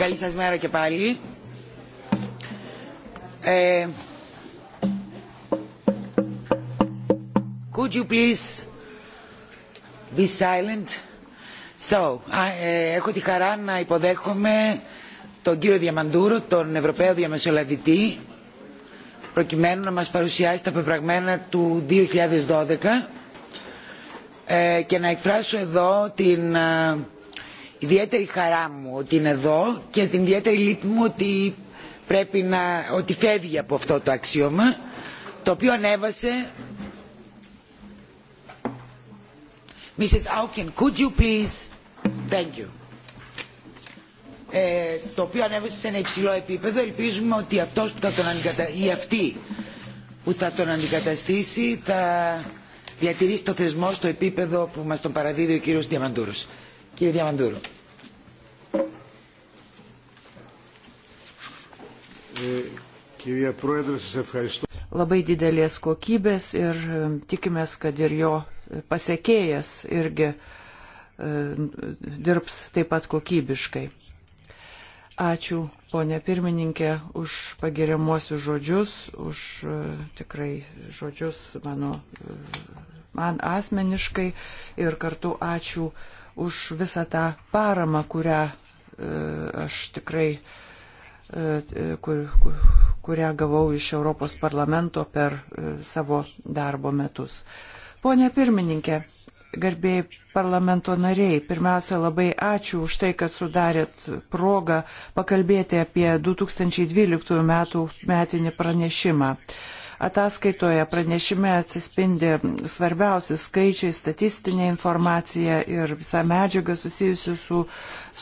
Καλή σας μέρα και πάλι. Ε, could you please be silent? So, ε, έχω τη χαρά να υποδέχομαι τον κύριο Διαμαντούρο, τον Ευρωπαίο Διαμεσολαβητή, προκειμένου να μας παρουσιάσει τα πεπραγμένα του 2012 ε, και να εκφράσω εδώ την ε, ιδιαίτερη χαρά μου ότι είναι εδώ και την ιδιαίτερη λύπη μου ότι, πρέπει να, ότι φεύγει από αυτό το αξίωμα το οποίο ανέβασε Mrs. Auken, could you please? Thank you. Ε, το οποίο ανέβασε σε ένα υψηλό επίπεδο. Ελπίζουμε ότι αυτός που θα τον αντικατα... ή αυτή που θα τον αντικαταστήσει θα διατηρήσει το θεσμό στο επίπεδο που μας τον παραδίδει ο κύριος Διαμαντούρος. Κύριε Διαμαντούρου. Κύριε Πρόεδρε, σας ευχαριστώ. Labai didelės kokybės ir tikimės, kad ir jo pasiekėjas irgi dirbs taip pat kokybiškai. Ačiū, ponė pirmininkė, už pagiriamuosius žodžius, už e, tikrai žodžius mano, e, man asmeniškai ir kartu ačiū uh, už visą tą paramą, kurią e, aš tikrai, e, e, kur, kur, kurią gavau iš Europos parlamento per savo darbo metus. Pone pirmininkė, garbėjai parlamento nariai, pirmiausia, labai ačiū už tai, kad sudarėt progą pakalbėti apie 2012 metų metinį pranešimą. Ataskaitoje pranešime atsispindi svarbiausi skaičiai, statistinė informacija ir visa medžiaga susijusi su,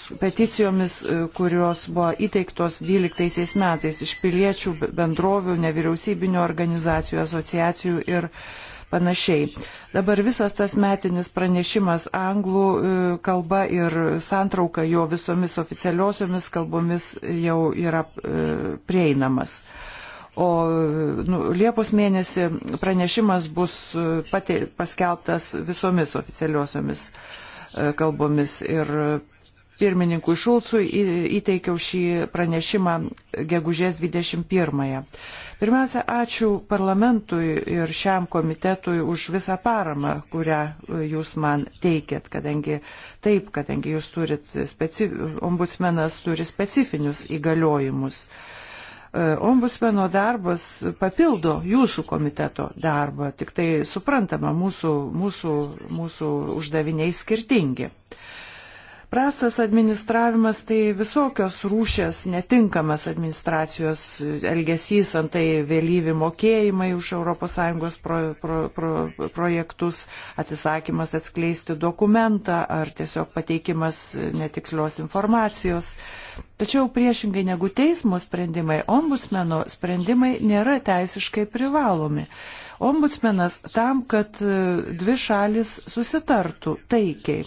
su peticijomis, e, kurios buvo įteiktos 12 metais iš piliečių, bendrovių, nevyriausybinio organizacijų, asociacijų ir panašiai. Dabar visas tas metinis pranešimas anglų e, kalba ir santrauka jo visomis oficialiosiomis kalbomis jau yra e, prieinamas. O nu, Liepos mėnesį pranešimas bus e, pati, paskelbtas visomis oficialiosiomis e, kalbomis. Ir pirmininkui Šulcui įteikiau šį pranešimą gegužės 21-ąją. Pirmiausia, ačiū parlamentui ir šiam komitetui už visą paramą, kurią e, jūs man teikėt, kadangi taip, kadangi jūs turit, speci... ombudsmenas turi specifinius įgaliojimus. Uh, E, ombudsmeno darbas papildo jūsų komiteto darbą, tik tai suprantama, mūsų, mūsų, mūsų uždaviniai skirtingi. Uh, Prastas administravimas tai visokios rūšės, netinkamas administracijos elgesys, antai vėlyvi mokėjimai už ES pro, pro, pro, projektus, atsisakymas atskleisti dokumentą ar tiesiog pateikimas netikslios informacijos. Tačiau priešingai negu teismo sprendimai, ombudsmeno sprendimai nėra teisiškai privalomi. Ombudsmenas tam, kad dvi šalis susitartų taikiai.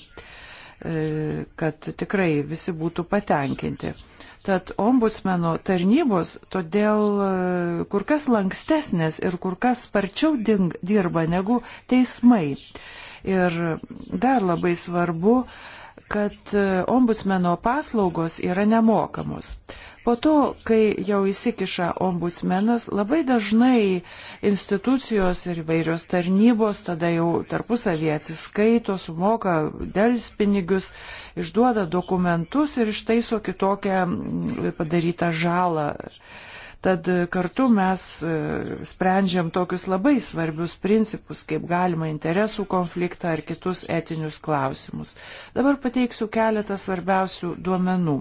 E, kad tikrai visi būtų patenkinti. Tad ombudsmeno tarnybos todėl e, kur kas lankstesnės ir kur kas sparčiau dirba negu teismai. Ir dar labai svarbu, kad e, ombudsmeno paslaugos yra nemokamos. Po to, kai jau įsikiša ombudsmenas, labai dažnai institucijos ir įvairios tarnybos tada jau tarpusavį atsiskaito, sumoka delspinigius, išduoda dokumentus ir ištaiso kitokią mm, padarytą žalą. Tad kartu mes e, sprendžiam tokius labai svarbius principus, kaip galima interesų konfliktą ar kitus etinius klausimus. Dabar pateiksiu keletą svarbiausių duomenų.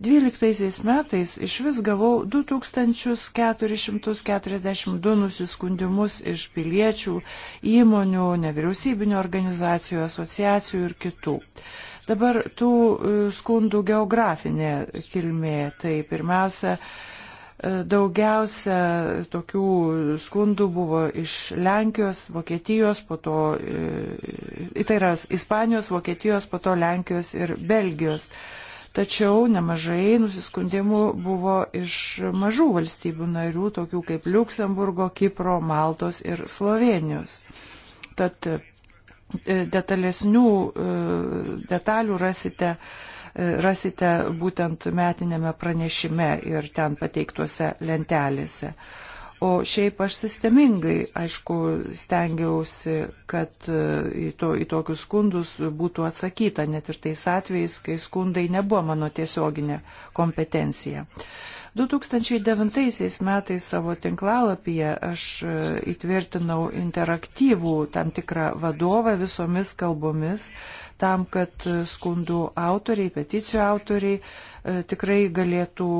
12 metais iš vis gavau 2442 nusiskundimus iš piliečių, įmonių, nevyriausybinio organizacijų, asociacijų ir kitų. Dabar tų e, skundų geografinė kilmė, tai pirmiausia, e, daugiausia tokių skundų buvo iš Lenkijos, Vokietijos, po to, e, tai yra Ispanijos, Vokietijos, po to Lenkijos ir Belgijos tačiau nemažai nusiskundimų buvo iš mažų valstybių narių, tokių kaip Luksemburgo, Kipro, Maltos ir Slovenijos. Tad e, detalesnių e, detalių rasite e, rasite būtent metinėme pranešime ir ten pateiktuose lentelėse. O šiaip aš sistemingai, aišku, stengiausi, kad e, į, to, į tokius skundus būtų atsakyta, net ir tais atvejais, kai skundai nebuvo mano tiesioginė kompetencija. Uh, 2009 metais savo tinklalapyje aš e, įtvirtinau interaktyvų tam tikrą vadovą visomis kalbomis, tam, kad e, skundų autoriai, peticijų autoriai e, tikrai galėtų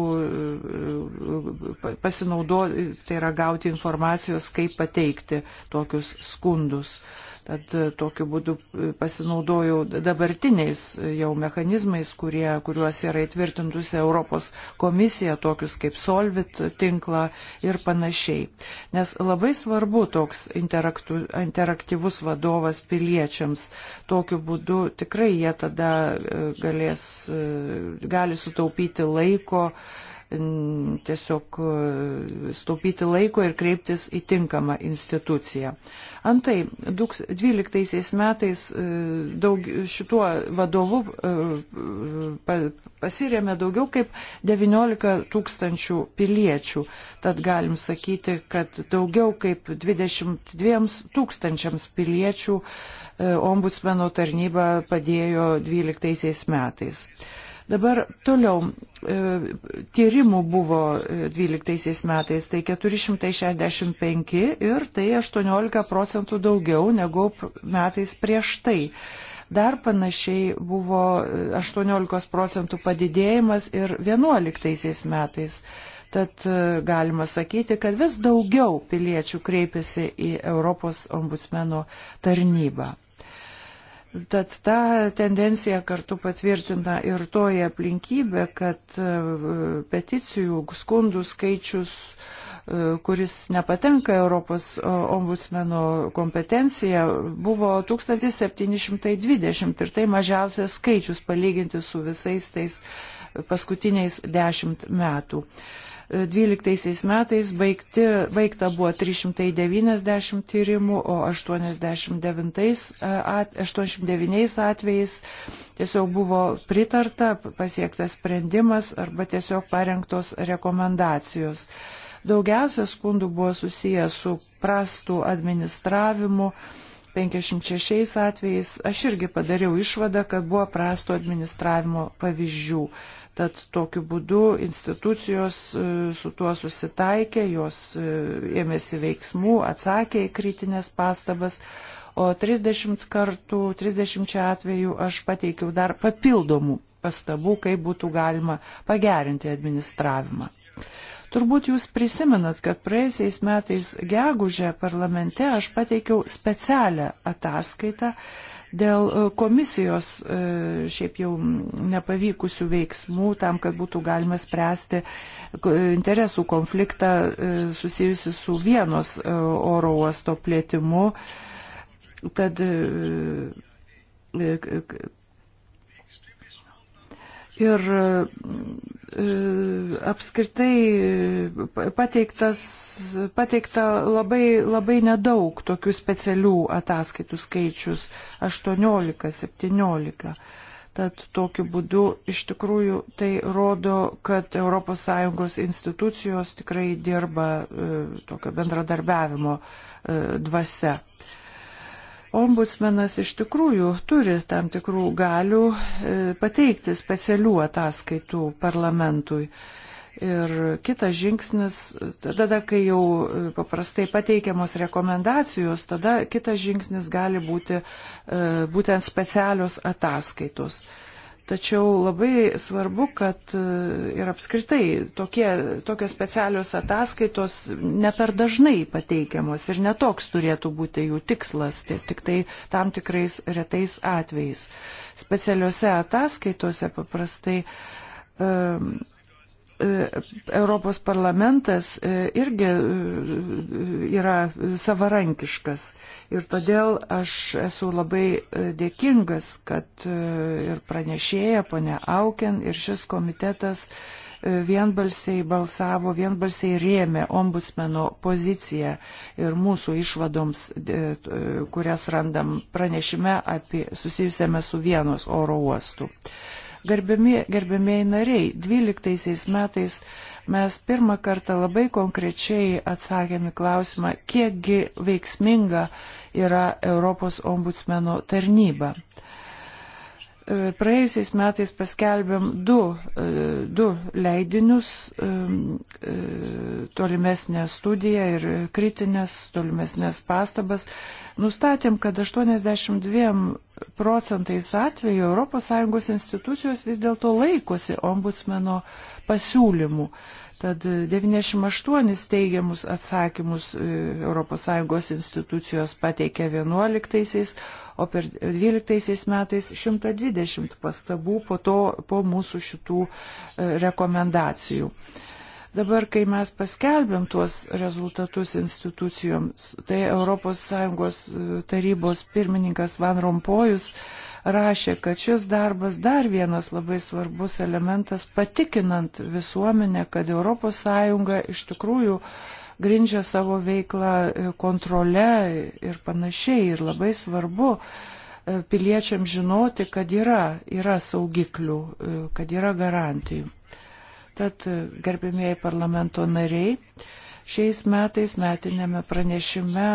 pasinaudoti, tai yra gauti informacijos, kaip pateikti tokius skundus. Uh, Tad e, tokiu būdu e, pasinaudojau dabartiniais e, jau mechanizmais, kurie, kuriuos yra įtvirtintusi Europos komisija, tokius kaip Solvit tinklą ir panašiai. Nes labai svarbu toks interaktyvus vadovas piliečiams. Tokiu būdu tikrai jie tada galės, gali sutaupyti laiko, uh, tiesiog e, staupyti laiko ir kreiptis į tinkamą instituciją. Antai, 12 metais e, daug, šituo vadovu e, pasirėmė daugiau kaip 19 tūkstančių piliečių. Tad galim sakyti, kad daugiau kaip 22 tūkstančiams piliečių ombudsmeno tarnyba padėjo 12 metais. Dabar toliau e, tyrimų buvo 12 e, metais, tai 465 ir tai 18 procentų daugiau negu metais prieš tai. Dar panašiai buvo 18 e, procentų padidėjimas ir 11 metais. Tad galima sakyti, kad vis daugiau piliečių kreipiasi į Europos ombudsmeno tarnybą. Tad ta tendencija kartu patvirtina ir toji aplinkybė, kad e, peticijų skundų skaičius e, kuris nepatenka Europos e, ombudsmeno kompetencija, buvo 1720 ir tai mažiausias skaičius palyginti su visais tais paskutiniais dešimt metų. Uh, 12 metais baigti, baigta buvo 390 tyrimų, o 89, 89 atvejais tiesiog buvo pritarta, pasiektas sprendimas arba tiesiog parengtos rekomendacijos. Daugiausia skundų buvo susijęs su prastų administravimu. 56 atvejais aš irgi padariau išvadą, kad buvo prasto administravimo pavyzdžių. Tad tokiu būdu institucijos e, su tuo susitaikė, jos e, ėmėsi veiksmų, atsakė į kritinės pastabas, o 30 kartų, 30 atvejų aš pateikiau dar papildomų pastabų, kaip būtų galima pagerinti administravimą. Turbūt jūs prisimenat, kad praėjusiais metais gegužę parlamente aš pateikiau specialią ataskaitą Dėl e, komisijos e, šiaip jau nepavykusių veiksmų tam, kad būtų galima spręsti e, interesų konfliktą susijusi su vienos oro uosto plėtimu, tad Ir e, e, apskritai e, pateiktas, pateikta labai, labai nedaug tokių specialių ataskaitų skaičius - 18-17. Tad tokiu būdu iš tikrųjų tai rodo, kad ES institucijos tikrai dirba tokio bendradarbiavimo dvasia. Ombudsmenas iš tikrųjų turi tam tikrų galių e, pateikti specialių ataskaitų parlamentui. Ir kitas žingsnis, tada, kai jau e, paprastai pateikiamos rekomendacijos, tada kitas žingsnis gali būti e, būtent specialios ataskaitos. Tačiau labai svarbu, kad e, ir apskritai tokie, tokios specialios ataskaitos ne per dažnai pateikiamos ir netoks turėtų būti jų tikslas, tai tik tai tam tikrais retais atvejais. Specialiuose ataskaitose paprastai um, E, Europos parlamentas e, irgi e, yra savarankiškas. Ir todėl aš esu labai dėkingas, kad ir pranešėja, ponia Auken, ir šis komitetas vienbalsiai balsavo, vienbalsiai rėmė ombudsmeno poziciją ir mūsų išvadoms, kurias randam pranešime apie, susijusiame su vienos oro uostu. Uh, Gerbiami, gerbėmiai nariai, 12 metais mes pirmą kartą labai konkrečiai atsakėme klausimą, kiekgi veiksminga yra Europos ombudsmeno tarnyba. E, praėjusiais metais paskelbėm du, e, du leidinius, e, tolimesnę studiją ir kritinės, tolimesnės pastabas. Nustatėm, kad 82 procentais atveju ES institucijos vis dėlto laikosi ombudsmeno pasiūlymų. Tad 98 e, teigiamus atsakymus ES institucijos pateikė 11-aisiais, o per 12-aisiais metais 120 pastabų po, to, po mūsų šitų e, rekomendacijų. Dabar, kai mes paskelbėm tuos rezultatus institucijoms, tai ES e, tarybos pirmininkas Van Rompojus rašė, kad šis darbas dar vienas labai svarbus elementas patikinant visuomenę, kad ES iš tikrųjų grindžia savo veiklą e, kontrole ir panašiai. Ir labai svarbu e, piliečiam žinoti, kad yra, yra saugiklių, kad yra garantijų. Tad, gerbėmėjai parlamento nariai, šiais metais metinėme pranešime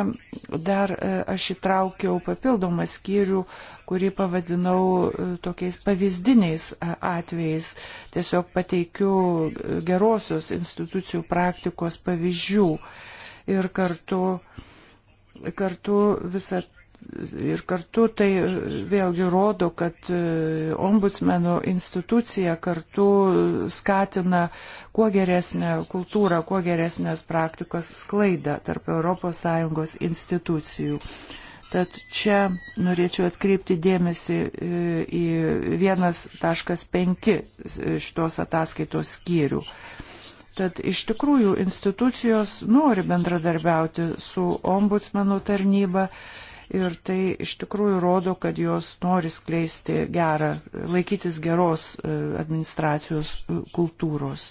dar e, aš įtraukiau papildomą skyrių, kurį pavadinau e, tokiais pavyzdiniais e, atvejais. Tiesiog pateikiu gerosios institucijų praktikos pavyzdžių ir kartu, kartu visą Ir kartu tai vėlgi rodo, kad e, ombudsmeno institucija kartu skatina kuo geresnę kultūrą, kuo geresnės praktikos sklaidą tarp ES institucijų. Tad čia norėčiau atkreipti dėmesį e, į 1.5 šitos ataskaitos skyrių. Tad iš tikrųjų institucijos nori bendradarbiauti su ombudsmenų tarnyba ir tai iš tikrųjų rodo, kad jos nori skleisti gerą, laikytis geros e, administracijos e, kultūros.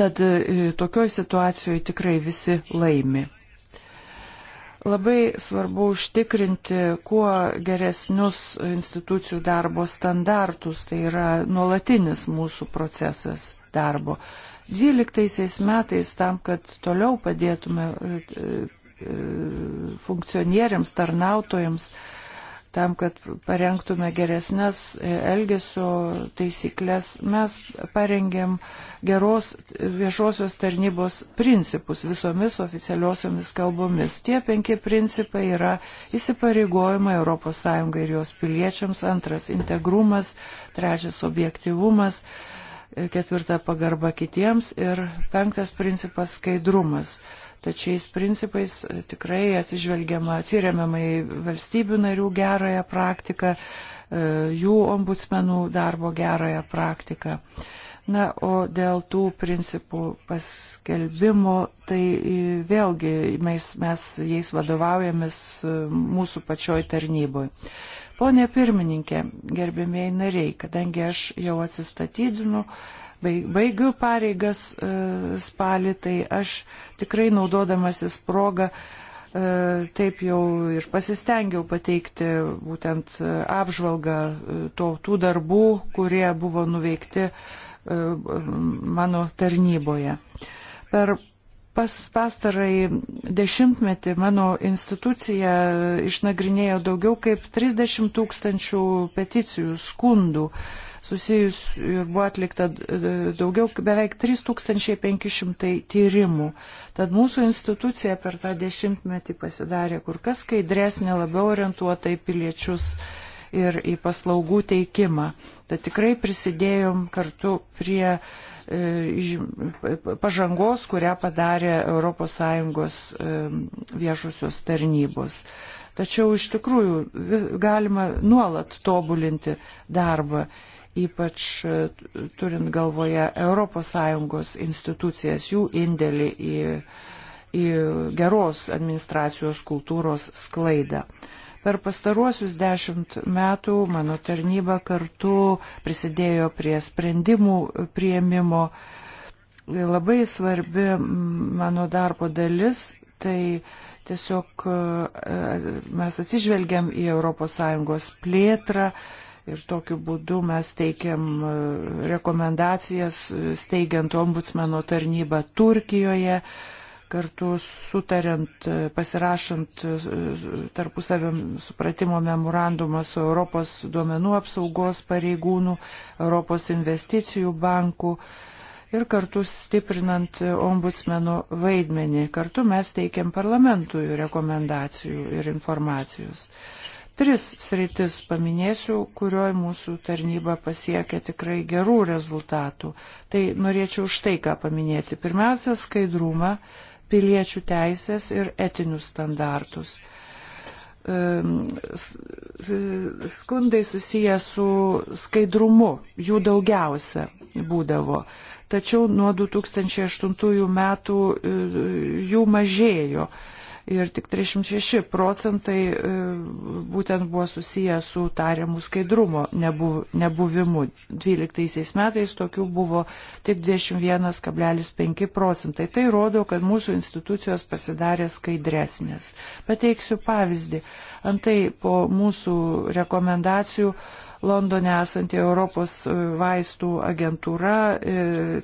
Tad e, tokioj situacijoje tikrai visi laimi labai svarbu užtikrinti kuo geresnius institucijų darbo standartus, tai yra nuolatinis mūsų procesas darbo. 12 metais tam, kad toliau padėtume e, e, funkcionieriams, tarnautojams, tam, kad parengtume geresnės e, elgesio taisyklės, mes parengėm geros viešosios tarnybos principus visomis oficialiosiomis kalbomis. Tie penki principai yra įsipareigojimai ES ir jos piliečiams, antras - integrumas, trečias - objektivumas, ketvirta pagarba kitiems ir penktas principas skaidrumas. Tačiais principais e, tikrai atsižvelgiama, atsiriamama į valstybių narių gerąją praktiką, e, jų ombudsmenų darbo gerąją praktiką. Na, o dėl tų principų paskelbimo, tai vėlgi mes, mes jais vadovaujamės e, mūsų pačioj tarnyboj. Pone pirmininkė, gerbėmėjai nariai, kadangi aš jau atsistatydinu, baigiu pareigas e, spalį, tai aš tikrai naudodamasis progą e, taip jau ir pasistengiau pateikti būtent e, apžvalgą to, tų darbų, kurie buvo nuveikti mano tarnyboje. Per Pas pastarai dešimtmetį mano institucija išnagrinėjo daugiau kaip 30 tūkstančių peticijų, skundų susijus ir buvo atlikta daugiau beveik 3500 tyrimų. Tad mūsų institucija per tą dešimtmetį pasidarė kur kas skaidresnė, labiau orientuota į piliečius ir į paslaugų teikimą. Tad tikrai prisidėjom kartu prie uh, E, pažangos, kurią padarė ES e, viešusios tarnybos. Tačiau iš tikrųjų galima nuolat tobulinti darbą, ypač e, turint galvoje ES institucijas, jų indėlį į, į geros administracijos kultūros sklaidą. Uh, Per pastaruosius dešimt metų mano tarnyba kartu prisidėjo prie sprendimų prieimimo. Labai svarbi mm, mano darbo dalis tai tiesiog e, mes atsižvelgiam į ES plėtrą ir tokiu būdu mes teikiam e, rekomendacijas steigiant ombudsmeno tarnybą Turkijoje kartu sutariant, pasirašant e, tarpusavio supratimo memorandumą su Europos duomenų apsaugos pareigūnų, Europos investicijų bankų ir kartu stiprinant ombudsmeno vaidmenį. Kartu mes teikiam parlamentui rekomendacijų ir informacijos. Tris sritis paminėsiu, kurioje mūsų tarnyba pasiekia tikrai gerų rezultatų. Tai norėčiau štai ką paminėti. Pirmiausia, skaidrumą piliečių teisės ir etinius standartus. E, skundai susiję su skaidrumu, jų daugiausia būdavo. Tačiau nuo 2008 metų e, jų mažėjo ir tik 36 procentai e, būtent buvo susiję su tariamu skaidrumo nebuvimu. 12 metais tokių buvo tik 21,5 procentai. Tai rodo, kad mūsų institucijos pasidarė skaidresnės. Pateiksiu pavyzdį. Antai po mūsų rekomendacijų Londone esanti Europos e, vaistų agentūra e,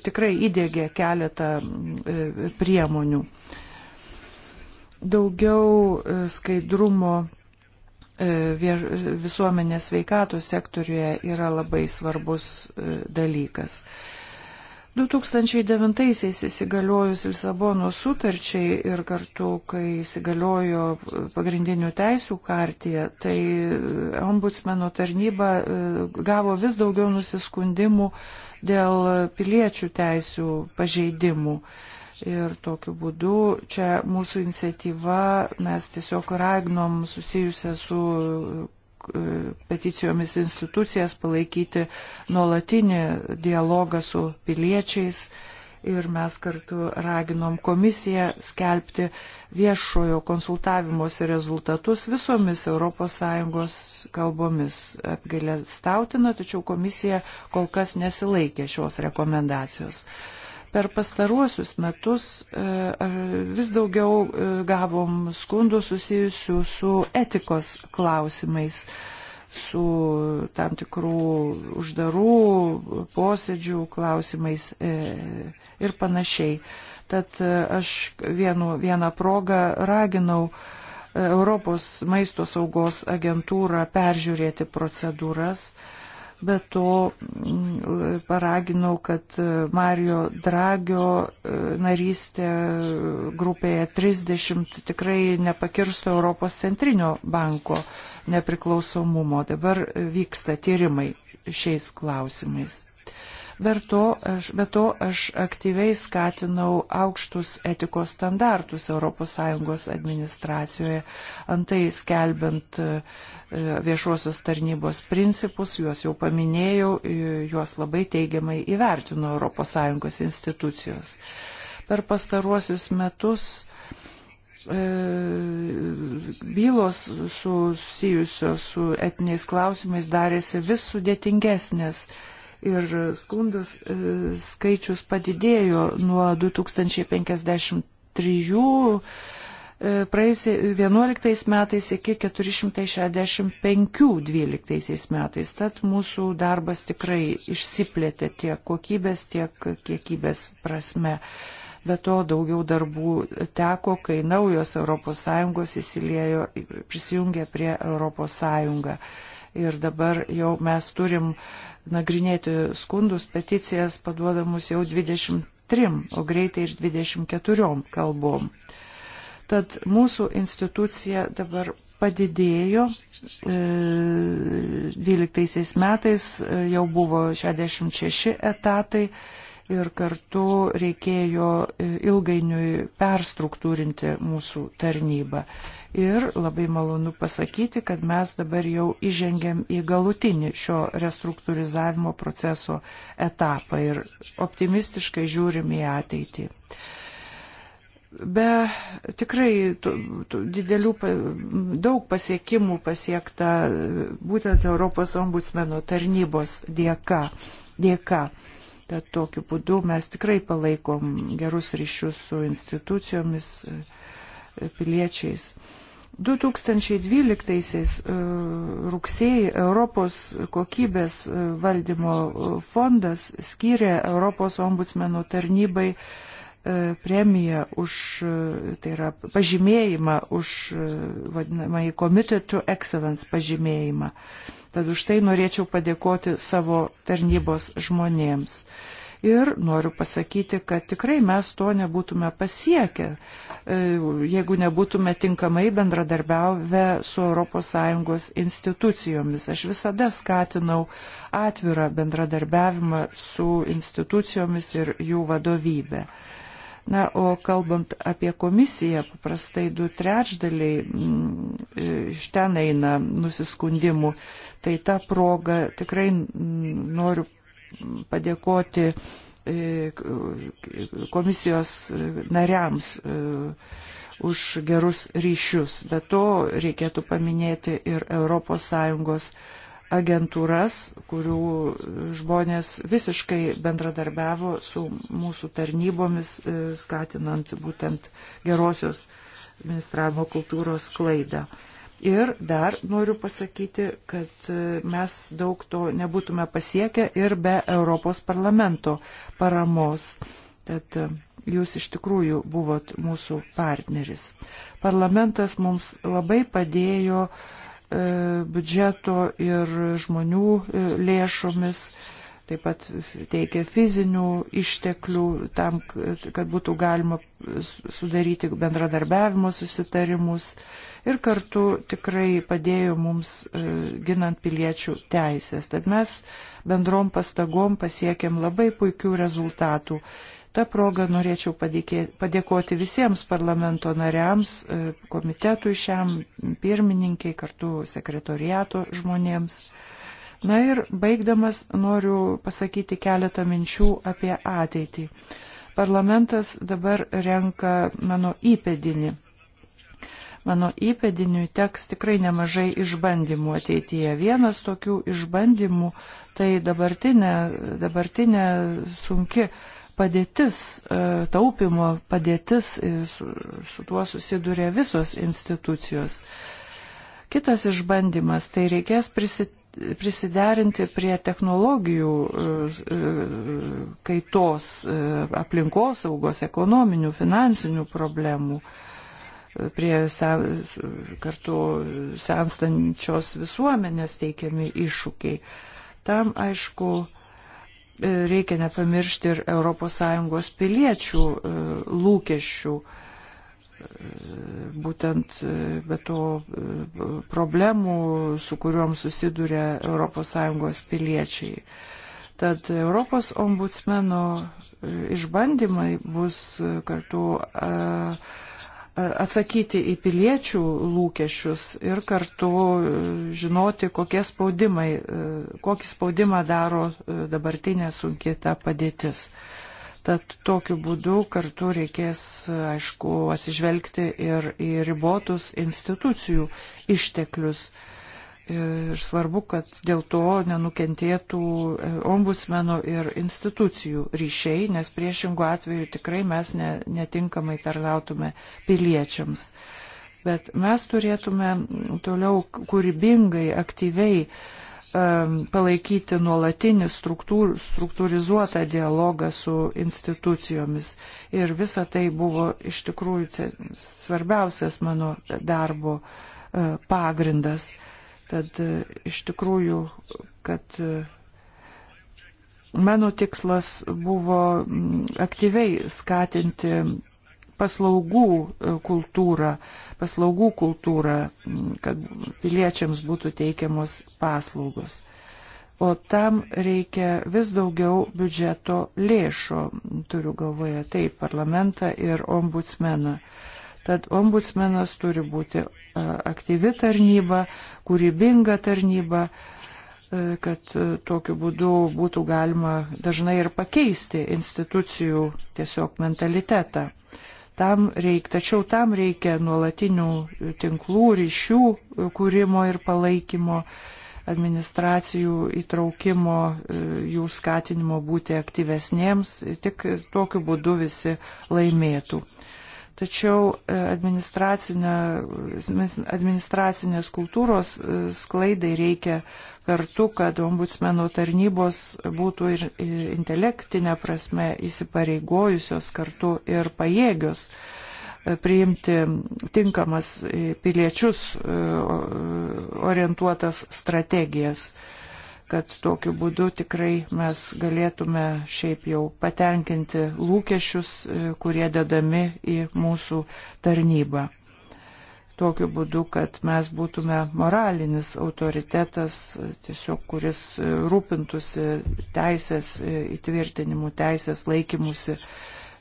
tikrai įdėgė keletą e, priemonių. E, daugiau e, skaidrumo e, visuomenės veikatos sektoriuje yra labai svarbus e, dalykas. 2009-aisiais įsigaliojus Lisabono sutarčiai ir kartu, kai įsigaliojo pagrindinių teisų kartija, tai ombudsmeno tarnyba gavo vis daugiau nusiskundimų dėl piliečių teisų pažeidimų. Uh, Ir tokiu būdu čia mūsų iniciatyva mes tiesiog ragnom susijusią su e, peticijomis institucijas palaikyti nuolatinį dialogą su piliečiais ir mes kartu raginom komisiją skelbti viešojo konsultavimuose rezultatus visomis ES kalbomis. Apgailę stautina, tačiau komisija kol kas nesilaikė šios rekomendacijos per pastaruosius metus e, vis daugiau e, gavom skundų susijusių su etikos klausimais, su tam tikrų uždarų posėdžių klausimais e, ir panašiai. Tad aš vienu, vieną progą raginau Europos maisto saugos agentūrą peržiūrėti procedūras, uh, bet to mm, paraginau, kad e, Mario Dragio e, narystė grupėje 30 tikrai nepakirstų Europos centrinio banko nepriklausomumo. Dabar vyksta tyrimai šiais klausimais. Verto, aš, be to aš aktyviai skatinau aukštus etikos standartus ES administracijoje, antai skelbent e, viešuosios tarnybos principus, juos jau paminėjau, e, juos labai teigiamai įvertino ES institucijos. Per pastaruosius metus e, bylos susijusios su etiniais klausimais darėsi vis sudėtingesnės ir skundas e, skaičius padidėjo nuo 2053 praėjusiai 11 metais iki 465 12 metais. Tad mūsų darbas tikrai išsiplėtė tiek kokybės, tiek kiekybės prasme. Be to daugiau darbų teko, kai naujos ES įsiliejo, prisijungė prie ES. Ir dabar jau mes turim uh, nagrinėti skundus, peticijas paduodamus jau 23, o greitai ir 24 kalbom. Tad mūsų institucija dabar padidėjo. 12 e, metais jau buvo 66 etatai ir kartu reikėjo e, ilgainiui perstruktūrinti mūsų tarnybą ir labai malonu pasakyti, kad mes dabar jau įžengėm į galutinį šio restruktūrizavimo proceso etapą ir optimistiškai žiūrim į ateitį. Be tikrai tų, tų didelių, daug pasiekimų pasiekta būtent Europos ombudsmeno tarnybos dėka. dėka. Tad tokiu būdu mes tikrai palaikom gerus ryšius su institucijomis, piliečiais. 2012 e, rugsėjai Europos kokybės e, valdymo e, fondas skyrė Europos ombudsmenų tarnybai premiją už, tai yra pažymėjimą už vadinamąjį Committed to Excellence pažymėjimą. Tad už tai norėčiau padėkoti savo tarnybos žmonėms. Uh, Ir noriu pasakyti, kad tikrai mes to nebūtume pasiekę, e, jeigu nebūtume tinkamai bendradarbiavę su ES institucijomis. Aš visada skatinau atvirą bendradarbiavimą su institucijomis ir jų vadovybė. Na, o kalbant apie komisiją, paprastai du trečdaliai mm, e, iš ten eina nusiskundimų. Tai tą progą tikrai noriu padėkoti e, komisijos nariams e, už gerus ryšius. Be to reikėtų paminėti ir ES agentūras, kurių žmonės visiškai bendradarbiavo su mūsų tarnybomis, e, skatinant būtent gerosios administravimo kultūros klaidą. Ir dar noriu pasakyti, kad e, mes daug to nebūtume pasiekę ir be Europos parlamento paramos. Tad e, jūs iš tikrųjų buvot mūsų partneris. Parlamentas mums labai padėjo e, biudžeto ir žmonių lėšomis. E, taip pat teikia fizinių išteklių tam, kad būtų galima sudaryti bendradarbiavimo susitarimus ir kartu tikrai padėjo mums e, ginant piliečių teisės. Tad mes bendrom pastagom pasiekėm labai puikių rezultatų. Ta proga norėčiau padėkė, padėkoti visiems parlamento nariams, e, komitetui šiam, pirmininkiai, kartu sekretoriato žmonėms. Na ir baigdamas noriu pasakyti keletą minčių apie ateitį. Parlamentas dabar renka mano įpėdinį. Mano įpėdiniui teks tikrai nemažai išbandymų ateityje. Vienas tokių išbandymų tai dabartinė, dabartinė sunki padėtis, e, taupimo padėtis, e, su, su tuo susiduria visos institucijos. Kitas išbandymas tai reikės prisit, prisiderinti prie technologijų e, e, kaitos e, aplinkosaugos, ekonominių, finansinių problemų, prie sen, kartu senstančios visuomenės teikiami iššūkiai. Tam, aišku, reikia nepamiršti ir ES piliečių lūkesčių būtent e, be to e, problemų, su kuriuom susiduria ES piliečiai. Tad Europos ombudsmeno e, išbandymai bus kartu atsakyti į piliečių lūkesčius ir kartu žinoti, kokie spaudimai, kokį spaudimą daro dabartinė sunkita padėtis. Tad tokiu būdu kartu reikės, aišku, atsižvelgti ir į ribotus institucijų išteklius. Ir svarbu, kad dėl to nenukentėtų ombudsmeno ir institucijų ryšiai, nes priešingų atveju tikrai mes ne, netinkamai tarnautume piliečiams. Bet mes turėtume toliau kūrybingai, aktyviai uh, Um, palaikyti nuolatinį struktūr, struktūrizuotą dialogą su institucijomis. Ir visa tai buvo iš tikrųjų svarbiausias mano darbo uh, pagrindas. Tad uh, iš tikrųjų, kad uh, mano tikslas buvo mm, aktyviai skatinti paslaugų e, kultūrą, paslaugų kultūrą, kad piliečiams būtų teikiamos paslaugos. O tam reikia vis daugiau biudžeto lėšų, turiu galvoje taip, parlamentą ir ombudsmeną. Tad ombudsmenas turi būti e, aktyvi tarnyba, kūrybinga tarnyba, e, kad tokiu būdu būtų galima dažnai ir pakeisti institucijų tiesiog mentalitetą. Tam reik, tačiau tam reikia nuolatinių tinklų, ryšių kūrimo ir palaikymo, administracijų įtraukimo, e, jų skatinimo būti aktyvesniems. Tik tokiu būdu visi laimėtų. Tačiau e, administracinė, administracinės kultūros e, sklaidai reikia kartu, kad ombudsmenų tarnybos būtų ir intelektinė prasme įsipareigojusios kartu ir pajėgios e, priimti tinkamas e, piliečius e, orientuotas strategijas, kad tokiu būdu tikrai mes galėtume šiaip jau patenkinti lūkesčius, kurie dedami į mūsų tarnybą tokiu būdu, kad mes būtume moralinis autoritetas, tiesiog kuris rūpintųsi teisės įtvirtinimu, teisės laikymusi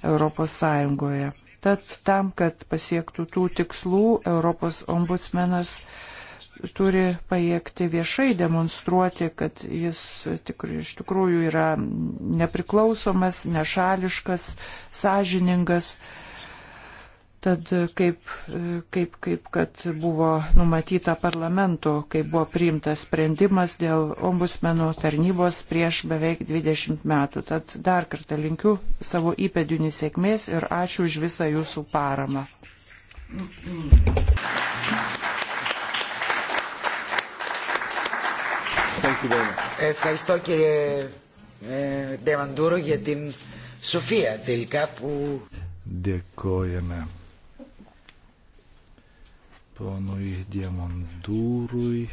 Europos Sąjungoje. Tad tam, kad pasiektų tų tikslų, Europos ombudsmenas turi pajėgti viešai demonstruoti, kad jis tikrai, iš tikrųjų yra nepriklausomas, nešališkas, sąžiningas Tad kaip, kaip, kaip kad buvo numatyta parlamento, kai buvo priimtas sprendimas dėl ombusmenų tarnybos prieš beveik 20 metų. Tad dar kartą linkiu savo įpėdinį sėkmės ir ačiū už visą jūsų paramą. Ευχαριστώ κύριε Ντεμαντούρο για την σοφία τελικά που... Dėkojame ponui Diamondūrui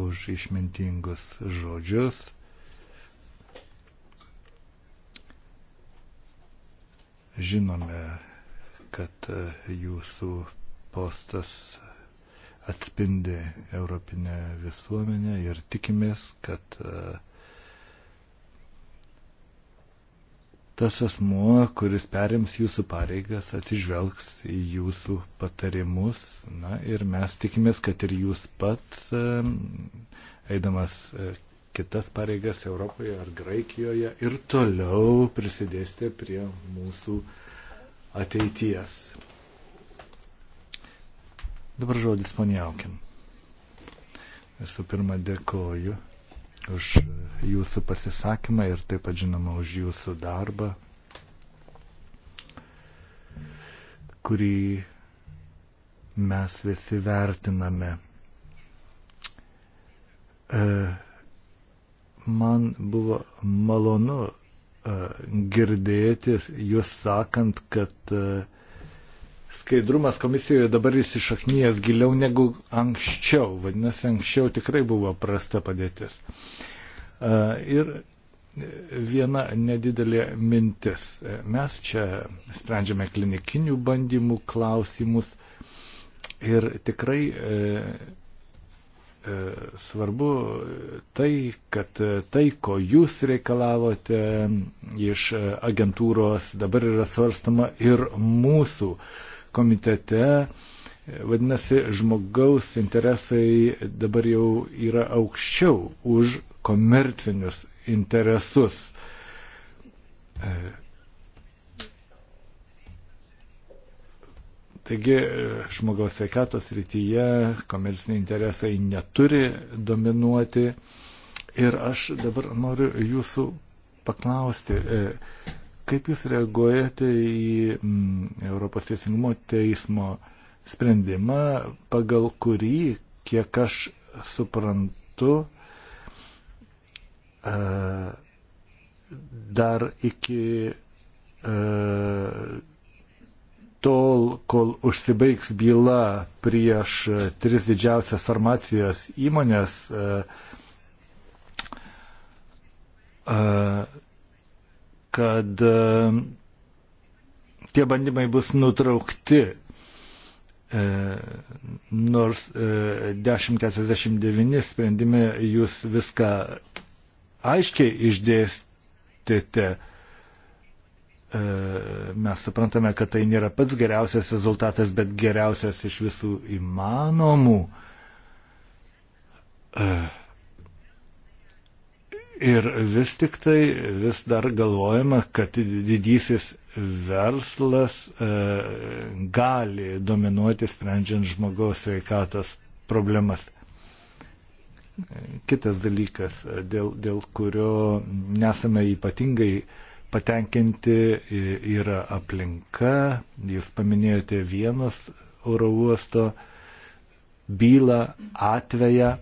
už išmintingus žodžius. Žinome, kad e, jūsų postas atspindi Europinę visuomenę ir tikimės, kad uh, tas asmuo, kuris perims jūsų pareigas, atsižvelgs į jūsų patarimus. Na ir mes tikimės, kad ir jūs pats, eidamas e, kitas pareigas Europoje ar Graikijoje, ir toliau prisidėsite prie mūsų ateities. Dabar žodis poniaukin. Visų pirma, dėkoju už jūsų pasisakymą ir taip pat žinoma už jūsų darbą, kurį mes visi vertiname. E, man buvo malonu e, girdėti jūs sakant, kad uh, skaidrumas komisijoje dabar įsišaknyjas giliau negu anksčiau. Vadinasi, anksčiau tikrai buvo prasta padėtis. Ir viena nedidelė mintis. Mes čia sprendžiame klinikinių bandymų klausimus ir tikrai e, e, svarbu tai, kad tai, ko jūs reikalavote iš agentūros, dabar yra svarstama ir mūsų komitete. Vadinasi, žmogaus interesai dabar jau yra aukščiau už komercinius interesus. E, Taigi žmogaus sveikatos rytyje komerciniai interesai neturi dominuoti. Ir aš dabar noriu jūsų paklausti, e, Kaip Jūs reaguojate į mm, Europos Teisingumo teismo sprendimą, pagal kurį, kiek aš suprantu, e, dar iki e, tol, kol užsibaigs byla prieš tris didžiausias farmacijos įmonės, e, kad e, tie bandymai bus nutraukti. E, nors 1049 e, sprendime jūs viską aiškiai išdėstėte, mes suprantame, kad tai nėra pats geriausias rezultatas, bet geriausias iš visų įmanomų. Uh Ir vis tik tai vis dar galvojama, kad didysis verslas e, gali dominuoti sprendžiant žmogaus sveikatos problemas. Kitas dalykas, dėl, dėl kurio nesame ypatingai patenkinti, yra aplinka. Jūs paminėjote vienos oro uosto bylą atveją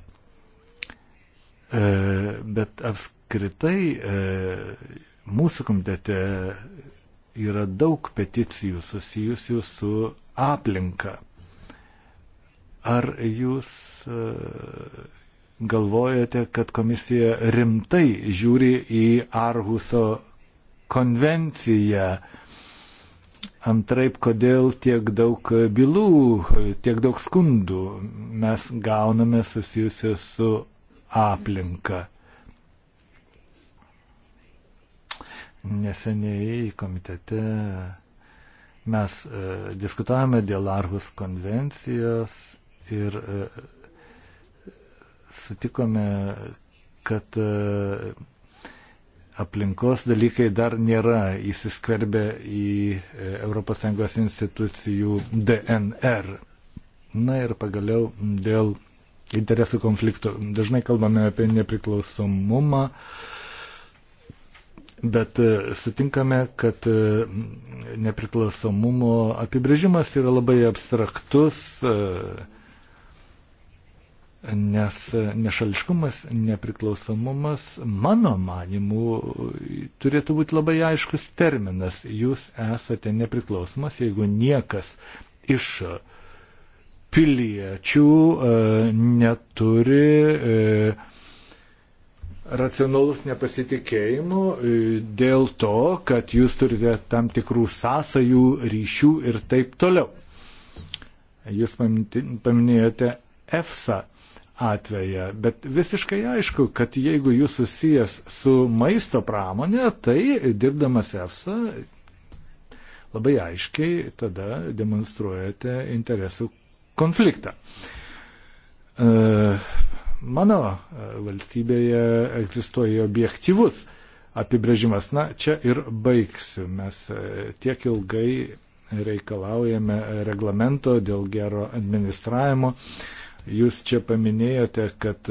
E, bet apskritai e, mūsų komitete yra daug peticijų susijusių su aplinka. Ar jūs e, galvojate, kad komisija rimtai žiūri į Arhuso konvenciją? Antraip, kodėl tiek daug bylų, tiek daug skundų mes gauname susijusios su aplinką. Neseniai komitete mes e, diskutavome dėl Arhus konvencijos ir e, sutikome, kad e, aplinkos dalykai dar nėra įsiskverbę į ES institucijų DNR. Na ir pagaliau dėl interesų konfliktų. Dažnai kalbame apie nepriklausomumą, bet e, sutinkame, kad e, nepriklausomumo apibrėžimas yra labai abstraktus, e, nes nešališkumas, nepriklausomumas, mano manimu, turėtų būti labai aiškus terminas. Jūs esate nepriklausomas, jeigu niekas iš uh, piliečių e, neturi e, racionalus nepasitikėjimo e, dėl to, kad jūs turite tam tikrų sąsajų, ryšių ir taip toliau. Jūs paminėjote EFSA atveją, bet visiškai aišku, kad jeigu jūs susijęs su maisto pramonė, tai dirbdamas EFSA labai aiškiai tada demonstruojate interesų konfliktą. E, mano e, valstybėje egzistuoja objektyvus apibrėžimas. Na, čia ir baigsiu. Mes e, tiek ilgai reikalaujame reglamento dėl gero administravimo. Jūs čia paminėjote, kad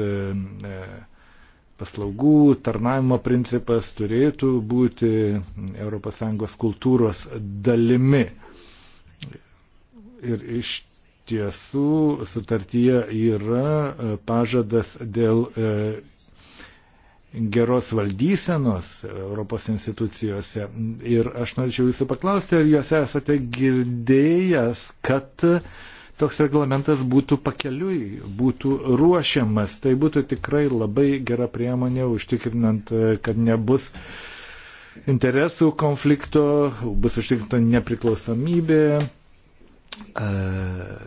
paslaugų tarnavimo principas turėtų būti ES kultūros dalimi. Ir iš tiesų sutartyje yra e, pažadas dėl e, geros valdysenos Europos institucijose. Ir aš norėčiau jūsų paklausti, ar jūs esate girdėjęs, kad toks reglamentas būtų pakeliui, būtų ruošiamas. Tai būtų tikrai labai gera priemonė užtikrinant, e, kad nebus interesų konflikto, bus užtikrinta nepriklausomybė E,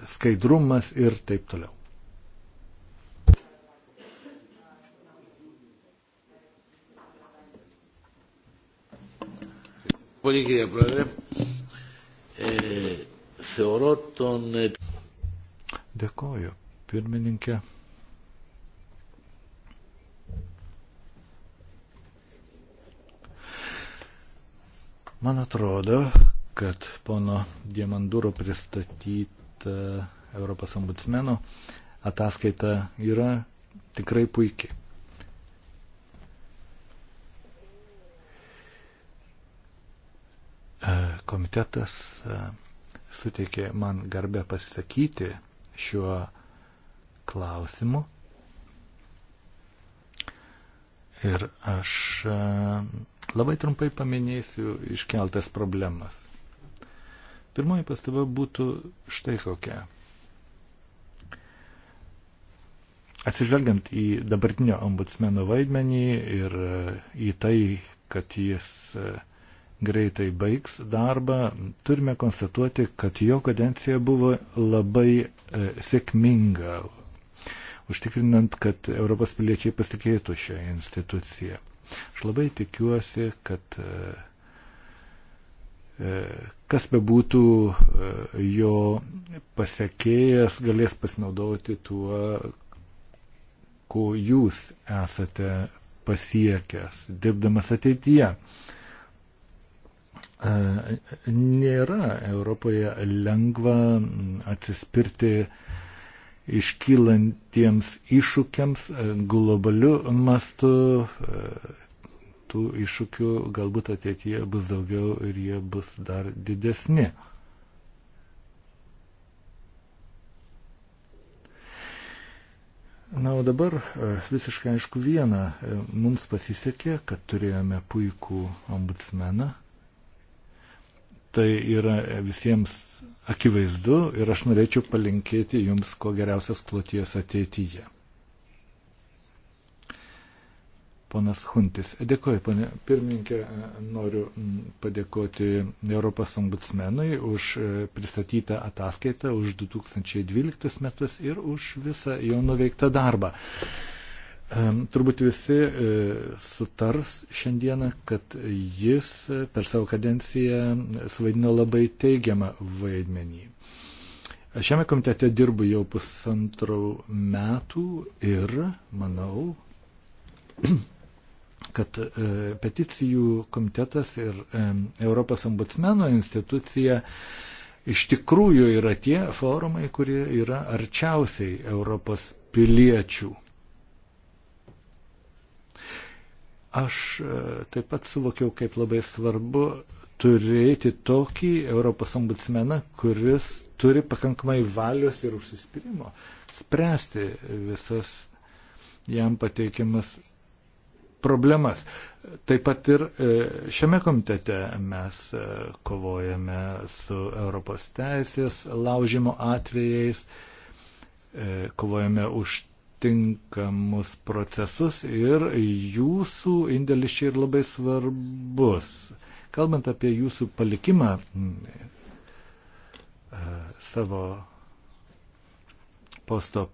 skaidrumas ir taip toliau. Πολύ κύριε Πρόεδρε. Ε, θεωρώ τον... Dėkoju, pirmininkė. Man atrodo, kad pono Diemandūro pristatyta Europos ombudsmeno ataskaita yra tikrai puikiai. E, komitetas e, suteikė man garbę pasisakyti šiuo klausimu. Ir aš e, labai trumpai paminėsiu iškeltas problemas. Pirmoji pastaba būtų štai kokia. Atsižvelgiant į dabartinio ombudsmeno vaidmenį ir e, į tai, kad jis e, greitai baigs darbą, turime konstatuoti, kad jo kadencija buvo labai e, sėkminga, užtikrinant, kad Europos piliečiai pasitikėtų šią instituciją. Aš labai tikiuosi, kad kas bebūtų e, jo pasiekėjas, galės pasinaudoti tuo, ko jūs esate pasiekęs, dirbdamas ateityje. E, nėra Europoje lengva atsispirti iškylantiems iššūkiams e, globaliu mastu, tų iššūkių galbūt ateityje bus daugiau ir jie bus dar didesni. Na, o dabar e, visiškai aišku viena, e, mums pasisekė, kad turėjome puikų ombudsmeną. Tai yra e, visiems akivaizdu ir aš norėčiau palinkėti jums ko geriausias kloties ateityje. Ponas Huntis. Dėkuoju, ponė pirmininkė, noriu padėkoti Europos ombudsmenui už e, pristatytą ataskaitą už 2012 metus ir už visą jo nuveiktą darbą. E, turbūt visi e, sutars šiandieną, kad jis per savo kadenciją suvaidino labai teigiamą vaidmenį. Šiame komitete dirbu jau pusantrų metų ir, manau, kad e, peticijų komitetas ir e, Europos ombudsmeno institucija iš tikrųjų yra tie forumai, kurie yra arčiausiai Europos piliečių. Aš e, taip pat suvokiau, kaip labai svarbu turėti tokį Europos ombudsmeną, kuris turi pakankamai valios ir užsispyrimo spręsti visas jam pateikiamas problemas. Taip pat ir e, šiame komitete mes e, kovojame su Europos teisės laužimo atvejais, e, kovojame už tinkamus procesus ir jūsų indėlis čia ir labai svarbus. Kalbant apie jūsų palikimą savo posto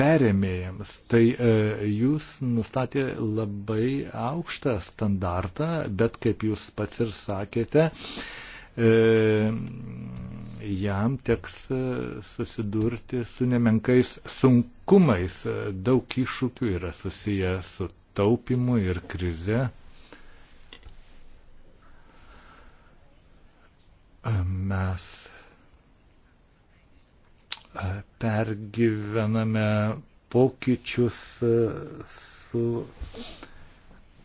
perėmėjams. Tai e, jūs nustatė labai aukštą standartą, bet kaip jūs pats ir sakėte, e, jam teks e, susidurti su nemenkais sunkumais. Daug iššūkių yra susiję su taupimu ir krize. Mes pergyvename pokyčius su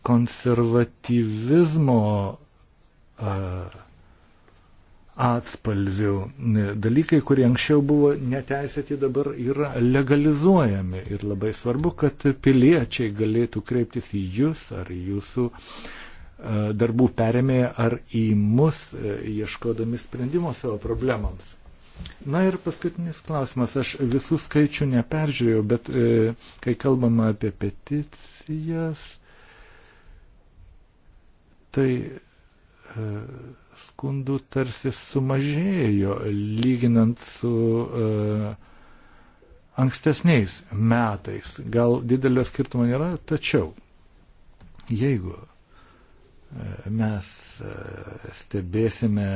konservatyvizmo atspalvių. Dalykai, kurie anksčiau buvo neteisėti, dabar yra legalizuojami. Ir labai svarbu, kad piliečiai galėtų kreiptis į jūs ar jūsų darbų perėmėją ar į mus, ieškodami sprendimo savo problemams. Na ir paskutinis klausimas. Aš visų skaičių neperžiūrėjau, bet e, kai kalbama apie peticijas, tai e, skundų tarsi sumažėjo lyginant su e, ankstesniais metais. Gal didelio skirtumo nėra, tačiau jeigu e, mes e, stebėsime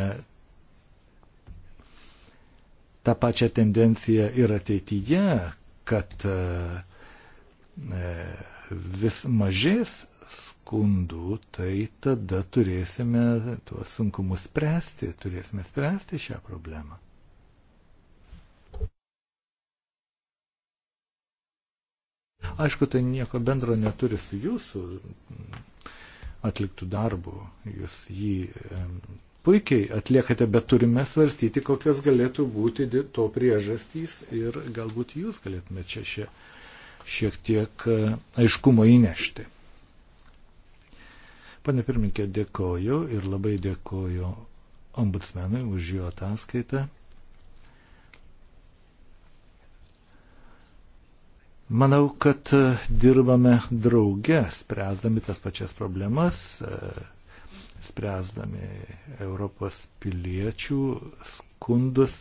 tą pačią tendenciją ir ateityje, kad e, e, vis mažės skundų, tai tada turėsime tuos sunkumus spręsti, turėsime spręsti šią problemą. Aišku, tai nieko bendro neturi su jūsų atliktų darbų, jūs jį puikiai atliekate, bet turime svarstyti, kokios galėtų būti to priežastys ir galbūt jūs galėtumėte čia šie, šiek tiek e, aiškumo įnešti. Pane pirminkė, dėkoju ir labai dėkoju ombudsmenui už jo ataskaitą. Manau, kad e, dirbame drauge, spręsdami tas pačias problemas, e, spręsdami Europos piliečių skundus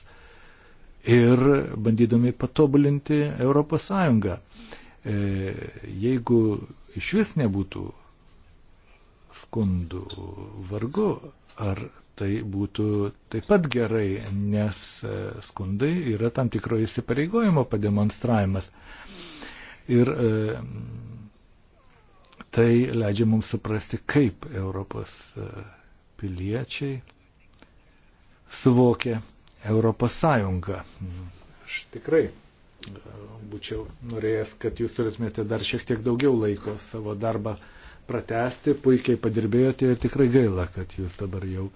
ir bandydami patobulinti Europos Sąjungą. E, jeigu iš vis nebūtų skundų vargu, ar tai būtų taip pat gerai, nes e, skundai yra tam tikro įsipareigojimo pademonstravimas. Ir e, Tai leidžia mums suprasti, kaip Europos e, piliečiai suvokia Europos Sąjungą. Aš tikrai e, būčiau norėjęs, kad jūs turėtumėte dar šiek tiek daugiau laiko savo darbą pratesti, puikiai padirbėjote ir tikrai gaila, kad jūs dabar jau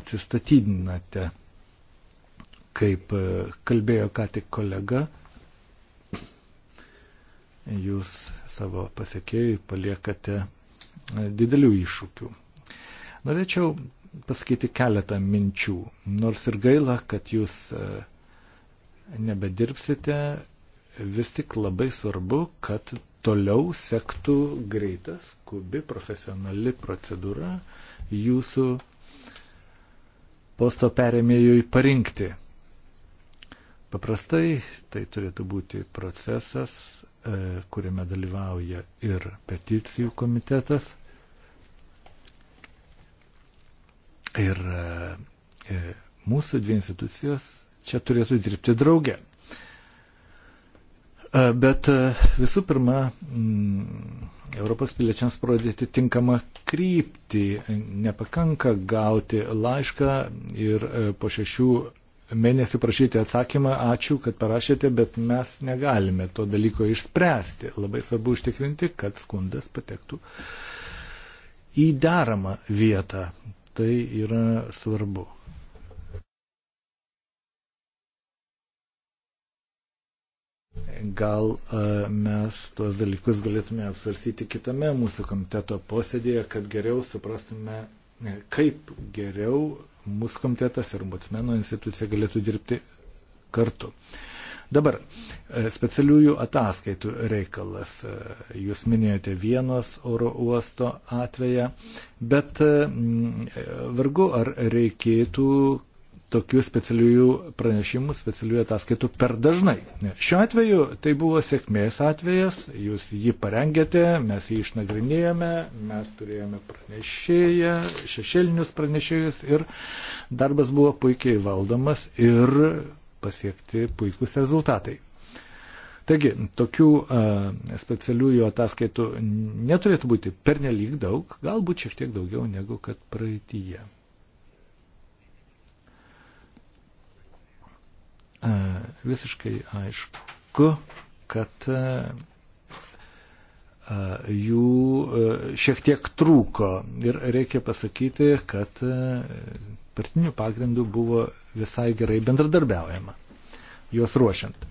atsistatydinate, kaip e, kalbėjo ką tik kolega jūs savo pasiekėjui paliekate e, didelių iššūkių. Norėčiau pasakyti keletą minčių. Nors ir gaila, kad jūs e, nebedirbsite, vis tik labai svarbu, kad toliau sektų greitas, kubi profesionali procedūra jūsų posto perėmėjui parinkti. Paprastai tai turėtų būti procesas, E, kuriame dalyvauja ir peticijų komitetas. Ir e, e, mūsų dvi institucijos čia turėtų dirbti drauge. Bet visų pirma, mm, Europos piliečiams pradėti tinkamą kryptį. Nepakanka gauti laišką ir po šešių mėnesį prašyti atsakymą, ačiū, kad parašėte, bet mes negalime to dalyko išspręsti. Labai svarbu užtikrinti, kad skundas patektų į deramą vietą. Tai yra svarbu. Gal mes tuos dalykus galėtume apsvarstyti kitame mūsų komiteto posėdėje, kad geriau suprastume, kaip geriau mūsų komitetas ir ombudsmeno institucija galėtų dirbti kartu. Dabar e, specialiųjų ataskaitų reikalas. E, jūs minėjote vienos oro uosto atveją, bet mm, e, vargu ar reikėtų, tokių specialiųjų pranešimų, specialiųjų ataskaitų per dažnai. Šiuo atveju tai buvo sėkmės atvejas, jūs jį parengėte, mes jį išnagrinėjome, mes turėjome pranešėją, šešėlinius pranešėjus ir darbas buvo puikiai valdomas ir pasiekti puikus rezultatai. Taigi, tokių a, specialiųjų ataskaitų neturėtų būti pernelyg daug, galbūt šiek tiek daugiau negu kad praeitįje. E, visiškai aišku, kad e, e, jų šiek tiek trūko. Ir reikia pasakyti, kad partinių pagrindų buvo visai gerai bendradarbiaujama juos ruošiant.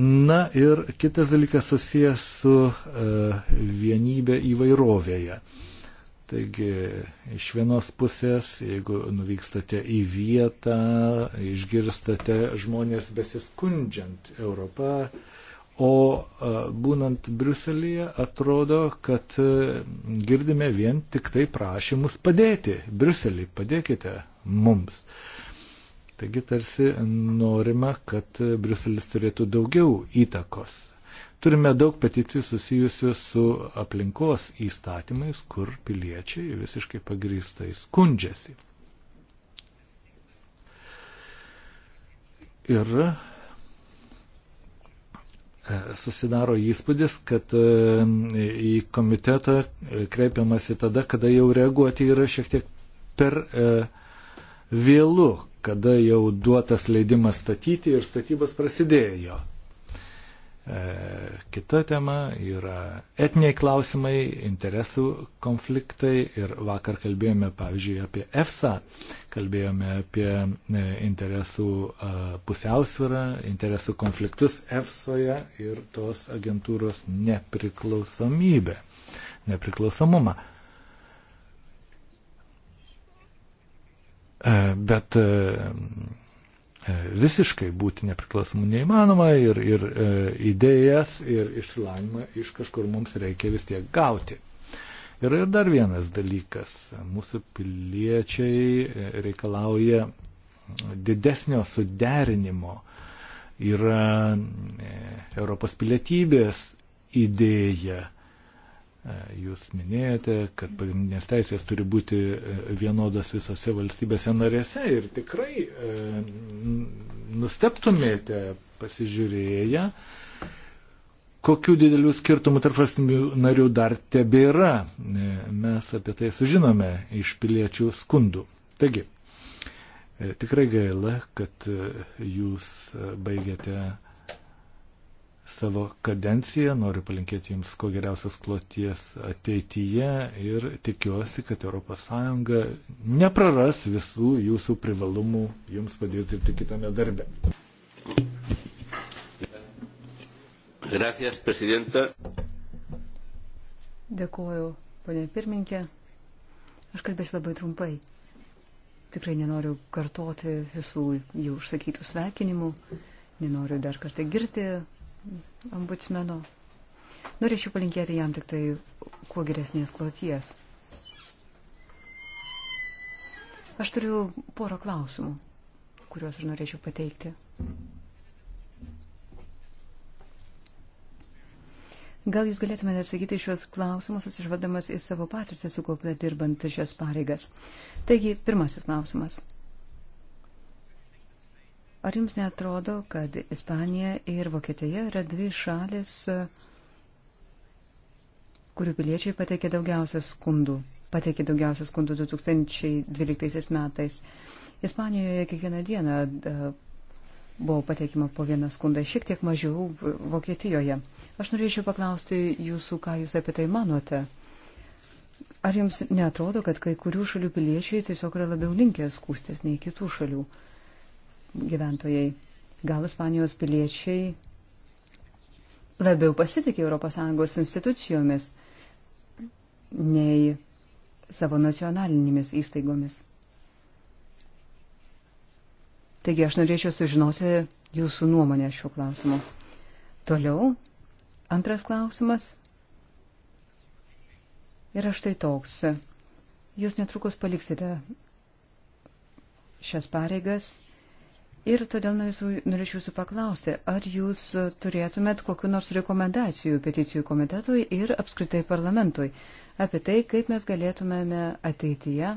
Na ir kitas dalykas susijęs su vienybė įvairovėje. Taigi iš vienos pusės, jeigu nuvykstate į vietą, išgirstate žmonės besiskundžiant Europą, o būnant Bruselėje atrodo, kad girdime vien tik tai prašymus padėti. Bruselį, padėkite mums. Taigi tarsi norima, kad Bruselis turėtų daugiau įtakos Turime daug peticijų susijusių su aplinkos įstatymais, kur piliečiai visiškai pagrįstai skundžiasi. Ir e, susidaro įspūdis, kad e, į komitetą e, kreipiamasi tada, kada jau reaguoti yra šiek tiek per vėlų, kada jau duotas leidimas statyti ir statybos prasidėjo kita tema yra etniai klausimai, interesų konfliktai ir vakar kalbėjome, pavyzdžiui, apie EFSA, kalbėjome apie e, interesų e, pusiausvyrą, interesų konfliktus EFSOje ir tos agentūros nepriklausomybę, nepriklausomumą. E, bet E, visiškai būti nepriklausomu neįmanoma ir, ir e, idėjas ir išsilavinimą iš kažkur mums reikia vis tiek gauti. Ir, ir dar vienas dalykas. Mūsų piliečiai e, reikalauja didesnio suderinimo. Yra e, Europos pilietybės idėja. E, jūs minėjote, kad pagrindinės teisės turi būti e, vienodas visose valstybėse narėse ir tikrai e, nusteptumėte pasižiūrėję, kokių didelių skirtumų tarp valstybių narių dar tebėra. E, mes apie tai sužinome iš piliečių skundų. Taigi, e, tikrai gaila, kad jūs baigėte savo kadenciją, noriu palinkėti Jums kuo geriausios kloties ateityje ir tikiuosi, kad ES nepraras visų Jūsų privalumų, Jums padės dirbti kitame darbe. Gracias, prezidenta. Dėkuoju, ponė pirminkė. Aš kalbėsiu labai trumpai. Tikrai nenoriu kartoti visų jų užsakytų sveikinimų, nenoriu dar kartą girti ombudsmenu. Norėčiau palinkėti jam tik tai kuo geresnės kloties. Aš turiu porą klausimų, kuriuos ir norėčiau pateikti. Gal jūs galėtumėte atsakyti šios klausimus, atsižvadamas į savo patirtį sukauptą dirbant šias pareigas. Taigi, pirmasis klausimas. Ar jums netrodo, kad Ispanija ir Vokietija yra dvi šalis, kurių piliečiai pateikė daugiausia skundų? Pateikė daugiausia skundų 2012 metais. Ispanijoje kiekvieną dieną e, buvo pateikima po vieną skundą, šiek tiek mažiau Vokietijoje. Aš norėčiau paklausti jūsų, ką jūs apie tai manote. Ar jums netrodo, kad kai kurių šalių piliečiai tiesiog yra labiau linkę skūstis nei kitų šalių? gyventojai. Gal Ispanijos piliečiai labiau pasitikė ES institucijomis nei savo nacionalinėmis įstaigomis. Taigi aš norėčiau sužinoti jūsų nuomonę šiuo klausimu. Toliau, antras klausimas yra štai toks. Jūs netrukus paliksite šias pareigas Ir todėl norėčiau jūsų paklausti, ar jūs turėtumėt kokiu nors rekomendacijų peticijų komitetui ir apskritai parlamentui apie tai, kaip mes galėtumėme ateityje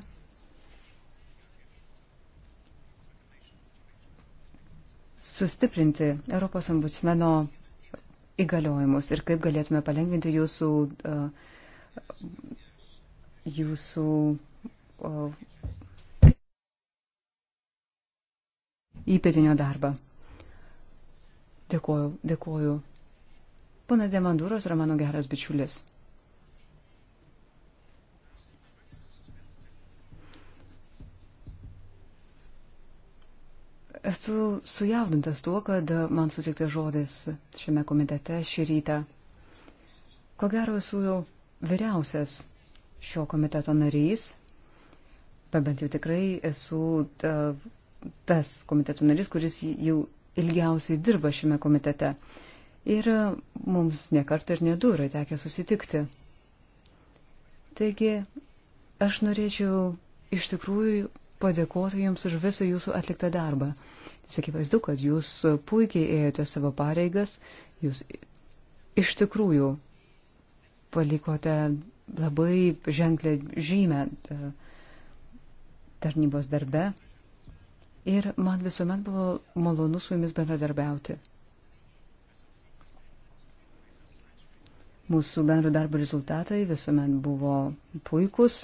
sustiprinti Europos ombudsmeno įgaliojimus ir kaip galėtume palengvinti jūsų, uh, jūsų uh, įpėdinio darbą. Dėkuoju, dėkuoju. Ponas Demanduros yra mano geras bičiulis. Esu sujaudintas tuo, kad man sutiktas žodis šiame komitete šį rytą. Ko gero esu jau vyriausias šio komiteto narys, bet bent jau tikrai esu uh, tas komiteto narys, kuris jau ilgiausiai dirba šiame komitete. Ir mums nekart ir nedu yra tekę susitikti. Taigi, aš norėčiau iš tikrųjų padėkoti Jums už visą Jūsų atliktą darbą. Sakyvaizdu, kad Jūs puikiai ėjote savo pareigas, Jūs iš tikrųjų palikote labai ženklę žymę e, tarnybos darbe ir man visuomet buvo malonu su jumis bendradarbiauti. Mūsų bendro darbo rezultatai visuomet buvo puikus.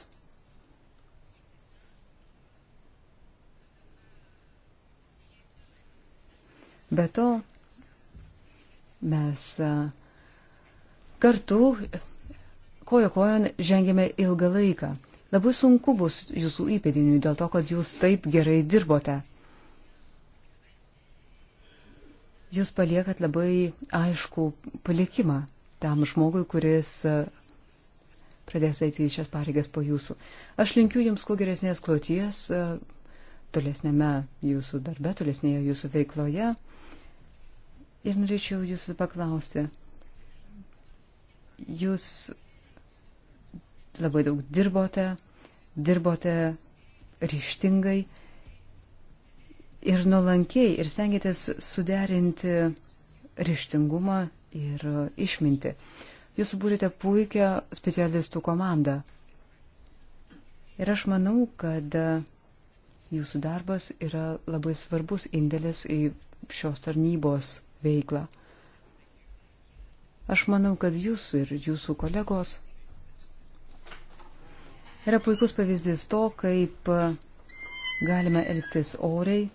Be to, mes kartu kojo kojon žengėme ilgą laiką. Labai sunku bus jūsų įpėdiniui dėl to, kad jūs taip gerai dirbote. Jūs paliekat labai aišku palikimą tam žmogui, kuris e, pradės eiti į šias pareigas po jūsų. Aš linkiu jums kuo geresnės kloties e, tolesnėme jūsų darbe, tolesnėje jūsų veikloje. Ir norėčiau jūsų paklausti. Jūs labai daug dirbote, dirbote ryštingai ir nuolankiai ir stengiatės suderinti ryštingumą ir išminti. Jūs subūrėte puikią specialistų komandą. Ir aš manau, kad jūsų darbas yra labai svarbus indėlis į šios tarnybos veiklą. Aš manau, kad jūs ir jūsų kolegos yra puikus pavyzdys to, kaip galime elgtis oriai,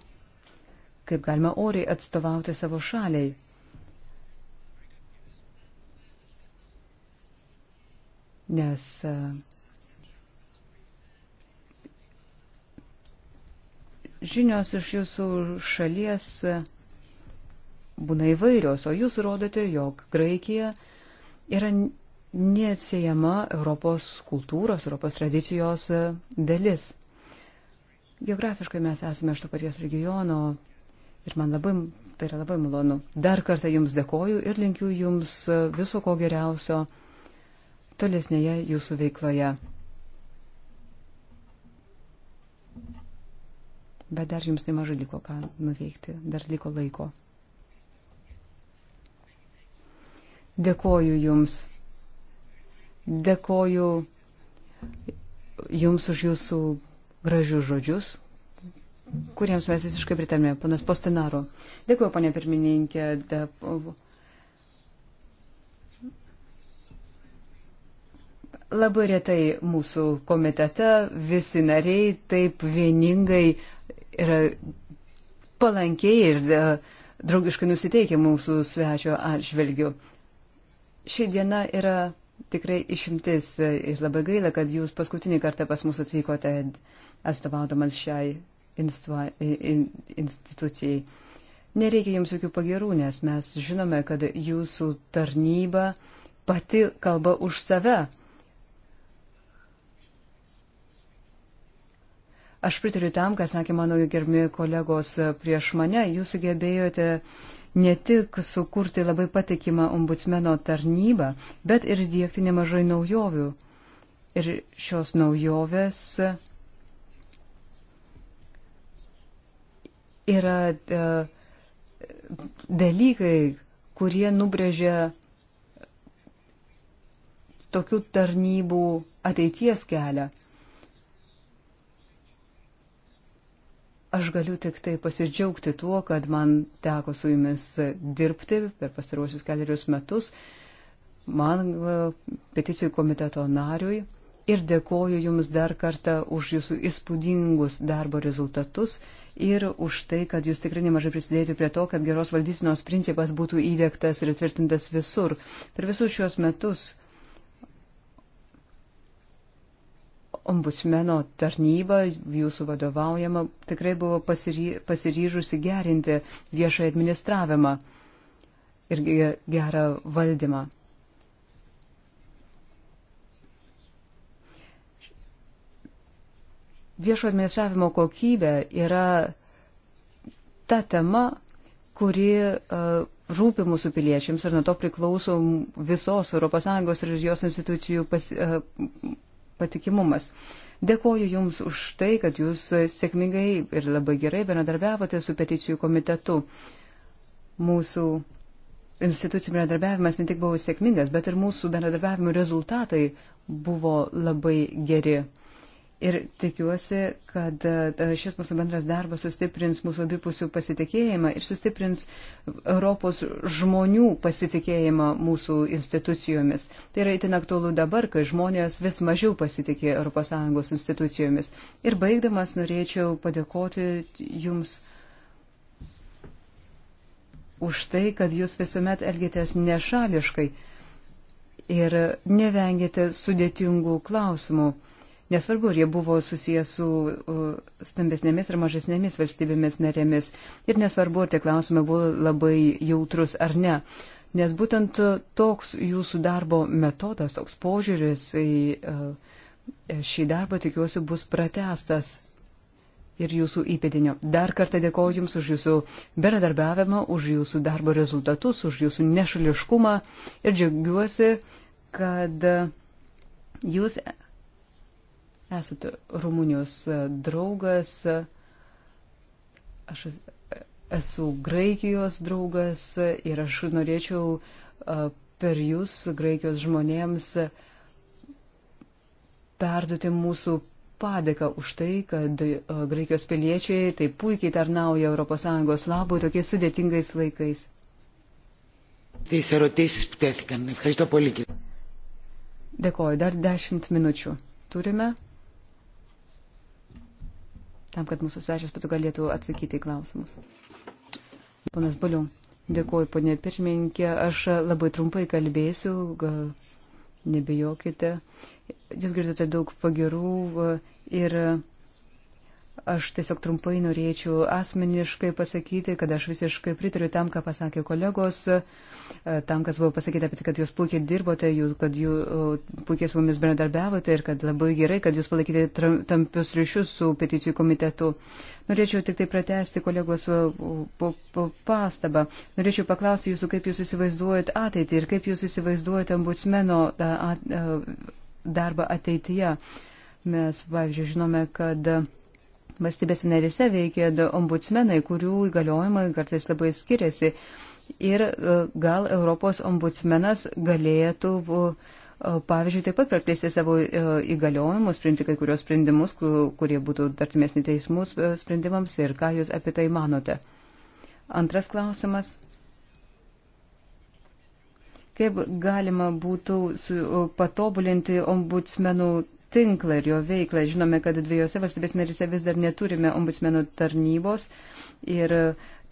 kaip galime oriai atstovauti savo šaliai. Nes e, žinios iš jūsų šalies e, būna įvairios, o jūs rodote, jog Graikija yra neatsiejama Europos kultūros, Europos tradicijos e, dalis. Geografiškai mes esame iš to paties regiono ir man labai, tai yra labai malonu. Dar kartą Jums dėkoju ir linkiu Jums e, viso ko geriausio tolesnėje Jūsų veikloje. Bet dar jums nemažai liko ką nuveikti, dar liko laiko. Dėkoju Jums. Dėkoju Jums už Jūsų gražius žodžius, kuriems mes visiškai pritarėme, panas Postenaro. Dėkuoju, ponė pirmininkė. De... Labai retai mūsų komitete visi nariai taip vieningai yra palankiai ir draugiškai nusiteikę mūsų svečio atžvilgių. Ši diena yra tikrai išimtis ir labai gaila, kad jūs paskutinį kartą pas mus atvykote atstovaudamas šiai instua, in, institucijai. Nereikia jums jokių pagirų, nes mes žinome, kad jūsų tarnyba pati kalba už save. Aš pritariu tam, ką sakė mano gerbimi kolegos prieš mane. Jūs sugebėjote uh, ne tik sukurti labai patikimą ombudsmeno tarnybą, bet ir dėkti nemažai naujovių. Ir šios naujovės yra e, dalykai, kurie nubrėžia tokių tarnybų ateities kelią. Aš galiu tik tai pasidžiaugti tuo, kad man teko su jumis dirbti per pastaruosius keliarius metus, man peticijų komiteto nariui. Ir dėkoju Jums dar kartą už Jūsų įspūdingus darbo rezultatus ir už tai, kad Jūs tikrai nemažai prisidėjote prie to, kad geros valdysinos principas būtų įdėktas ir tvirtintas visur. Per visus šiuos metus ombudsmeno tarnyba, jūsų vadovaujama, tikrai buvo pasiryžusi gerinti viešą administravimą ir gerą valdymą. Viešo administravimo kokybė yra ta tema, kuri rūpi mūsų piliečiams ir nuo to priklauso visos ES ir jos institucijų pas, patikimumas. Dėkoju Jums už tai, kad Jūs sėkmingai ir labai gerai bendradarbiavote su peticijų komitetu. Mūsų institucijų bendradarbiavimas ne tik buvo sėkmingas, bet ir mūsų bendradarbiavimo rezultatai buvo labai geri. Ir tikiuosi, kad e, šis mūsų bendras darbas sustiprins mūsų abipusių pasitikėjimą ir sustiprins Europos žmonių pasitikėjimą mūsų institucijomis. Tai yra itin aktualu dabar, kai žmonės vis mažiau pasitikė ES institucijomis. Ir baigdamas norėčiau padėkoti Jums už tai, kad Jūs visuomet elgėtės nešališkai ir nevengėte sudėtingų klausimų Nesvarbu, ar jie buvo susijęs su stambesnėmis ar mažesnėmis valstybėmis narėmis. Ir nesvarbu, ar tie klausimai buvo labai jautrus ar ne. Nes būtent toks jūsų darbo metodas, toks požiūris į šį darbą, tikiuosi, bus pratestas ir jūsų įpėdinio. Dar kartą dėkoju Jums už Jūsų bendradarbiavimą, už Jūsų darbo rezultatus, už Jūsų nešališkumą ir džiaugiuosi, kad Jūs esat Rumunijos e, draugas, aš esu Graikijos draugas ir aš norėčiau e, per jūs Graikijos žmonėms perduoti mūsų padėką už tai, kad e, Graikijos piliečiai taip puikiai tarnauja ES labui tokiais sudėtingais laikais. Dėkoju, dar dešimt minučių turime tam, kad mūsų svečias patų galėtų atsakyti į klausimus. Ponas Baliu, dėkuoju, ponė pirmininkė, aš labai trumpai kalbėsiu, nebijokite. Jūs girdite daug pagirų ir Aš tiesiog trumpai norėčiau asmeniškai pasakyti, kad aš visiškai pritariu tam, ką pasakė kolegos, e, tam, kas buvo pasakyta apie tai, kad jūs puikiai dirbote, jūs, kad jūs puikiai su mumis bendradarbiavote ir kad labai gerai, kad jūs palaikėte tampius ryšius su peticijų komitetu. Norėčiau tik tai pratesti kolegos pastabą. Norėčiau paklausti jūsų, kaip jūs įsivaizduojat ateitį ir kaip jūs įsivaizduojat ombudsmeno darbą ateityje. Mes, pavyzdžiui, žinome, kad Valstybės narėse veikia ombudsmenai, kurių įgaliojimai kartais labai skiriasi. Ir e, gal Europos ombudsmenas galėtų, e, pavyzdžiui, taip pat praplėsti savo e, įgaliojimus, priimti kai kurios sprendimus, kurie būtų artimesni teismų sprendimams ir ką jūs apie tai manote. Antras klausimas. Kaip galima būtų patobulinti ombudsmenų tinklą ir jo veiklą. Žinome, kad dviejose valstybės narise vis dar neturime ombudsmenų tarnybos ir e,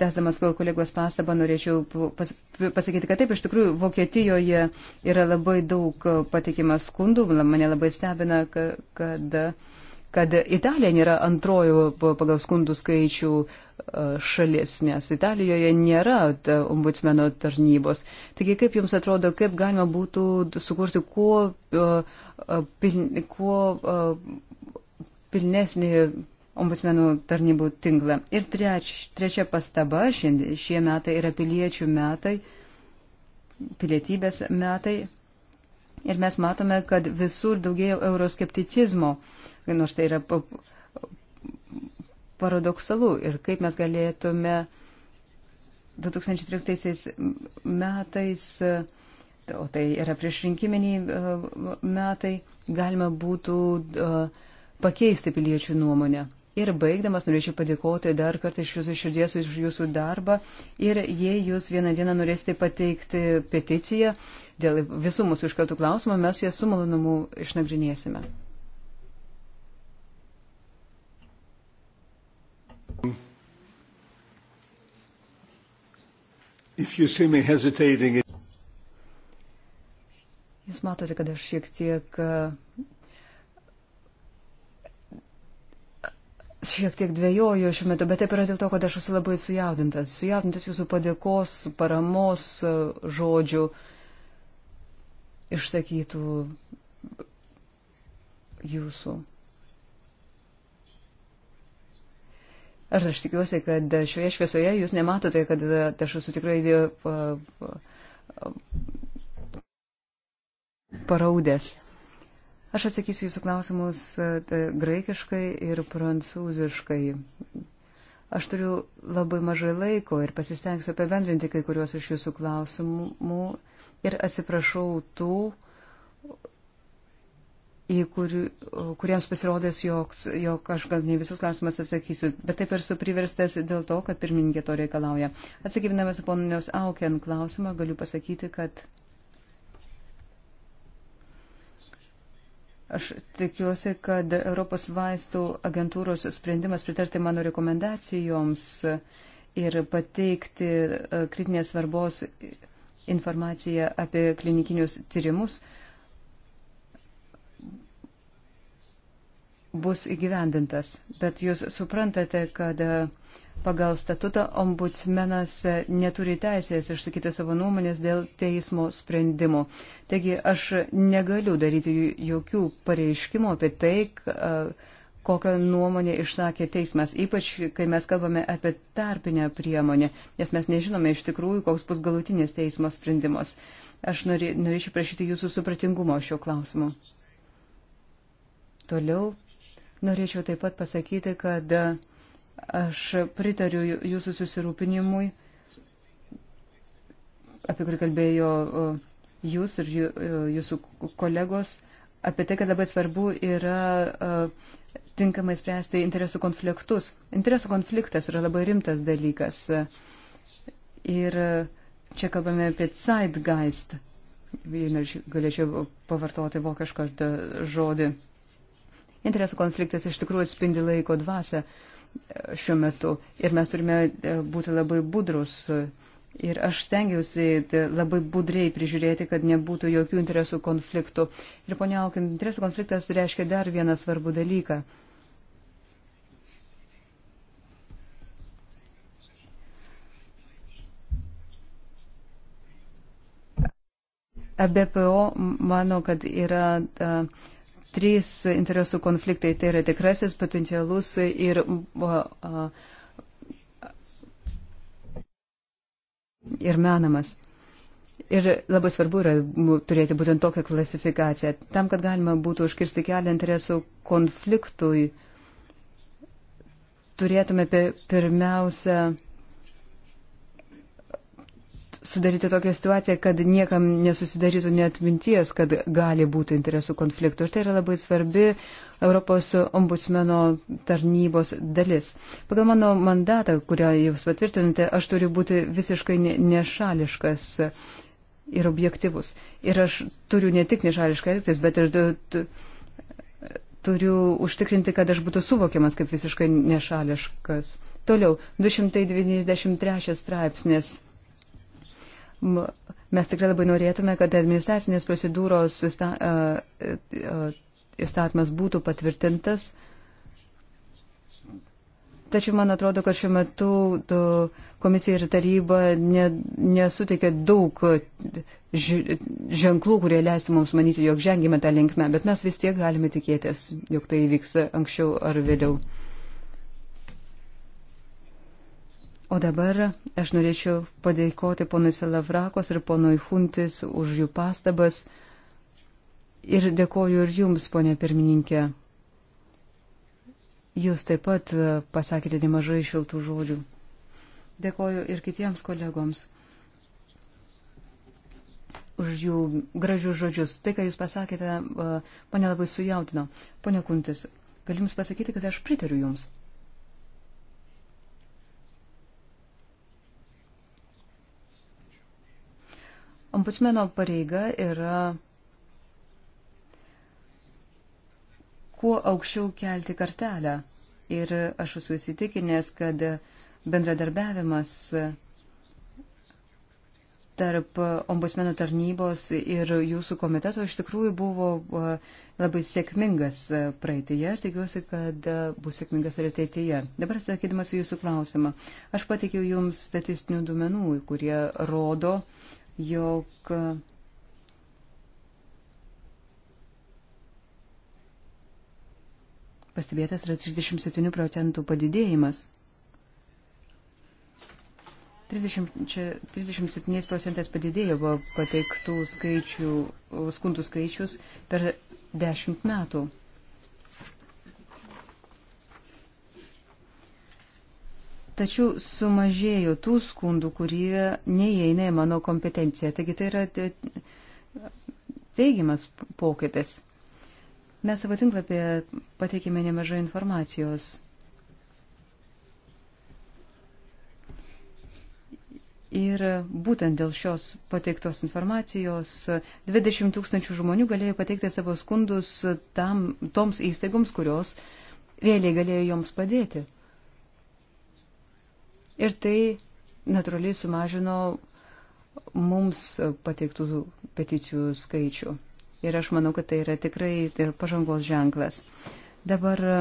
Tęsdamas kolegos pastabą, norėčiau pas, pasakyti, kad taip, iš tikrųjų, Vokietijoje yra labai daug e, patikima skundų, mane labai stebina, kad, kad kad Italija nėra antroji pagal skundų skaičių šalis, nes Italijoje nėra ombudsmeno tarnybos. Taigi, kaip Jums atrodo, kaip galima būtų sukurti kuo, kuo pilnesnį ombudsmenų tarnybų tinklą. Ir treč, trečia pastaba, šiandien, šie metai yra piliečių metai, pilietybės metai. Ir mes matome, kad visur daugėjo euroskepticizmo. Nors tai yra paradoksalu. Ir kaip mes galėtume 2013 metais, o tai yra priešrinkiminiai e, metai, galima būtų e, pakeisti piliečių nuomonę. Ir baigdamas norėčiau padėkoti dar kartą iš jūsų širdies už jūsų darbą. Ir jei jūs vieną dieną norėsite pateikti peticiją, Dėl visų mūsų iškeltų klausimų mes jas su malonumu išnagrinėsime. Jūs matote, kad aš šiek tiek, šiek tiek dvėjoju šiuo metu, bet taip yra dėl to, kad aš esu labai sujaudintas. Sujaudintas jūsų padėkos, paramos žodžių. Uh, išsakytų jūsų. Aš, aš tikiuosi, kad šioje šviesoje jūs nematote, kad e, tai aš esu tikrai e, paraudęs. Aš atsakysiu jūsų klausimus e, tai graikiškai ir prancūziškai. Aš turiu labai mažai laiko ir pasistengsiu apibendrinti kai kuriuos iš jūsų klausimų ir atsiprašau tų, kur, kuriems pasirodės, jog, jog aš gal ne visus klausimus atsakysiu, bet taip ir su priverstas dėl to, kad pirmininkė to reikalauja. Atsakydamas ponios Auken klausimą, galiu pasakyti, kad aš tikiuosi, kad Europos vaistų agentūros sprendimas pritarti mano rekomendacijoms ir pateikti e, kritinės svarbos informacija apie klinikinius tyrimus bus įgyvendintas. Bet jūs suprantate, kad e, pagal statutą ombudsmenas e, neturi teisės išsakyti savo nuomonės dėl teismo sprendimų. Taigi aš negaliu daryti jokių pareiškimų apie tai, e, kokią nuomonę išsakė teismas, ypač kai mes kalbame apie tarpinę priemonę, nes mes nežinome iš tikrųjų, koks bus galutinis teismo sprendimas. Aš norė, norėčiau prašyti jūsų supratingumo šio klausimu. Toliau norėčiau taip pat pasakyti, kad aš pritariu jūsų susirūpinimui, apie kurį kalbėjo jūs ir jūsų kolegos, apie tai, kad labai svarbu yra uh, tinkamai spręsti interesų konfliktus. Interesų konfliktas yra labai rimtas dalykas. Ir čia kalbame apie zeitgeist. Galėčiau pavartoti vokišką žodį. Interesų konfliktas iš tikrųjų atspindi laiko dvasę šiuo metu. Ir mes turime e, būti labai budrus Ir aš stengiausi tai, labai budriai prižiūrėti, kad nebūtų jokių interesų konfliktų. Ir ponia Aukin, interesų konfliktas reiškia dar vieną svarbų dalyką. ABPO mano, kad yra a, trys interesų konfliktai. Tai yra tikrasis, potencialus ir a, a, ir menamas. Ir labai svarbu yra turėti būtent tokią klasifikaciją, tam, kad galima būtų užkirsti kelią interesų konfliktui. Turėtume pirmiausia sudaryti tokią situaciją, kad niekam nesusidarytų net minties, kad gali būti interesų konfliktų. Ir tai yra labai svarbi Europos ombudsmeno tarnybos dalis. Pagal mano mandatą, kurią jūs patvirtinote, aš turiu būti visiškai nešališkas ir objektivus. Ir aš turiu ne tik nešališkai elgtis, bet ir turiu užtikrinti, kad aš būtų suvokiamas kaip visiškai nešališkas. Toliau, 293 straipsnis Mes tikrai labai norėtume, kad administracinės procedūros įstatymas būtų patvirtintas. Tačiau man atrodo, kad šiuo metu komisija ir taryba ne, nesuteikia daug ženklų, kurie leistų mums manyti, jog žengime tą linkmę, bet mes vis tiek galime tikėtis, jog tai įvyks anksčiau ar vėliau. O dabar aš norėčiau padėkoti ponui Salavrakos ir ponui Huntis už jų pastabas. Ir dėkoju ir jums, ponė pirmininkė. Jūs taip pat pasakėte nemažai šiltų žodžių. Dėkoju ir kitiems kolegoms už jų gražius žodžius. Tai, ką jūs pasakėte, mane labai sujaudino. Pone Kuntis, galiu jums pasakyti, kad aš pritariu jums. Ombudsmeno pareiga yra kuo aukščiau kelti kartelę. Ir aš esu įsitikinęs, kad bendradarbiavimas tarp ombudsmeno tarnybos ir jūsų komiteto iš tikrųjų buvo labai sėkmingas praeitėje ir tikiuosi, kad bus sėkmingas ir ateityje. Dabar atsakydamas į jūsų klausimą, aš pateikiau jums statistinių duomenų, kurie rodo, jog pastebėtas yra 37 procentų padidėjimas. 30, čia, 37 procentais padidėjo buvo pateiktų skaičių, skundų skaičius per 10 metų. Tačiau sumažėjo tų skundų, kurie neįeina į mano kompetenciją. Taigi tai yra teigiamas pokytis. Mes savo tinklapėje pateikėme nemažai informacijos. Ir būtent dėl šios pateiktos informacijos 20 tūkstančių žmonių galėjo pateikti savo skundus tam, toms įstaigoms, kurios realiai galėjo joms padėti. Ir tai natūraliai sumažino mums pateiktų peticijų skaičių. Ir aš manau, kad tai yra tikrai tai yra pažangos ženklas. Dabar e,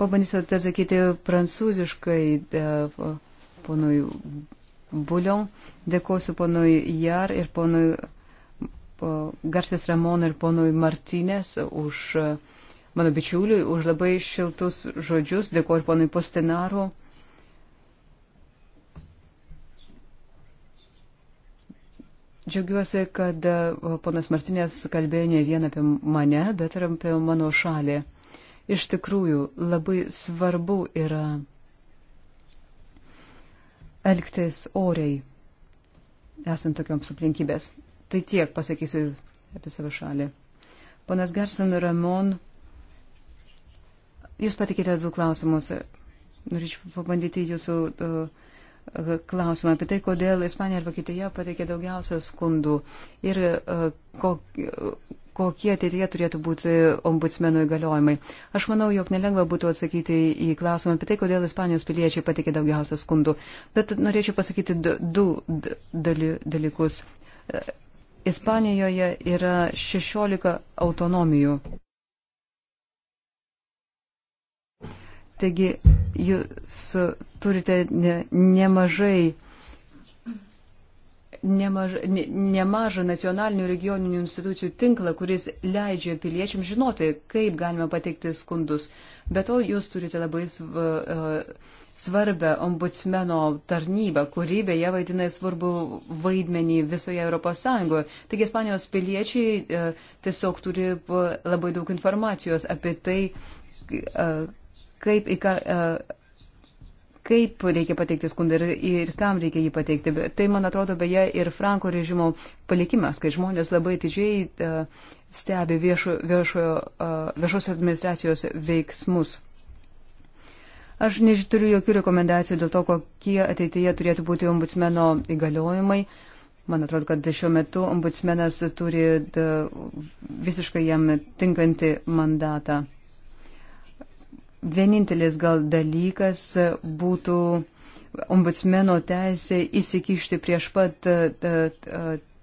pabandysiu atsakyti prancūziškai e, ponui Bulion, dėkosiu ponui Jar ir ponui Garsis Ramon ir ponui Martinės už uh, mano bičiuliui už labai šiltus žodžius, dėkoju ponui Postinaru. Džiaugiuosi, kad e, ponas Martinės kalbėjo ne vien apie mane, bet ir apie mano šalį. Iš tikrųjų, labai svarbu yra elgtis oriai, esant tokioms aplinkybės. Tai tiek pasakysiu apie savo šalį. Ponas Garson Ramon Jūs patikite du klausimus. Norėčiau pabandyti jūsų uh, klausimą apie tai, kodėl Ispanija ir Vokietija pateikė daugiausia skundų ir uh, kokie ateityje turėtų būti ombudsmeno įgaliojimai. Aš manau, jog nelengva būtų atsakyti į klausimą apie tai, kodėl Ispanijos piliečiai pateikė daugiausia skundų. Bet norėčiau pasakyti du dalykus. Ispanijoje yra 16 autonomijų. Taigi jūs turite ne, nemažai nemaž, ne, nemažą nacionalinių regioninių institucijų tinklą, kuris leidžia piliečiams žinoti, kaip galima pateikti skundus. Be to, jūs turite labai sv, e, svarbę ombudsmeno tarnybą, kuri beje vaidina svarbu vaidmenį visoje ES. Taigi Ispanijos piliečiai e, tiesiog turi e, labai daug informacijos apie tai, kaip, ką, e, kaip reikia pateikti skundą ir, ir kam reikia jį pateikti. Tai, man atrodo, beje, ir Franko režimo palikimas, kai žmonės labai didžiai e, stebi viešo, viešo, e, viešosios administracijos veiksmus. Aš nežituriu jokių rekomendacijų dėl to, kokie ateityje turėtų būti ombudsmeno įgaliojimai. Man atrodo, kad šiuo metu ombudsmenas turi visiškai jam tinkantį mandatą. Vienintelis gal dalykas būtų ombudsmeno teisė įsikišti prieš pat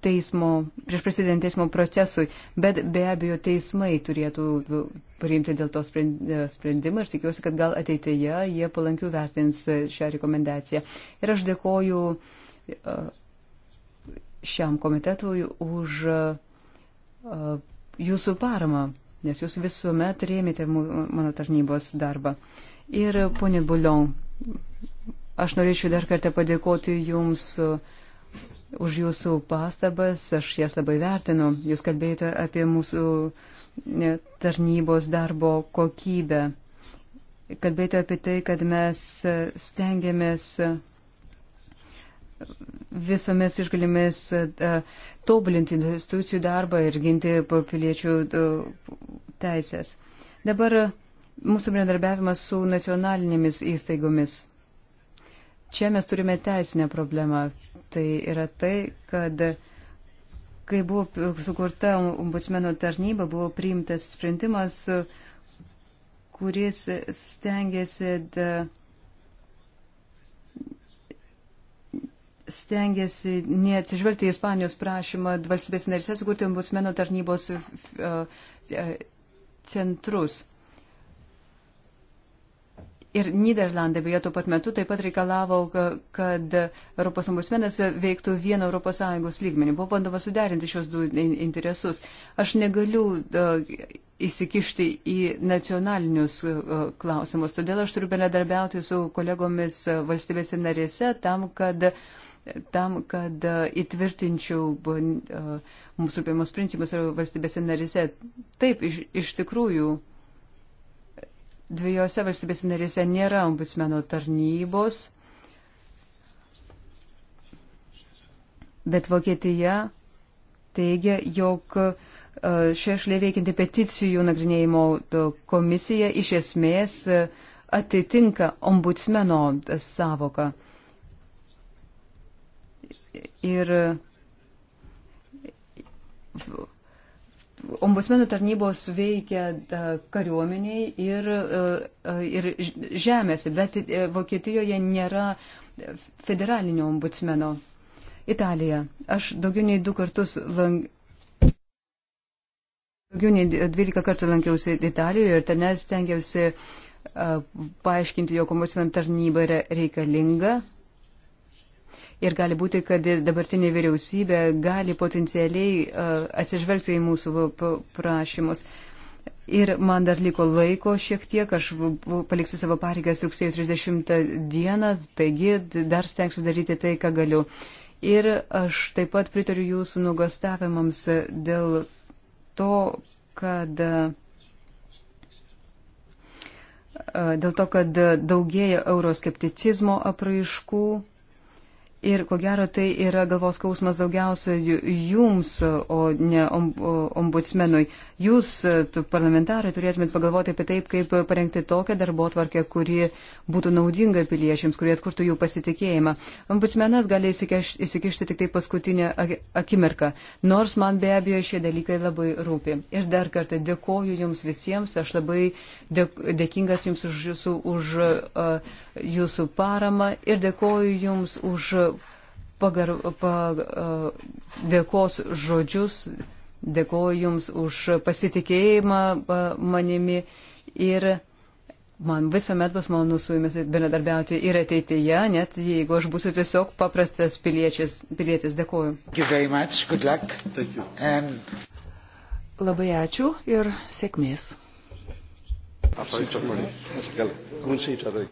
teismo, prieš prasidedant teismo procesui, bet be abejo teismai turėtų priimti dėl to sprendimą ir tikiuosi, kad gal ateityje jie palankių vertins šią rekomendaciją. Ir aš dėkoju šiam komitetui už jūsų paramą nes jūs visuomet rėmėte mano tarnybos darbą. Ir ponė Bulion, aš norėčiau dar kartą padėkoti Jums uh, už Jūsų pastabas, aš jas labai vertinu. Jūs kalbėjote apie mūsų tarnybos darbo kokybę. Kalbėjote apie tai, kad mes uh, stengiamės visomis išgalimis e, e, tobulinti institucijų darbą ir ginti piliečių teisės. Dabar mūsų bendradarbiavimas su nacionalinėmis įstaigomis. Čia mes turime teisinę problemą. Tai yra tai, kad kai buvo sukurta ombudsmeno tarnyba, buvo priimtas sprendimas, kuris stengiasi. Da, de stengiasi neatsižvelgti į Ispanijos prašymą valstybės narėse sukurti ombudsmeno tarnybos e, centrus. Ir Niderlandai beje tuo pat metu taip pat reikalavo, kad Europos ombudsmenas veiktų vieno ES lygmenį. Buvo bandoma suderinti šios du interesus. Aš negaliu e, įsikišti į nacionalinius e, klausimus, todėl aš turiu bendradarbiauti su kolegomis valstybėse narėse tam, kad tam, kad e, įtvirtinčiau e, mūsų pirmus principus ir valstybėse narise. Taip, iš, iš tikrųjų, dviejose valstybėse narise nėra ombudsmeno tarnybos, bet Vokietija teigia, jog e, šešlė veikianti peticijų nagrinėjimo komisija iš esmės atitinka ombudsmeno savoką ir ombudsmenų tarnybos veikia kariuomeniai ir, ir žemėse, bet e, Vokietijoje nėra federalinio ombudsmeno. Italija. Aš daugiau nei du kartus lang... Daugiau nei 12 kartų lankiausi Italijoje ir ten stengiausi uh, paaiškinti, jog ombudsmen tarnyba yra reikalinga, Ir gali būti, kad dabartinė vyriausybė gali potencialiai e, atsižvelgti į mūsų prašymus. Ir man dar liko laiko šiek tiek, aš paliksiu savo pareigas rugsėjo 30 dieną, taigi dar stengsiu daryti tai, ką galiu. Ir aš taip pat pritariu jūsų nugastavimams dėl to, kad e, dėl to, kad daugėja euroskepticizmo apraiškų Ir ko gero tai yra galvos skausmas daugiausia jums, o ne ombudsmenui. Jūs, e, parlamentarai, turėtumėt pagalvoti apie taip, kaip parengti tokią darbo tvarkę, kuri būtų naudinga piliečiams, kurie atkurtų jų pasitikėjimą. Ombudsmenas gali įsikišti tik tai paskutinę akimirką, nors man be abejo šie dalykai labai rūpi. Ir dar kartą dėkoju jums visiems, aš labai dėkingas jums už jūsų, už, uh, jūsų paramą ir dėkoju jums už pagar, pag, dėkos žodžius, dėkoju Jums už pasitikėjimą manimi ir man visuomet bus malonu su Jumis bendradarbiauti ir ateityje, net jeigu aš būsiu tiesiog paprastas pilietis. Dėkoju. And... Labai ačiū ir sėkmės. Absolutely.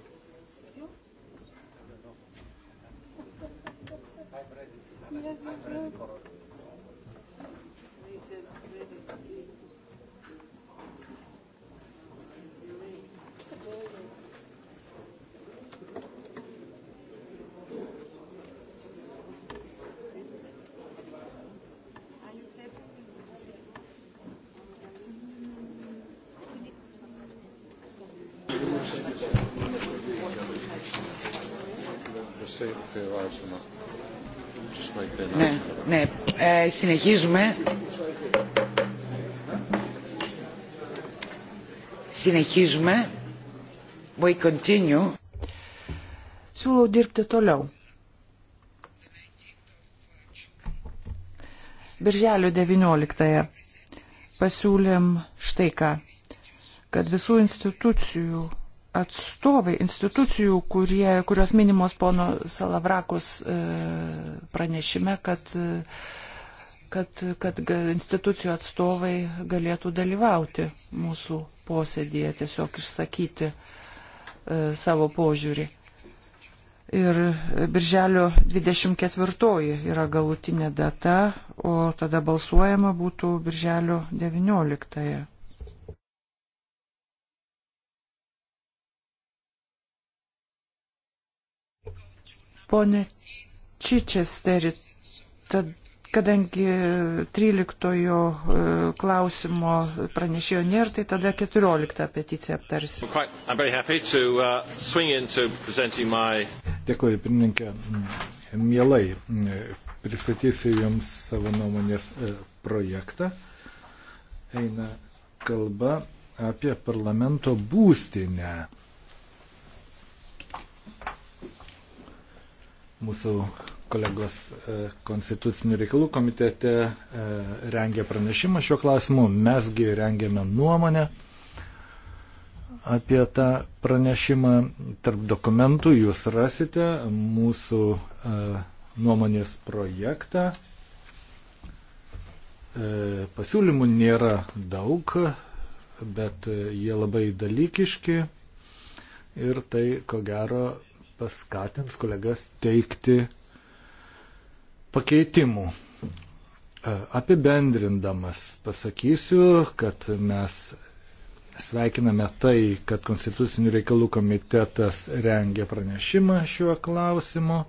Βάισμα. Ναι, ναι. Ε, συνεχίζουμε. Συνεχίζουμε. We continue. Siūlau dirbti toliau. Birželio 19-ąją pasiūlėm štai ką, kad visų institucijų atstovai institucijų, kurie, kurios minimos pono Salavrakos e, pranešime, kad, kad, kad institucijų atstovai galėtų dalyvauti mūsų posėdėje, tiesiog išsakyti e, savo požiūrį. Ir birželio 24 yra galutinė data, o tada balsuojama būtų birželio 19. -ąją. Pone Čičesteri, tad kadangi 13 e, klausimo pranešėjo nėra, tai tada 14 peticiją aptarsim. Uh, Dėkuoju, pirmininkė. Mielai pristatysiu Jums savo nuomonės e, projektą. Eina kalba apie parlamento būstinę. Mūsų kolegos e, Konstitucinių reikalų komitete e, rengė pranešimą šiuo klausimu, mesgi rengėme nuomonę apie tą pranešimą. Tarp dokumentų jūs rasite mūsų e, nuomonės projektą. Pasiūlymų nėra daug, bet jie labai dalykiški ir tai, ko gero, paskatins kolegas teikti pakeitimų. E, apibendrindamas pasakysiu, kad mes sveikiname tai, kad Konstitucinių reikalų komitetas rengia pranešimą šiuo klausimu.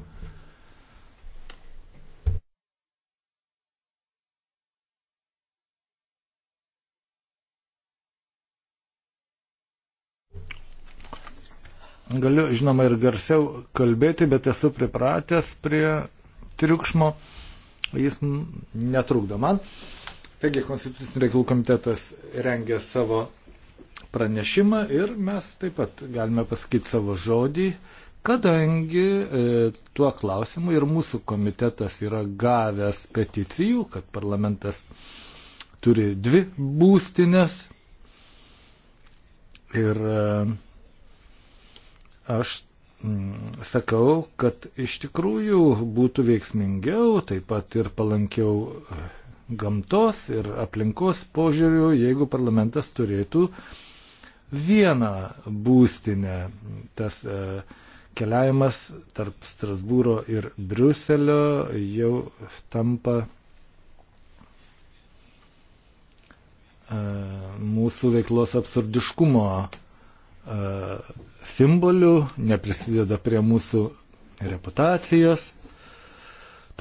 Galiu, žinoma, ir garsiau kalbėti, bet esu pripratęs prie triukšmo. Jis netrukdo man. Taigi, Konstitucinių reikalų komitetas rengia savo pranešimą ir mes taip pat galime pasakyti savo žodį, kadangi e, tuo klausimu ir mūsų komitetas yra gavęs peticijų, kad parlamentas turi dvi būstinės ir e, Aš mm, sakau, kad iš tikrųjų būtų veiksmingiau, taip pat ir palankiau e, gamtos ir aplinkos požiūrių, jeigu parlamentas turėtų vieną būstinę. Tas e, keliavimas tarp Strasbūro ir Briuselio jau tampa e, mūsų veiklos absurdiškumo E, simbolių, neprisideda prie mūsų reputacijos.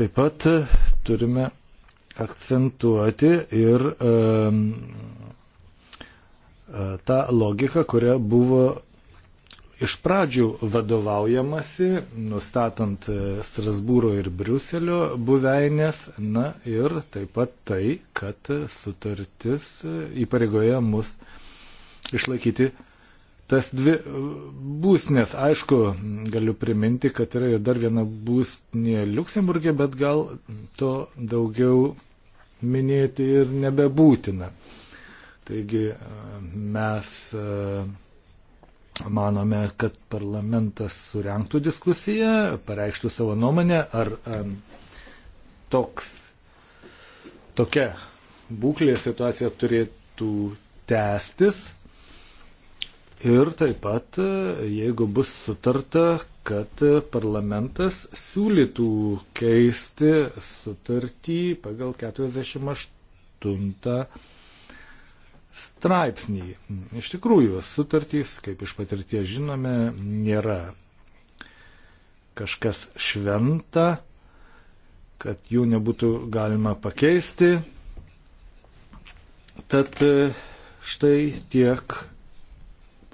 Taip pat turime akcentuoti ir e, e tą logiką, kuria buvo iš pradžių vadovaujamasi, nustatant e, Strasbūro ir Briuselio buveinės, na ir taip pat tai, kad sutartis įpareigoja mus išlaikyti tas dvi būsnės. Aišku, galiu priminti, kad yra ir dar viena būsnė Luksemburgė, bet gal to daugiau minėti ir nebebūtina. Taigi mes manome, kad parlamentas surenktų diskusiją, pareikštų savo nuomonę, ar toks, tokia būklė situacija turėtų tęstis Ir taip pat, jeigu bus sutarta, kad parlamentas siūlytų keisti sutartį pagal 48 straipsnį. Iš tikrųjų, sutartys, kaip iš patirties žinome, nėra kažkas šventa, kad jų nebūtų galima pakeisti. Tad štai tiek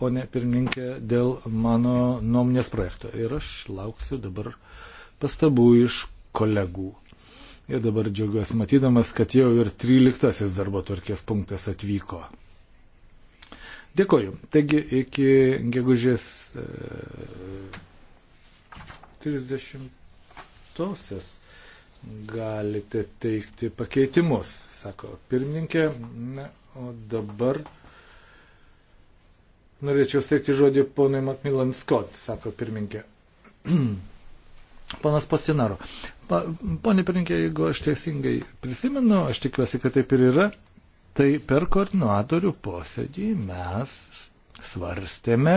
ponė pirmininkė, dėl mano nuomonės projekto. Ir aš lauksiu dabar pastabų iš kolegų. Ir dabar džiaugiuosi matydamas, kad jau ir 13 darbo tvarkės punktas atvyko. Dėkoju. Taigi iki gegužės 30-osios e, galite teikti pakeitimus, sako pirmininkė. Na, o dabar Norėčiau steigti žodį ponui Macmillan Scott, sako pirminkė. Panas Pasinaro. Pa, Pone pirminkė, jeigu aš teisingai prisimenu, aš tikiuosi, kad taip ir yra, tai per koordinatorių posėdį mes svarstėme,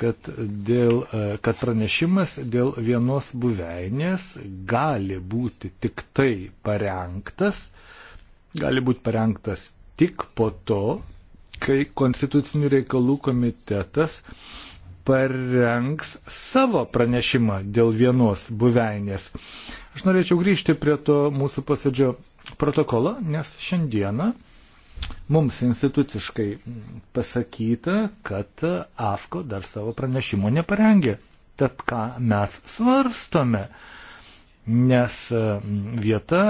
kad, dėl, e, kad pranešimas dėl vienos buveinės gali būti tik tai parengtas, gali būti parengtas tik po to, kai Konstitucinių reikalų komitetas parengs savo pranešimą dėl vienos buveinės. Aš norėčiau grįžti prie to mūsų posėdžio protokolo, nes šiandieną mums instituciškai pasakyta, kad AFKO dar savo pranešimo neparengė. Tad ką mes svarstome, nes vieta,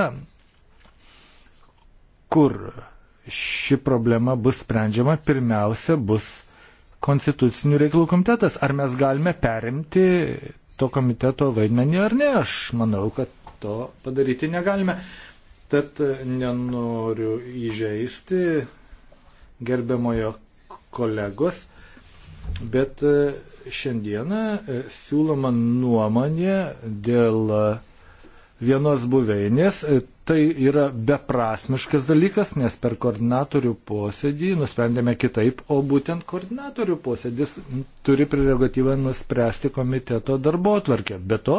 kur ši problema bus sprendžiama, pirmiausia bus konstitucinių reikalų komitetas. Ar mes galime perimti to komiteto vaidmenį ar ne? Aš manau, kad to padaryti negalime. Tad e, nenoriu įžeisti gerbiamojo kolegos, bet e, šiandieną e, siūloma nuomonė dėl vienos buveinės. E, tai yra beprasmiškas dalykas, nes per koordinatorių posėdį nusprendėme kitaip, o būtent koordinatorių posėdis turi prerogatyvą nuspręsti komiteto darbo atvarkę. Be to,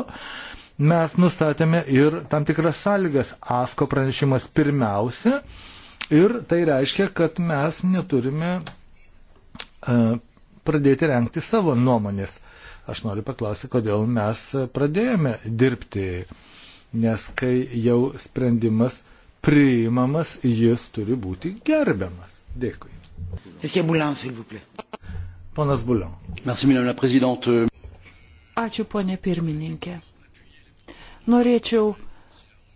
mes nustatėme ir tam tikras sąlygas. AFKO pranešimas pirmiausia ir tai reiškia, kad mes neturime uh, pradėti renkti savo nuomonės. Aš noriu paklausyti, kodėl mes pradėjome dirbti uh, nes kai jau sprendimas priimamas, jis turi būti gerbiamas. Dėkui. Ponas Bulion. Ačiū, ponė pirmininkė. Norėčiau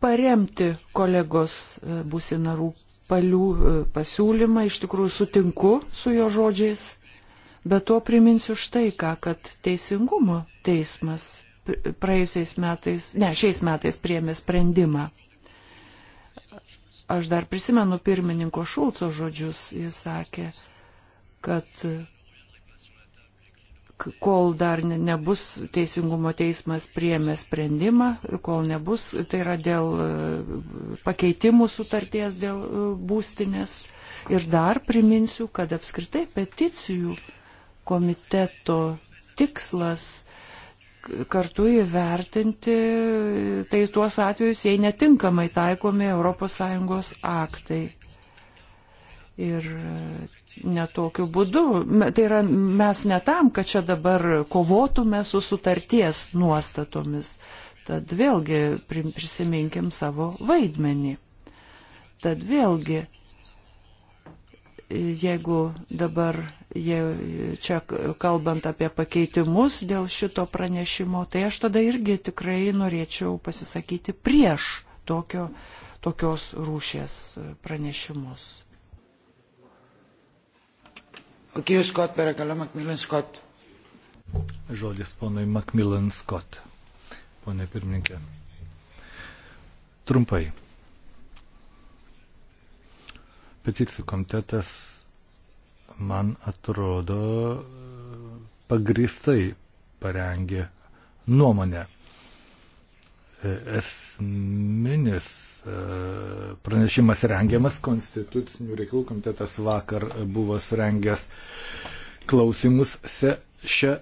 paremti kolegos e, būsinarų palių e, pasiūlymą, iš tikrųjų sutinku su jo žodžiais, bet tuo priminsiu štai ką, kad teisingumo teismas praėjusiais metais, ne, šiais metais priemė sprendimą. Aš dar prisimenu pirmininko Šulco žodžius, jis sakė, kad kol dar nebus teisingumo teismas priemė sprendimą, kol nebus, tai yra dėl e, pakeitimų sutarties dėl e, būstinės. Ir dar priminsiu, kad apskritai peticijų komiteto tikslas kartu įvertinti tai tuos atvejus, jei netinkamai taikomi ES aktai. Ir e, netokiu būdu, tai yra mes ne tam, kad čia dabar kovotume su sutarties nuostatomis. Tad vėlgi prisiminkim savo vaidmenį. Tad vėlgi, jeigu dabar čia kalbant apie pakeitimus dėl šito pranešimo, tai aš tada irgi tikrai norėčiau pasisakyti prieš tokio, tokios rūšės pranešimus. O kirius Scott, perakalo Macmillan Scott. Žodis ponui Macmillan Scott. Pone pirmininkė. Trumpai. Peticijų komitetas man atrodo, pagristai parengė nuomonę. Esminis e, pranešimas rengiamas, Konstitucinių reikalų komitetas vakar buvo surengęs klausimus šią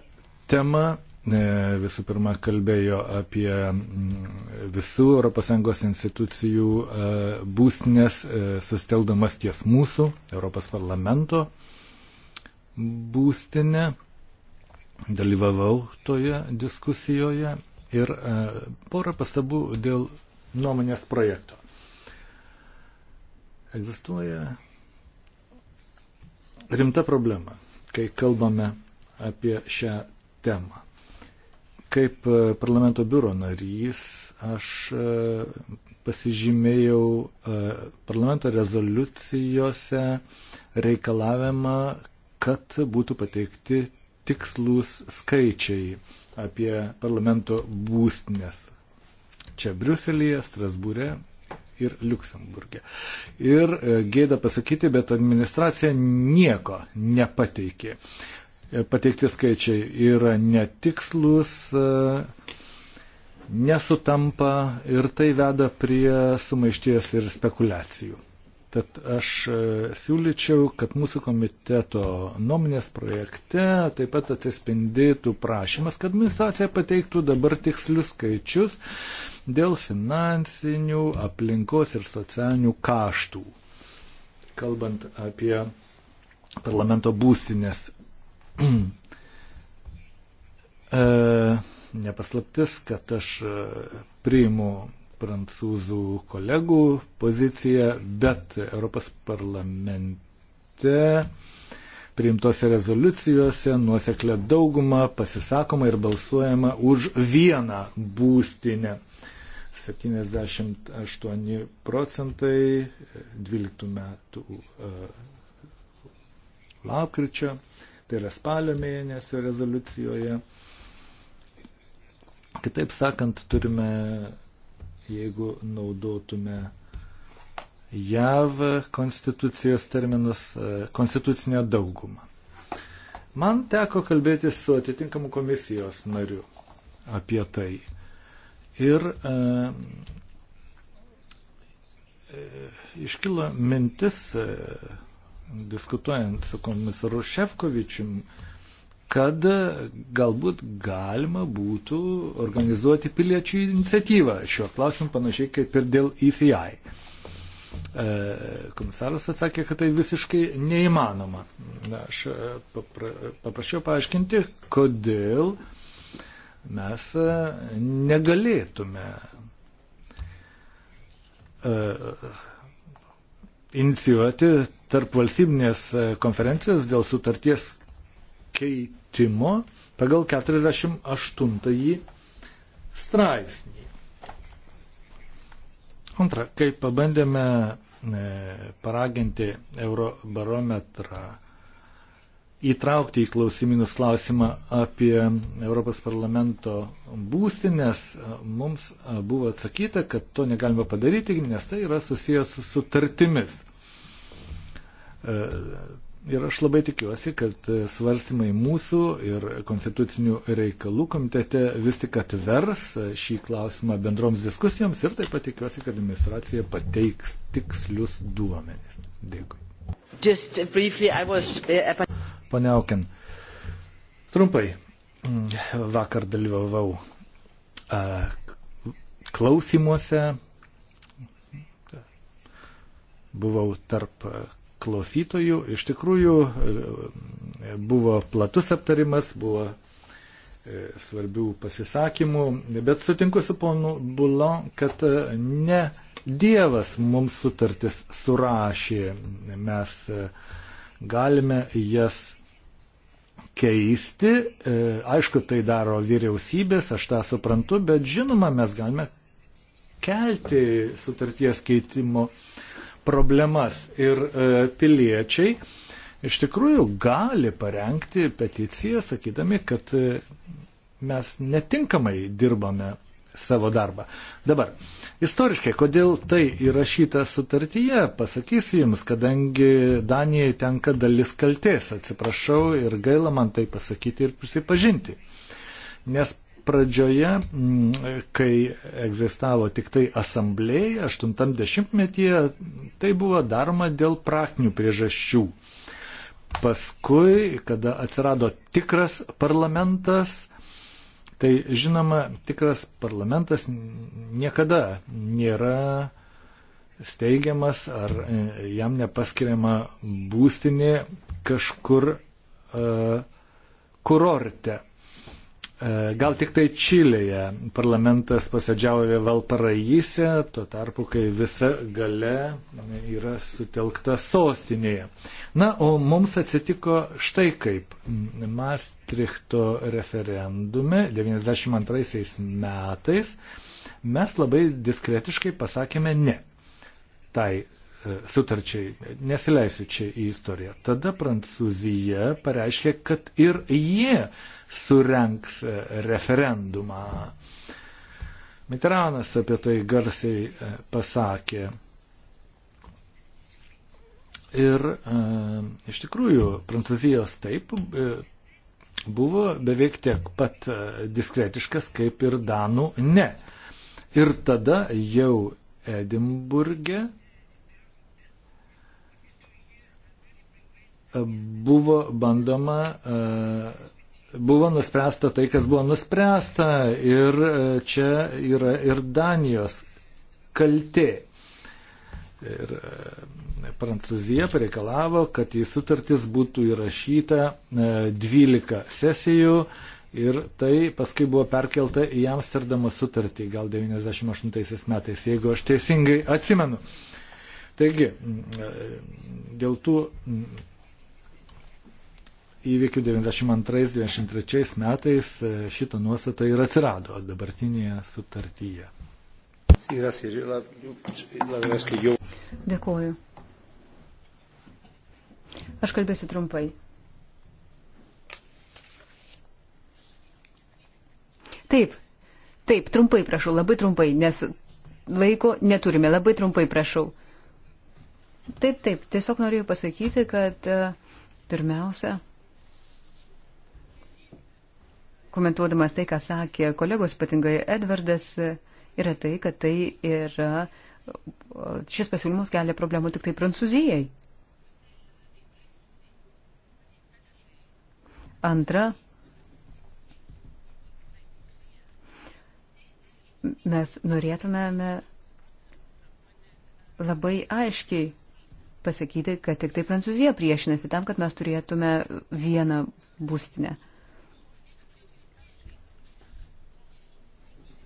temą. E, visų pirma, kalbėjo apie mm, visų ES institucijų e, būstinės, susteldamas ties mūsų, ES parlamento būstinę, dalyvavau toje diskusijoje ir e, porą pastabų dėl nuomonės projekto. Egzistuoja rimta problema, kai kalbame apie šią temą. Kaip e, parlamento biuro narys aš e, pasižymėjau parlamento rezoliucijose reikalavimą, kad būtų pateikti tikslus skaičiai apie parlamento būstinės. Čia Briuselėje, Strasbūre ir Luksemburgė. Ir e, gėda pasakyti, bet administracija nieko nepateikė. E, pateikti skaičiai yra netikslus, e, nesutampa ir tai veda prie sumaišties ir spekulacijų. Tad aš e, siūlyčiau, kad mūsų komiteto nuomonės projekte taip pat atsispindėtų prašymas, kad administracija pateiktų dabar tikslius skaičius dėl finansinių, aplinkos ir socialinių kaštų. Kalbant apie parlamento būstinės. e, nepaslaptis, kad aš e, priimu prancūzų kolegų poziciją, bet Europos parlamente priimtose rezoliucijose nuoseklė dauguma pasisakoma ir balsuojama už vieną būstinę. 78 procentai 12 metų e, lapkričio, tai yra spalio mėnesio rezoliucijoje. Kitaip sakant, turime jeigu naudotume JAV konstitucijos terminus e, konstitucinę daugumą. Man teko kalbėti su atitinkamu komisijos nariu apie tai. Ir e, e, iškilo mintis, e, diskutuojant su komisaru Šefkovičiumi, kad galbūt galima būtų organizuoti piliečių iniciatyvą šiuo klausimu panašiai kaip ir dėl ECI. E, komisaras atsakė, kad tai visiškai neįmanoma. Aš e, paprašiau paaiškinti, kodėl mes e, negalėtume inicijuoti tarp valstybinės konferencijos dėl sutarties keitimo pagal 48 straipsnį. Antra, kai pabandėme e, paraginti Eurobarometrą įtraukti į klausimynus klausimą apie Europos parlamento būstinės, e, mums e, buvo atsakyta, kad to negalima padaryti, nes tai yra susijęs su sutartimis. Ir aš labai tikiuosi, kad e, svarstymai mūsų ir konstitucinių reikalų komitete vis tik atvers e, šį klausimą bendroms diskusijoms ir taip pat tikiuosi, kad administracija pateiks tikslius duomenys. Dėkui. Briefly, was... E, Pane Aukin, trumpai mm, vakar dalyvavau klausimuose, buvau tarp klausytojų. Iš tikrųjų e, buvo platus aptarimas, buvo e, svarbių pasisakymų, bet sutinku su ponu Bulon, kad e, ne Dievas mums sutartis surašė, mes galime jas keisti, aišku, tai daro vyriausybės, aš tą suprantu, bet žinoma, mes galime kelti sutarties keitimo uh, problemas ir e, piliečiai iš tikrųjų gali parengti peticiją, sakydami, kad e, mes netinkamai dirbame savo darbą. Dabar, istoriškai, kodėl tai įrašyta sutartyje, pasakysiu Jums, kadangi Danijai tenka dalis kalties, atsiprašau ir gaila man tai pasakyti ir prisipažinti. Nes pradžioje, mm, kai egzistavo tik tai asamblėje, 80-metyje, tai buvo daroma dėl praktinių priežasčių. Paskui, kada atsirado tikras parlamentas, tai žinoma, tikras parlamentas niekada nėra steigiamas ar e, jam nepaskiriama būstinė kažkur uh, kurorte. E, gal tik tai Čilėje parlamentas posėdžiauja Valparaise, tuo tarpu, kai visa gale yra sutelkta sostinėje. Na, o mums atsitiko štai kaip. Maastrichto referendume 92 metais mes labai diskretiškai pasakėme ne tai e, sutarčiai, nesileisiu čia į istoriją. Tada Prancūzija pareiškė, kad ir jie surenks e, referendumą. Miteranas apie tai garsiai e, pasakė. Ir e, iš tikrųjų, Prancūzijos taip e, buvo beveik tiek pat e, diskretiškas, kaip ir Danų ne. Ir tada jau Edimburgė buvo bandoma e, buvo nuspręsta tai, kas buvo nuspręsta ir e, čia yra ir Danijos kaltė. Ir e, Prancūzija pareikalavo, kad į sutartis būtų įrašyta 12 e, sesijų ir tai paskui buvo perkelta į Amsterdamo sutartį, gal 98 metais, jeigu aš teisingai atsimenu. Taigi, dėl tų įvykių 92-93 metais e, šita nuostata ir atsirado dabartinėje sutartyje. Dėkuoju. Aš kalbėsiu trumpai. Taip, taip, trumpai prašau, labai trumpai, nes laiko neturime, labai trumpai prašau. Taip, taip, tiesiog norėjau pasakyti, kad e, pirmiausia, komentuodamas tai, ką sakė kolegos, ypatingai Edvardas, yra tai, kad tai yra, šis pasiūlymas kelia problemų tik tai Prancūzijai. Antra, mes norėtumėme labai aiškiai pasakyti, kad tik tai Prancūzija priešinasi tam, kad mes turėtume vieną būstinę.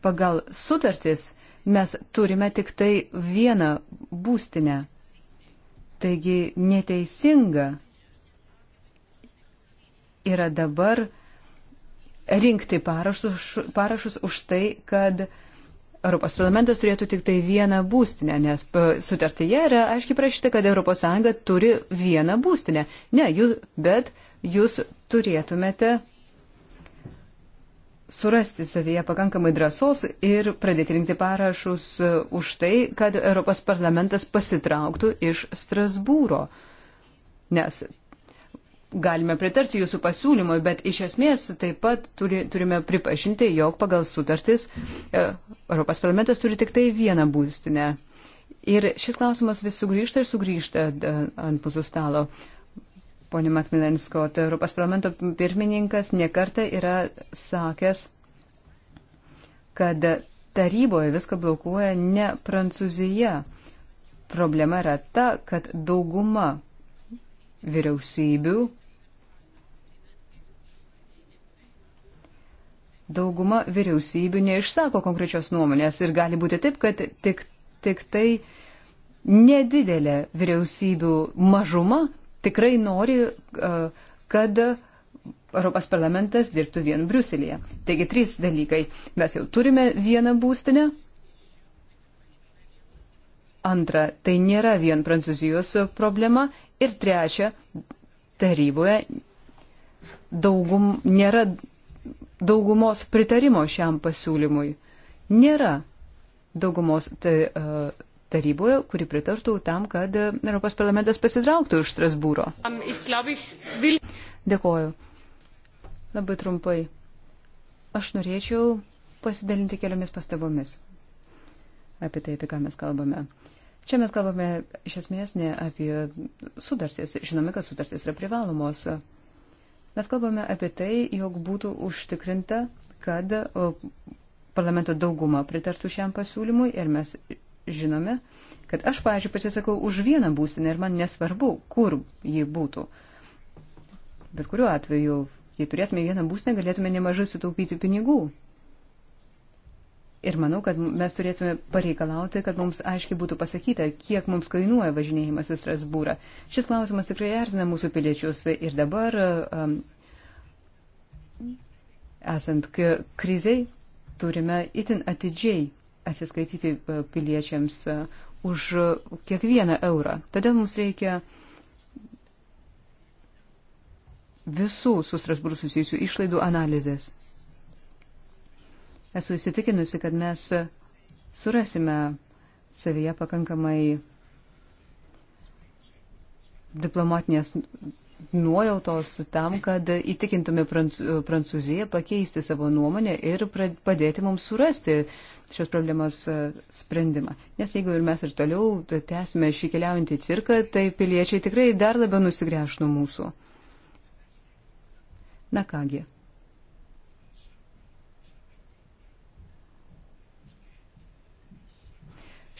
Pagal sutartis mes turime tik tai vieną būstinę. Taigi neteisinga yra dabar rinkti parašus, parašus už tai, kad Europos parlamentas turėtų tik tai vieną būstinę, nes sutartyje yra aiškiai prašyta, kad ES turi vieną būstinę. Ne, jūs, bet jūs turėtumėte surasti savyje pakankamai drąsos ir pradėti rinkti parašus e, už tai, kad Europos parlamentas pasitrauktų iš Strasbūro. Nes galime pritarti jūsų pasiūlymui, bet iš esmės taip pat turi, turime pripažinti, jog pagal sutartis e, Europos parlamentas turi tik tai vieną būstinę. Ir šis klausimas vis sugrįžta ir sugrįžta e, ant mūsų stalo ponė Makmilensko, tai Europos parlamento pirmininkas nekarta yra sakęs, kad taryboje viską blokuoja ne Prancūzija. Problema yra ta, kad dauguma vyriausybių, dauguma vyriausybių neišsako konkrečios nuomonės ir gali būti taip, kad tik, tik tai nedidelė vyriausybių mažuma tikrai nori, e, kad Europos parlamentas dirbtų vien Briuselėje. Taigi trys dalykai. Mes jau turime vieną būstinę. Antra, tai nėra vien Prancūzijos problema. Ir trečia, taryboje daugum, nėra daugumos pritarimo šiam pasiūlymui. Nėra daugumos tai, uh, taryboje, kuri pritartų tam, kad Europos parlamentas pasitrauktų iš Strasbūro. Dėkoju. Labai trumpai. Aš norėčiau pasidalinti keliomis pastabomis apie tai, apie ką mes kalbame. Čia mes kalbame iš esmės ne apie sutartis. Žinome, kad sutartis yra privalomos. Mes kalbame apie tai, jog būtų užtikrinta, kad parlamento dauguma pritartų šiam pasiūlymui ir mes žinome, kad aš, pavyzdžiui, pasisakau už vieną būstinę ir man nesvarbu, kur ji būtų. Bet kuriuo atveju, jei turėtume vieną būstinę, galėtume nemažai sutaupyti pinigų. Ir manau, kad mes turėtume pareikalauti, kad mums aiškiai būtų pasakyta, kiek mums kainuoja važinėjimas į Strasbūrą. Šis klausimas tikrai erzina mūsų piliečius ir dabar, um, esant kriziai, turime itin atidžiai atsiskaityti e, piliečiams e, už kiekvieną eurą. Todėl mums reikia visų su Strasbūru susijusių išlaidų analizės. Esu įsitikinusi, kad mes surasime savyje pakankamai diplomatinės nuojautos tam, kad įtikintume Prancūziją pakeisti savo nuomonę ir padėti mums surasti šios problemos e, sprendimą. Nes jeigu ir mes ir toliau tęsime šį keliaujantį cirką, tai piliečiai tikrai dar labiau nusigręš nuo mūsų. Na kągi.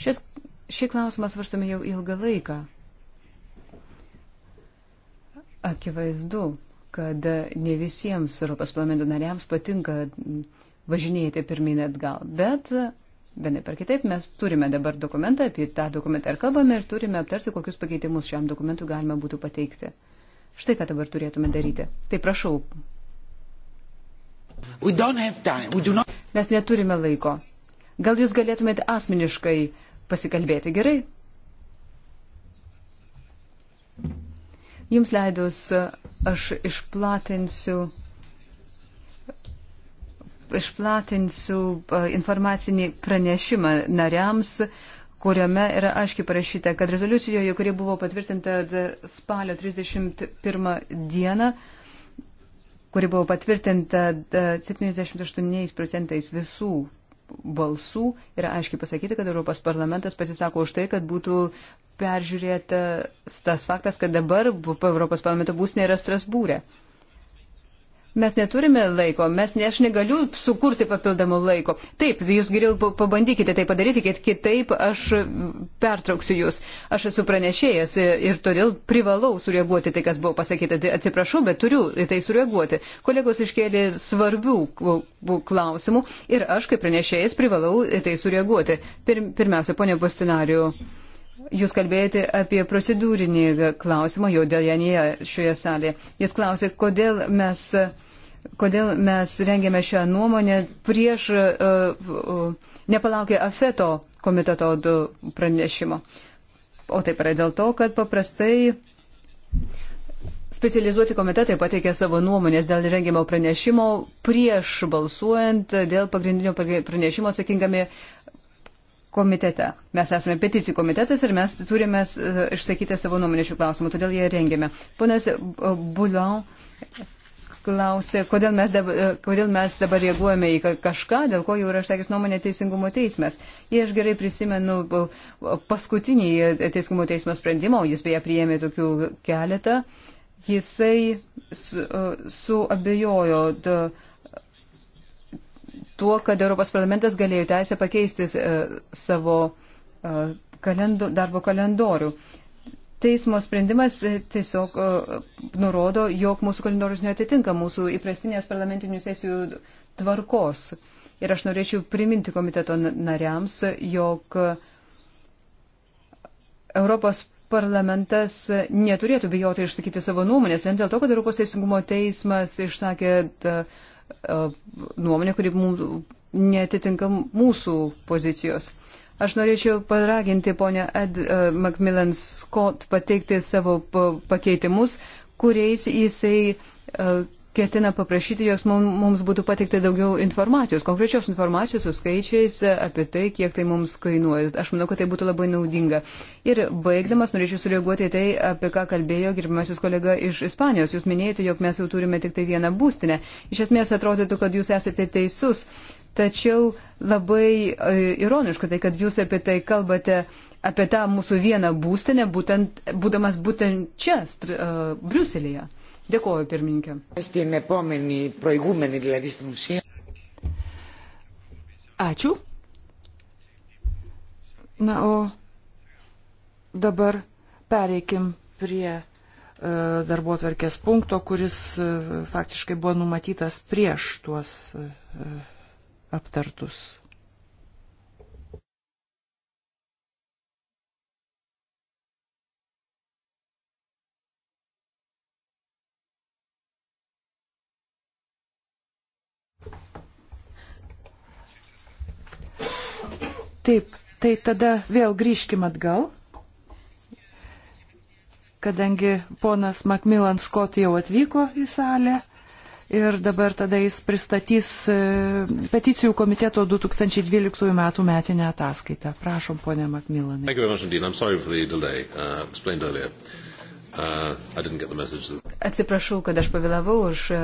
Šis, šį klausimą svarstome jau ilgą laiką. Akivaizdu, kad ne visiems Europos parlamento nariams patinka važinėjate pirmin atgal. Bet, vienai per kitaip, mes turime dabar dokumentą, apie tą dokumentą ir kalbame ir turime aptarti, kokius pakeitimus šiam dokumentui galima būtų pateikti. Štai ką dabar turėtume daryti. Tai prašau. Not... Mes neturime laiko. Gal jūs galėtumėte asmeniškai pasikalbėti gerai? Jums leidus aš išplatinsiu išplatinsiu informacinį pranešimą nariams, kuriame yra aiškiai parašyta, kad rezoliucijoje, kuri buvo patvirtinta spalio 31 dieną, kuri buvo patvirtinta 78 procentais visų balsų, yra aiškiai pasakyti, kad Europos parlamentas pasisako už tai, kad būtų peržiūrėtas tas faktas, kad dabar Europos parlamento būsnė yra Strasbūrė. E. Mes neturime laiko, mes ne, aš negaliu sukurti papildomų laiko. Taip, jūs geriau pabandykite tai padaryti, kad kitaip aš pertrauksiu jūs. Aš esu pranešėjas ir todėl privalau sureaguoti tai, kas buvo pasakyta. Tai atsiprašau, bet turiu į tai sureaguoti. Kolegos iškėlė svarbių klausimų ir aš kaip pranešėjas privalau į tai sureaguoti. Pir, pirmiausia, ponė Bostinariu. Jūs kalbėjote apie procedūrinį klausimą, jo dėja nėra šioje salėje. Jis klausė, kodėl mes, kodėl mes rengėme šią nuomonę prieš uh, e, uh, e, nepalaukę afeto komiteto pranešimo. O taip yra dėl to, kad paprastai specializuoti komitetai pateikia savo nuomonės dėl rengimo pranešimo prieš balsuojant dėl pagrindinio pranešimo atsakingame uh, komitete. Mes esame peticijų komitetas ir mes turime e, išsakyti savo nuomonę šių klausimų, todėl jie rengėme. Ponas e, Bulion klausė, kodėl mes, dabar, e, kodėl mes dabar reaguojame į kažką, dėl ko jau yra išsakęs nuomonė Teisingumo teismas. Jei aš gerai prisimenu paskutinį Teisingumo teismo sprendimą, jis beje priėmė tokių keletą, jisai suabejojo su, su tuo, kad Europos parlamentas galėjo teisę pakeisti e, savo e, kalendo, darbo kalendorių. Teismo sprendimas e, tiesiog nurodo, jog mūsų kalendorius neatitinka mūsų įprastinės parlamentinių sesijų tvarkos. Ir aš norėčiau priminti komiteto nariams, jog Europos parlamentas neturėtų bijoti išsakyti savo nuomonės vien dėl to, kad Europos teisingumo teismas išsakė. Uh, E, nuomonė, kuri mums netitinka mūsų pozicijos. Aš norėčiau paraginti ponę Ed uh, Macmillan Scott pateikti savo pakeitimus, kuriais jisai uh, ketina paprašyti, jos mums būtų pateikta daugiau informacijos, konkrečios informacijos su skaičiais apie tai, kiek tai mums kainuoja. Aš manau, kad tai būtų labai naudinga. Ir baigdamas norėčiau sureaguoti į tai, apie ką kalbėjo gerbimasis kolega iš Ispanijos. Jūs minėjote, jog mes jau turime tik tai vieną būstinę. Iš esmės atrodytų, kad jūs esate teisus. Tačiau labai e, ironiška tai, kad jūs apie tai kalbate, apie tą mūsų vieną būstinę, būtent, būdamas būtent čia, uh, e, Briuselėje. Dėkuoju, pirmininkė. Ačiū. Na, o dabar pereikim prie e, darbo atverkės punkto, kuris e, faktiškai buvo numatytas prieš tuos e, aptartus Taip, tai tada vėl grįžkim atgal, kadangi ponas Macmillan Scott jau atvyko į salę ir dabar tada jis pristatys e, peticijų komiteto 2012 metų metinę ataskaitą. Prašom, ponė Macmillan. Uh, uh, Atsiprašau, kad aš pavėlavau už. Uh,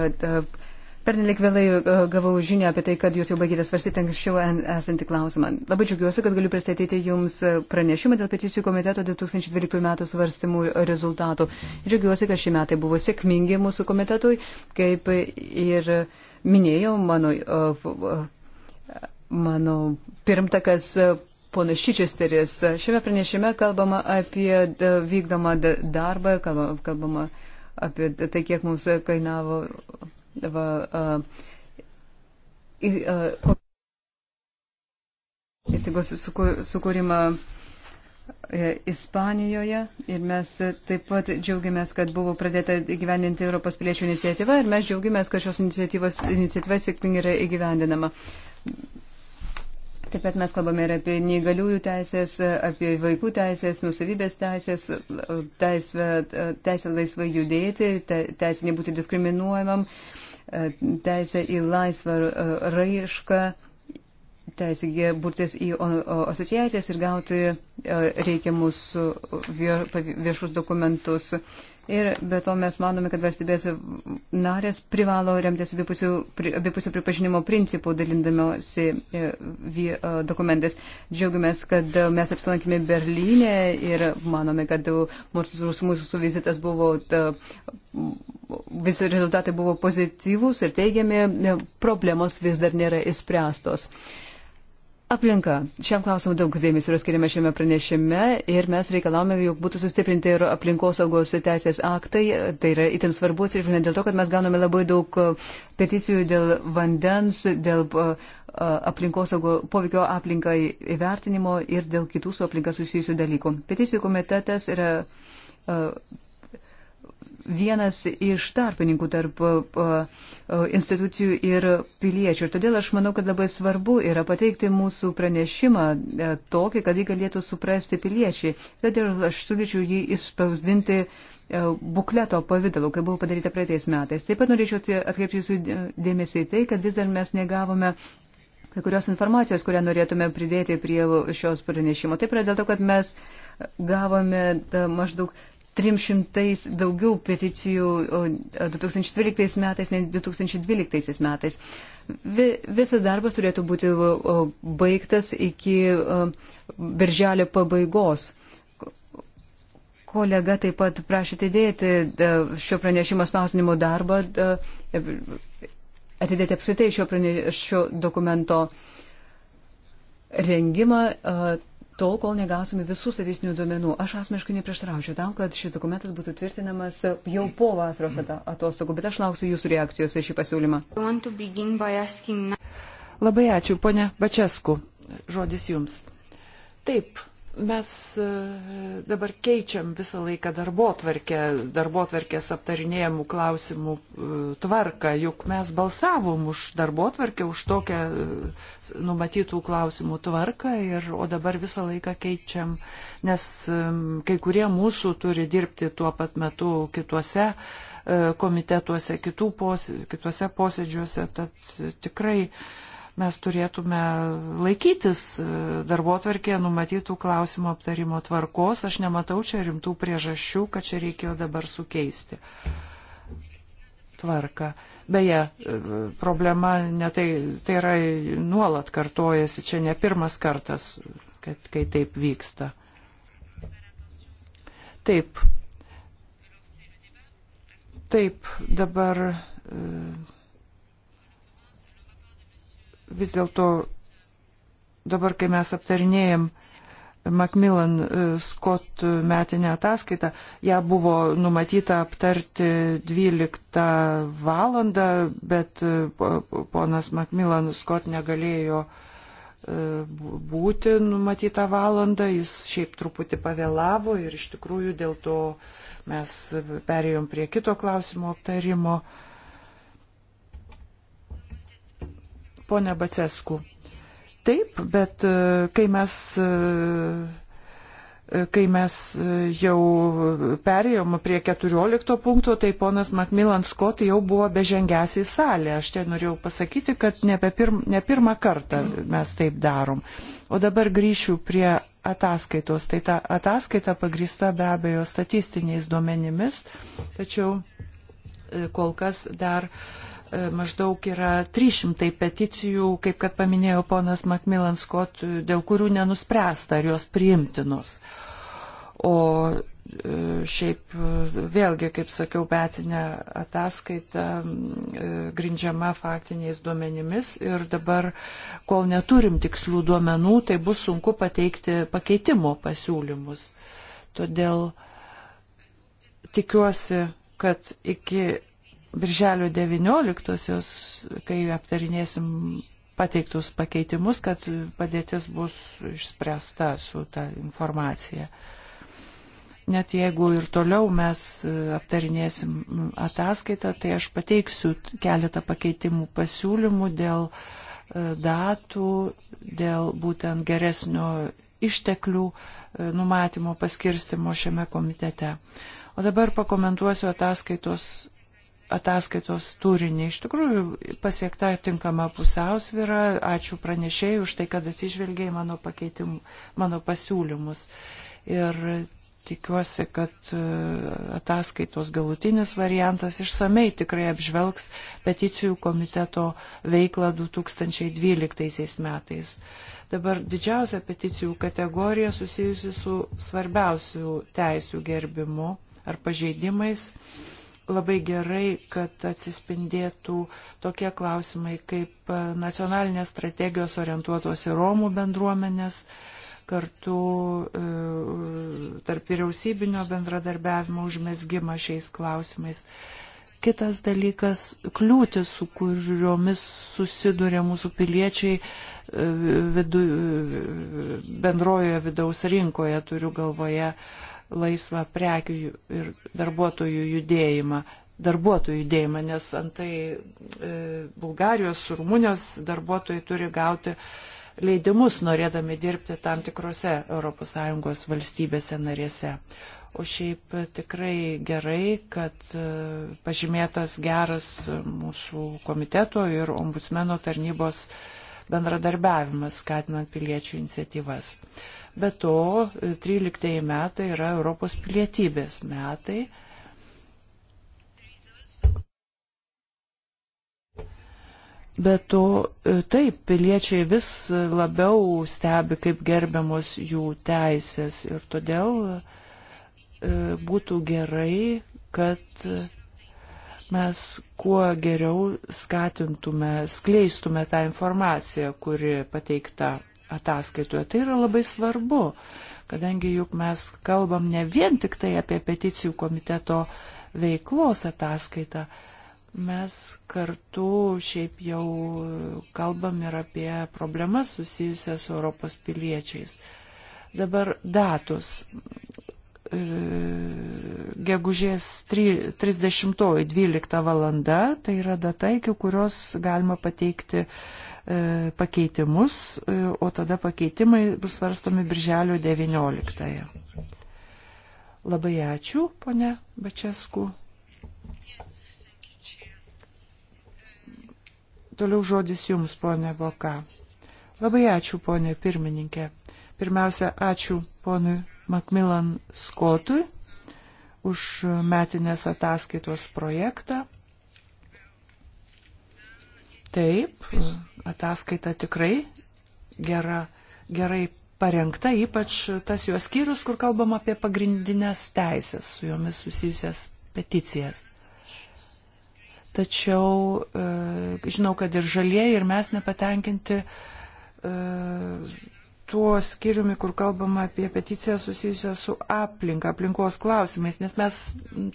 Pernelik vėlai e, gavau žinią apie tai, kad jūs jau baigėte svarstyti anksčiau esantį klausimą. Labai džiugiuosi, kad galiu pristatyti jums pranešimą dėl peticijų komiteto 2012 metų svarstymų rezultatų. Džiugiuosi, kad šie metai buvo sėkmingi mūsų komitetui, kaip ir minėjau mano, e, e, mano pirmtakas ponas Čičesteris. Šiame pranešime kalbama apie vykdomą darbą, kalbama apie tai, kiek mums kainavo va, a, įstaigos sukūrimą e, Ispanijoje ir mes taip pat džiaugiamės, kad buvo pradėta įgyvendinti Europos piliečių iniciatyva ir mes džiaugiamės, kad šios iniciatyvos iniciatyva sėkmingai yra įgyvendinama. Taip pat mes kalbame ir apie neįgaliųjų teisės, apie vaikų teisės, nusavybės teisės, teisę, teisę laisvai judėti, teisę nebūti diskriminuojamam. Uh, E, teisę į laisvą e, raišką, teisę burtis į asociacijas ir gauti e, reikiamus viešus dokumentus. Ir be to mes manome, kad valstybės narės privalo remtis abipusių, pri, abipusių pripažinimo principų dalindamosi e, e, dokumentais. Džiaugiamės, kad mes apsilankėme Berlyne ir manome, kad mūsų, mūsų vizitas buvo. Ta, Visi rezultatai buvo pozityvūs ir teigiami, e, problemos vis dar nėra įspręstos. Uh, Aplinka. Šiam klausimui daug dėmesio yra skiriama šiame pranešime ir mes reikalavome, jog būtų sustiprinti ir aplinkosaugos teisės aktai. Tai yra itin svarbus ir vien dėl to, kad mes gauname labai daug e, peticijų dėl vandens, dėl e, e, poveikio aplinkai įvertinimo ir dėl kitų su aplinka susijusių dalykų. Peticijų komitetas yra vienas iš tarpininkų tarp e, e, institucijų ir piliečių. Ir todėl aš manau, kad labai svarbu yra pateikti mūsų pranešimą e, tokį, kad jį galėtų suprasti piliečiai. Todėl aš siūlyčiau jį įspausdinti bukleto pavydalu, kai buvo padaryta praeitais metais. Taip pat norėčiau atkreipti jūsų dėmesį į tai, kad vis dar mes negavome kai kurios informacijos, kurią norėtume pridėti prie šios pranešimo. Taip yra dėl to, kad mes gavome maždaug 300 daugiau peticijų 2012 metais, nei 2012 metais. Visas darbas turėtų būti baigtas iki birželio pabaigos. Kolega taip pat prašė atidėti šio pranešimo spausdinimo darbą, atidėti apskritai šio, praneš, šio dokumento rengimą tol, kol negausime visų statistinių duomenų. Aš asmeniškai neprieštaraučiau tam, kad šis dokumentas būtų tvirtinamas jau po vasaros atostogų, bet aš lauksiu jūsų reakcijos į šį pasiūlymą. Labai ačiū, ponia Bačesku. Žodis jums. Taip, Mes e, dabar keičiam visą laiką darbo tvarkę, darbo tvarkės aptarinėjimų klausimų e, tvarką, juk mes balsavom už darbo tvarkę, už tokią e, numatytų klausimų tvarką, ir, o dabar visą laiką keičiam, nes kai kurie mūsų turi dirbti tuo pat metu kituose komitetuose, kitų pos, kituose posėdžiuose, tad tikrai uh, mes turėtume laikytis e, darbo tvarkėje numatytų klausimų aptarimo tvarkos. Aš nematau čia rimtų priežasčių, kad čia reikėjo dabar sukeisti tvarką. Beje, e, problema ne tai, tai yra nuolat kartojasi, čia ne pirmas kartas, kad, kai taip vyksta. Taip. Taip, dabar. E, vis dėlto dabar, kai mes aptarinėjom Macmillan e, Scott metinę ataskaitą, ją buvo numatyta aptarti 12 valandą, bet e, ponas Macmillan Scott negalėjo e, būti numatytą valandą, jis šiaip truputį pavėlavo ir iš tikrųjų dėl to mes perėjom prie kito klausimo aptarimo. Uh, Pone Bacesku, taip, bet e, kai mes, e, e, kai mes jau perėjom prie 14 punkto, tai ponas Macmillan Scott jau buvo bežengęs į salę. Aš čia norėjau pasakyti, kad ne, pirm, ne pirmą kartą mes taip darom. O dabar grįšiu prie ataskaitos. Tai ta ataskaita pagrįsta be abejo statistiniais duomenimis, tačiau kol kas dar uh, E, maždaug yra 300 peticijų, kaip kad paminėjo ponas Macmillan Scott, dėl kurių nenuspręsta, ar jos priimtinos. O e, šiaip e, vėlgi, kaip sakiau, metinė ataskaita grindžiama faktiniais duomenimis ir dabar, kol neturim tikslių duomenų, tai bus sunku pateikti pakeitimo pasiūlymus. Todėl tikiuosi, kad iki birželio 19-osios, kai aptarinėsim pateiktus pakeitimus, kad padėtis bus išspręsta su ta informacija. Net jeigu ir toliau mes aptarinėsim ataskaitą, tai aš pateiksiu keletą pakeitimų pasiūlymų dėl e, datų, dėl būtent geresnio išteklių e, numatymo paskirstimo šiame komitete. O dabar pakomentuosiu ataskaitos ataskaitos turinį. Iš tikrųjų pasiekta tinkama pusiausvyra. Ačiū pranešėjai už tai, kad atsižvelgiai mano, mano pasiūlymus. Ir tikiuosi, kad e, ataskaitos galutinis variantas išsamei tikrai apžvelgs peticijų komiteto veiklą 2012 metais. Dabar didžiausia peticijų kategorija susijusi su svarbiausių teisių gerbimu ar pažeidimais labai gerai, kad atsispindėtų tokie klausimai kaip nacionalinės strategijos orientuotos į Romų bendruomenės, kartu e, tarp vyriausybinio bendradarbiavimo užmesgymą šiais klausimais. Kitas dalykas - kliūtis, su kuriomis susiduria mūsų piliečiai e, vidu, e, bendrojoje vidaus rinkoje, turiu galvoje uh, laisvą prekių ir darbuotojų judėjimą, darbuotojų judėjimą, nes antai e, Bulgarijos, Rumunijos darbuotojai turi gauti leidimus, norėdami dirbti tam tikrose ES valstybėse narėse. O šiaip tikrai gerai, kad e, pažymėtas geras mūsų komiteto ir ombudsmeno tarnybos bendradarbiavimas, skatinant piliečių iniciatyvas. Uh, Be to, 13 e, metai yra Europos pilietybės metai. Bet to e, taip, piliečiai vis labiau stebi, kaip gerbiamos jų teisės ir todėl e, būtų gerai, kad mes kuo geriau skatintume, skleistume tą informaciją, kuri pateikta ataskaitoje. Tai yra labai svarbu, kadangi juk mes kalbam ne vien tik tai apie peticijų komiteto veiklos ataskaitą, mes kartu šiaip jau kalbam ir apie problemas susijusias su Europos piliečiais. Dabar datus e, gegužės 30.12 valanda, tai yra data, iki kurios galima pateikti E, pakeitimus, e, o tada pakeitimai bus svarstomi birželio 19. -ąją. Labai ačiū, ponė Bačesku. Toliau žodis jums, ponė Boka. Labai ačiū, ponė pirmininkė. Pirmiausia, ačiū ponui Macmillan Scottui už metinės ataskaitos projektą. Taip, ataskaita tikrai gera, gerai parengta, ypač tas jos skyrius, kur kalbam apie pagrindinės teisės, su jomis susijusias peticijas. Tačiau e, žinau, kad ir žalieji, ir mes nepatenkinti e, tuo skyriumi, kur kalbama apie peticiją susijusią su aplinka, aplinkos klausimais, nes mes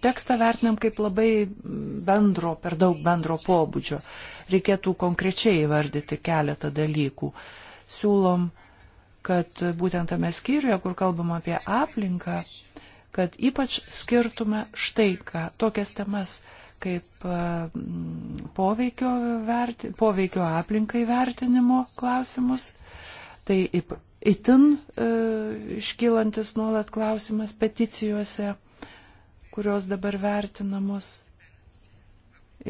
tekstą vertinam kaip labai bendro, per daug bendro pobūdžio. Reikėtų konkrečiai įvardyti keletą dalykų. Siūlom, kad būtent tame skyriuje, kur kalbama apie aplinką, kad ypač skirtume štai ką, tokias temas kaip poveikio, verti, poveikio aplinkai vertinimo klausimus Tai itin e, iškylantis nuolat klausimas peticijuose, kurios dabar vertinamos.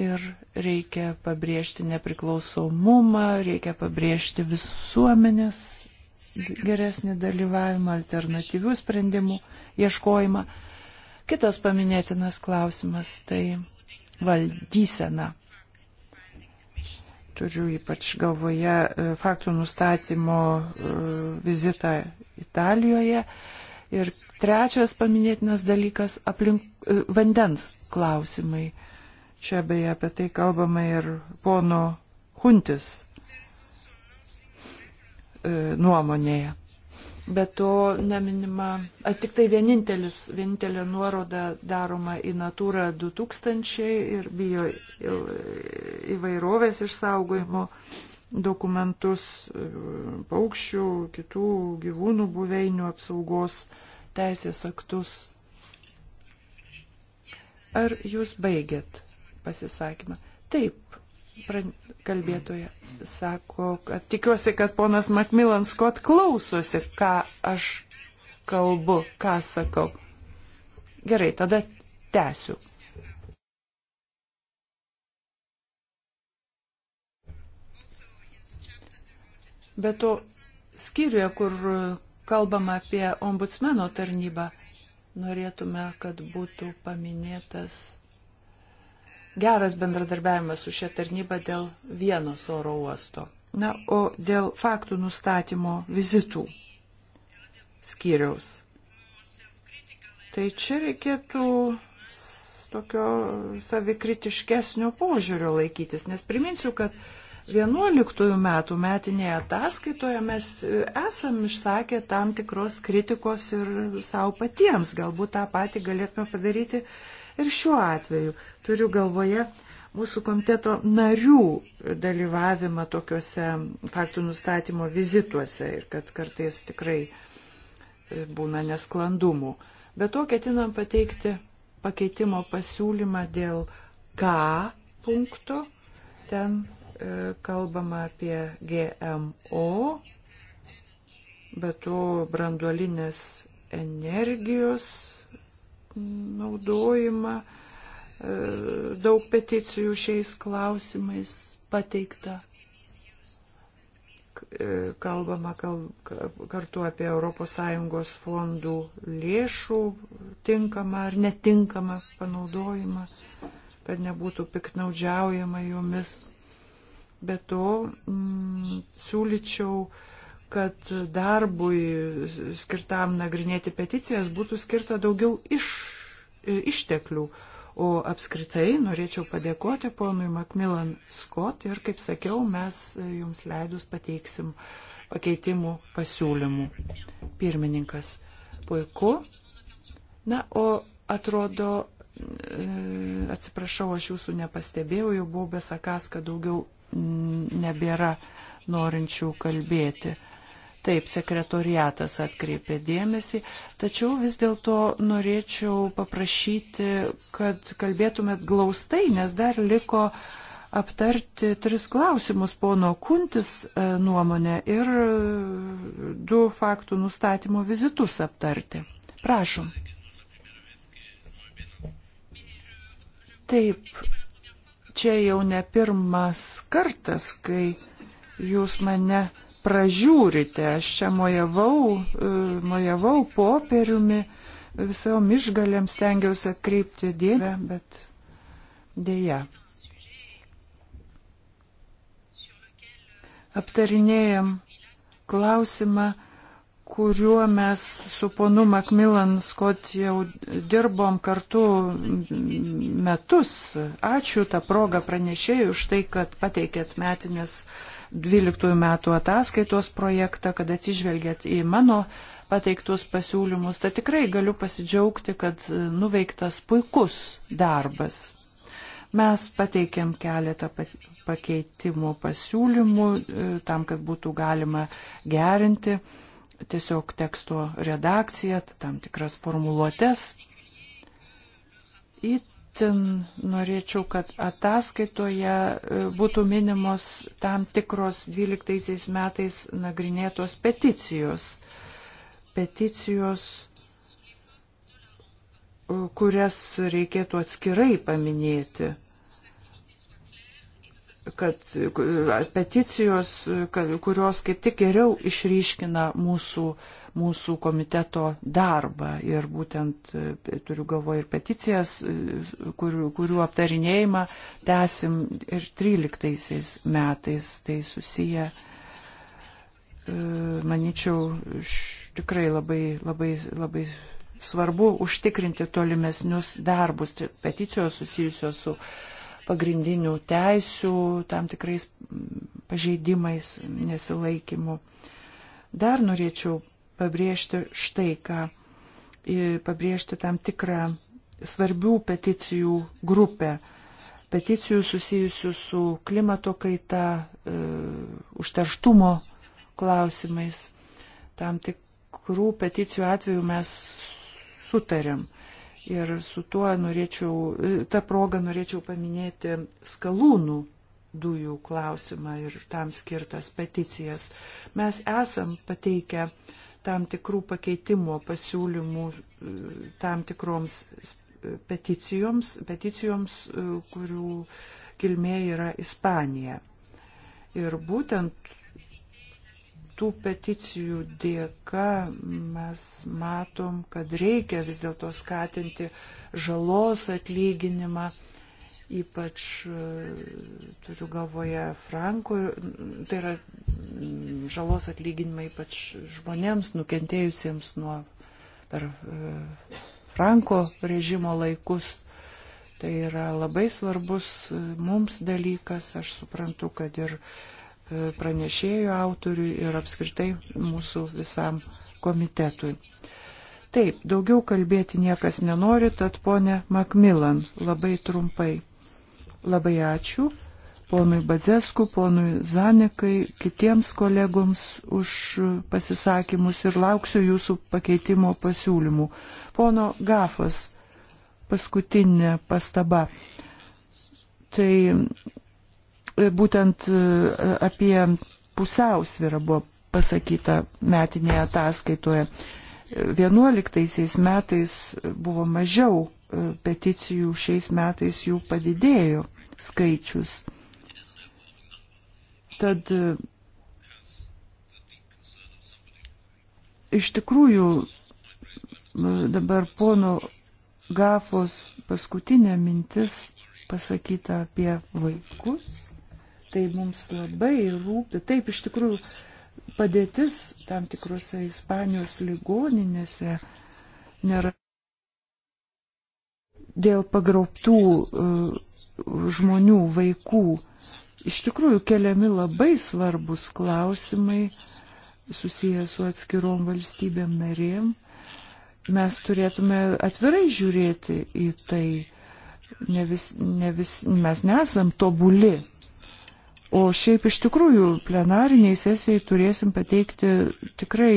Ir reikia pabrėžti nepriklausomumą, reikia pabrėžti visuomenės geresnį dalyvavimą, alternatyvių sprendimų ieškojimą. Kitas paminėtinas klausimas - tai valdysena. Turiu ypač galvoje e, faktų nustatymo e, vizitą Italijoje. Ir trečias paminėtinas dalykas - aplink e, vandens klausimai. Čia beje apie tai kalbama ir pono Huntis nuomonėje. Bet to neminima, ar tik tai vienintelis, vienintelė nuoroda daroma į Natūrą 2000 ir bijo įvairovės išsaugojimo dokumentus e, paukščių, kitų gyvūnų buveinių apsaugos teisės aktus. Ar jūs baigėt pasisakymą? Taip, kalbėtoja sako, kad tikiuosi, kad ponas Macmillan Scott klausosi, ką aš kalbu, ką sakau. Gerai, tada tęsiu. Be to, skyriuje, kur kalbama apie ombudsmeno tarnybą, norėtume, kad būtų paminėtas geras bendradarbiavimas su šia tarnyba dėl vienos oro uosto. Na, o dėl faktų nustatymo vizitų skyriaus. Tai čia reikėtų tokio savikritiškesnio požiūrio laikytis, nes priminsiu, kad 11 metų metinėje ataskaitoje mes e, esam išsakę tam tikros kritikos ir savo patiems. Galbūt tą patį galėtume padaryti ir šiuo atveju. Turiu galvoje mūsų komiteto narių dalyvavimą tokiuose faktų nustatymo vizituose ir kad kartais tikrai e, būna nesklandumų. Bet to ketinam pateikti pakeitimo pasiūlymą dėl K punktų. Ten e, kalbama apie GMO, bet to branduolinės energijos naudojimą. E, daug peticijų šiais klausimais pateikta. E, kalbama kal, kartu apie ES fondų lėšų tinkamą ar netinkamą panaudojimą, kad nebūtų piknaudžiaujama jomis. Be to m, siūlyčiau uh, kad darbui skirtam nagrinėti peticijas būtų skirta daugiau iš, e, išteklių. O apskritai norėčiau padėkoti ponui Macmillan Scott ir, kaip sakiau, mes e, jums leidus pateiksim pakeitimų pasiūlymų. Pirmininkas. Puiku. Na, o atrodo, e, atsiprašau, aš jūsų nepastebėjau, jau buvau besakas, kad daugiau nebėra norinčių kalbėti. Taip, sekretoriatas atkreipė dėmesį, tačiau vis dėlto norėčiau paprašyti, kad kalbėtumėt glaustai, nes dar liko aptarti tris klausimus pono Kuntis e, nuomonę ir e, du faktų nustatymo vizitus aptarti. Prašom. Taip, čia jau ne pirmas kartas, kai jūs mane pražiūrite. Aš čia mojavau, e, mojavau popieriumi, visom išgalėm stengiausi atkreipti dėmesį, bet dėja. Aptarinėjom klausimą, kuriuo mes su ponu Macmillan Scott jau dirbom kartu metus. Ačiū tą progą pranešėjų už tai, kad pateikėt metinės uh, 12 metų ataskaitos projektą, kad atsižvelgėt į mano pateiktus pasiūlymus, tai tikrai galiu pasidžiaugti, kad e, nuveiktas puikus darbas. Mes pateikėm keletą pakeitimų pasiūlymų e, tam, kad būtų galima gerinti tiesiog teksto redakciją, tam tikras formuluotės. Į Itin norėčiau, kad ataskaitoje e, būtų minimos tam tikros 12 metais nagrinėtos peticijos. Peticijos, e, kurias reikėtų atskirai paminėti kad peticijos, kurios kaip tik geriau išryškina mūsų, mūsų komiteto darbą. Ir būtent e, turiu galvoje ir peticijas, e, kurių, kurių aptarinėjimą tęsim ir 13 metais. Tai susiję, e, manyčiau, tikrai labai, labai, labai svarbu užtikrinti tolimesnius darbus, peticijos susijusios su pagrindinių teisių tam tikrais pažeidimais nesilaikymu. Dar norėčiau pabrėžti štai ką, pabrėžti tam tikrą svarbių peticijų grupę. Peticijų susijusių su klimato kaita, e, užterštumo klausimais. Tam tikrų peticijų atveju mes sutarėm. E, Ir su tuo norėčiau, e, tą progą norėčiau paminėti skalūnų dujų klausimą ir tam skirtas peticijas. Mes esam pateikę tam tikrų pakeitimo pasiūlymų e, tam tikroms peticijoms, peticijoms, e, kurių kilmė yra Ispanija. Ir būtent tų peticijų dėka mes matom, kad reikia vis dėlto skatinti žalos atlyginimą, ypač e, turiu galvoje Franko, tai yra mm, žalos atlyginimą ypač žmonėms nukentėjusiems nuo per e, Franko režimo laikus. Tai yra labai svarbus e, mums dalykas, aš suprantu, kad ir uh, pranešėjų autoriui ir apskritai mūsų visam komitetui. Taip, daugiau kalbėti niekas nenori, tad ponė Makmilan, labai trumpai. Labai ačiū ponui Bazesku, ponui Zanekai, kitiems kolegoms už pasisakymus ir lauksiu jūsų pakeitimo pasiūlymų. Pono Gafas, paskutinė pastaba. Tai E, būtent e, apie pusiausvyrą buvo pasakyta metinėje ataskaitoje. 11 metais buvo mažiau e, peticijų, šiais metais jų padidėjo skaičius. Tad iš tikrųjų dabar pono Gafos paskutinė mintis pasakyta apie vaikus tai mums labai rūpi. Taip, iš tikrųjų, padėtis tam tikrose Ispanijos ligoninėse nėra dėl pagrauptų uh, žmonių, vaikų. Iš tikrųjų, keliami labai svarbus klausimai susijęs su atskirom valstybėm narėm. Mes turėtume atvirai žiūrėti į tai. Ne vis, ne vis, mes nesam tobuli O šiaip iš tikrųjų plenariniai sesijai turėsim pateikti tikrai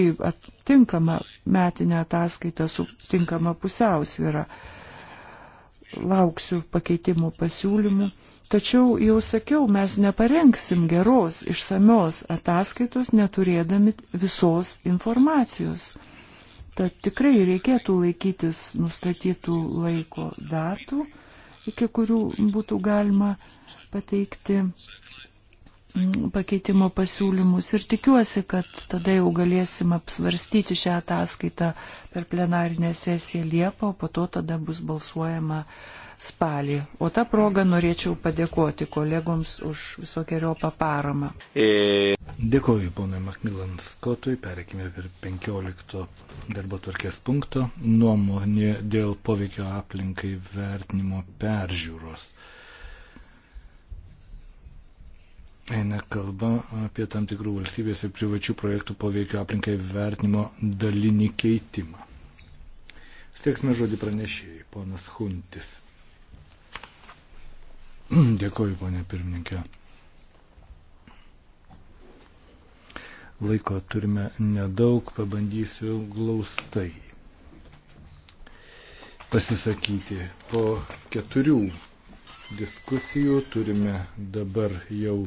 tinkamą metinę ataskaitą su tinkama pusiausvyrą. Lauksiu pakeitimų pasiūlymų. Tačiau jau sakiau, mes neparengsim geros išsamios ataskaitos, neturėdami visos informacijos. Tad tikrai reikėtų laikytis nustatytų laiko datų, iki kurių būtų galima pateikti Mm, pakeitimo pasiūlymus ir tikiuosi, kad tada jau galėsim apsvarstyti šią ataskaitą per plenarinę sesiją Liepą, o po to tada bus balsuojama spalį. O tą progą norėčiau padėkoti kolegoms už visokiojopą paramą. E. Dėkoju ponui Makmilan Skotui, pereikime per 15 darbo tvarkės punkto nuomonė dėl poveikio aplinkai vertinimo peržiūros. eina kalba apie tam tikrų valstybės ir privačių projektų poveikio aplinkai vertinimo dalinį keitimą. Steiksime žodį pranešėjai, ponas Huntis. Dėkoju, ponė pirmininkė. Laiko turime nedaug, pabandysiu glaustai pasisakyti. Po keturių diskusijų turime dabar jau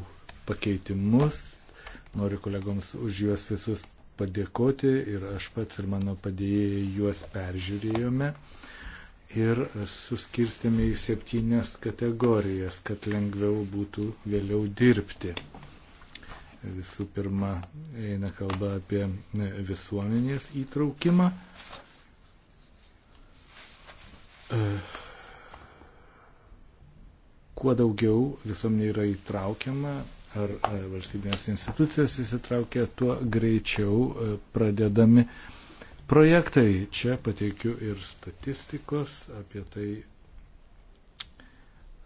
pakeitimus. Noriu kolegoms už juos visus padėkoti ir aš pats ir mano padėjėjai juos peržiūrėjome ir suskirstėme į septynias kategorijas, kad lengviau būtų vėliau dirbti. Visų pirma, eina kalba apie visuomenės įtraukimą. E, kuo daugiau visuomenė yra įtraukiama, ar e, valstybinės institucijos įsitraukia, tuo greičiau e, pradedami projektai. Čia pateikiu ir statistikos apie tai,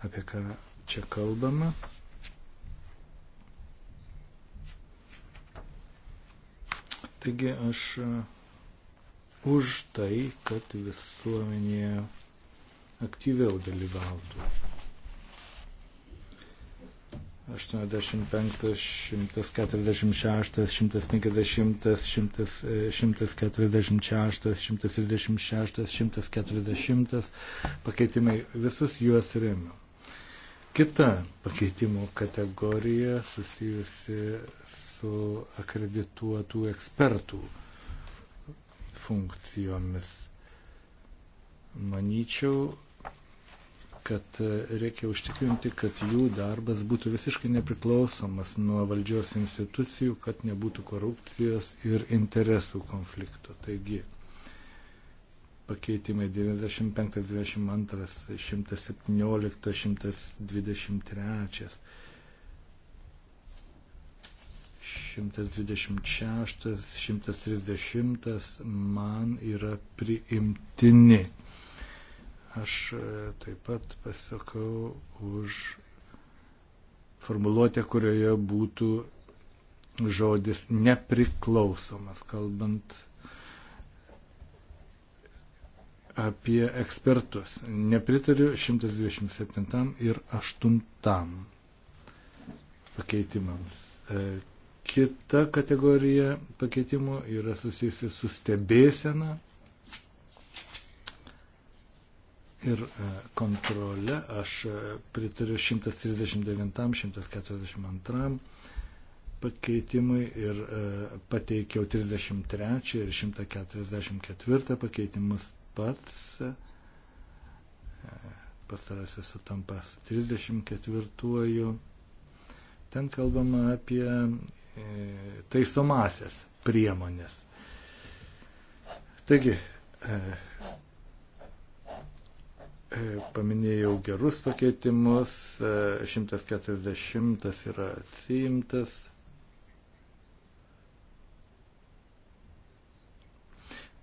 apie ką čia kalbama. Taigi aš e, už tai, kad visuomenė aktyviau dalyvautų 85, 146, 150, 146, 136, 140 pakeitimai, visus juos remiu. Kita pakeitimų kategorija susijusi su akredituotų ekspertų funkcijomis. Manyčiau, kad e, reikia užtikrinti, kad jų darbas būtų visiškai nepriklausomas nuo valdžios institucijų, kad nebūtų korupcijos ir interesų konflikto. Taigi, pakeitimai 95, 92, 117, 123, 126, 130 man yra priimtini Aš e, taip pat pasakau už formuluotę, kurioje būtų žodis nepriklausomas, kalbant apie ekspertus. Nepritariu 127 ir 8 pakeitimams. E, kita kategorija pakeitimų yra susijusi su stebėsena ir e, kontrole. Aš e, pritariu 139-142 pakeitimui ir e, pateikiau 33 ir 144 pakeitimus pats. Pastarasis sutampa su 34. Ten kalbama apie taisomasias priemonės. Taigi, paminėjau gerus pakeitimus, 140 yra atsiimtas.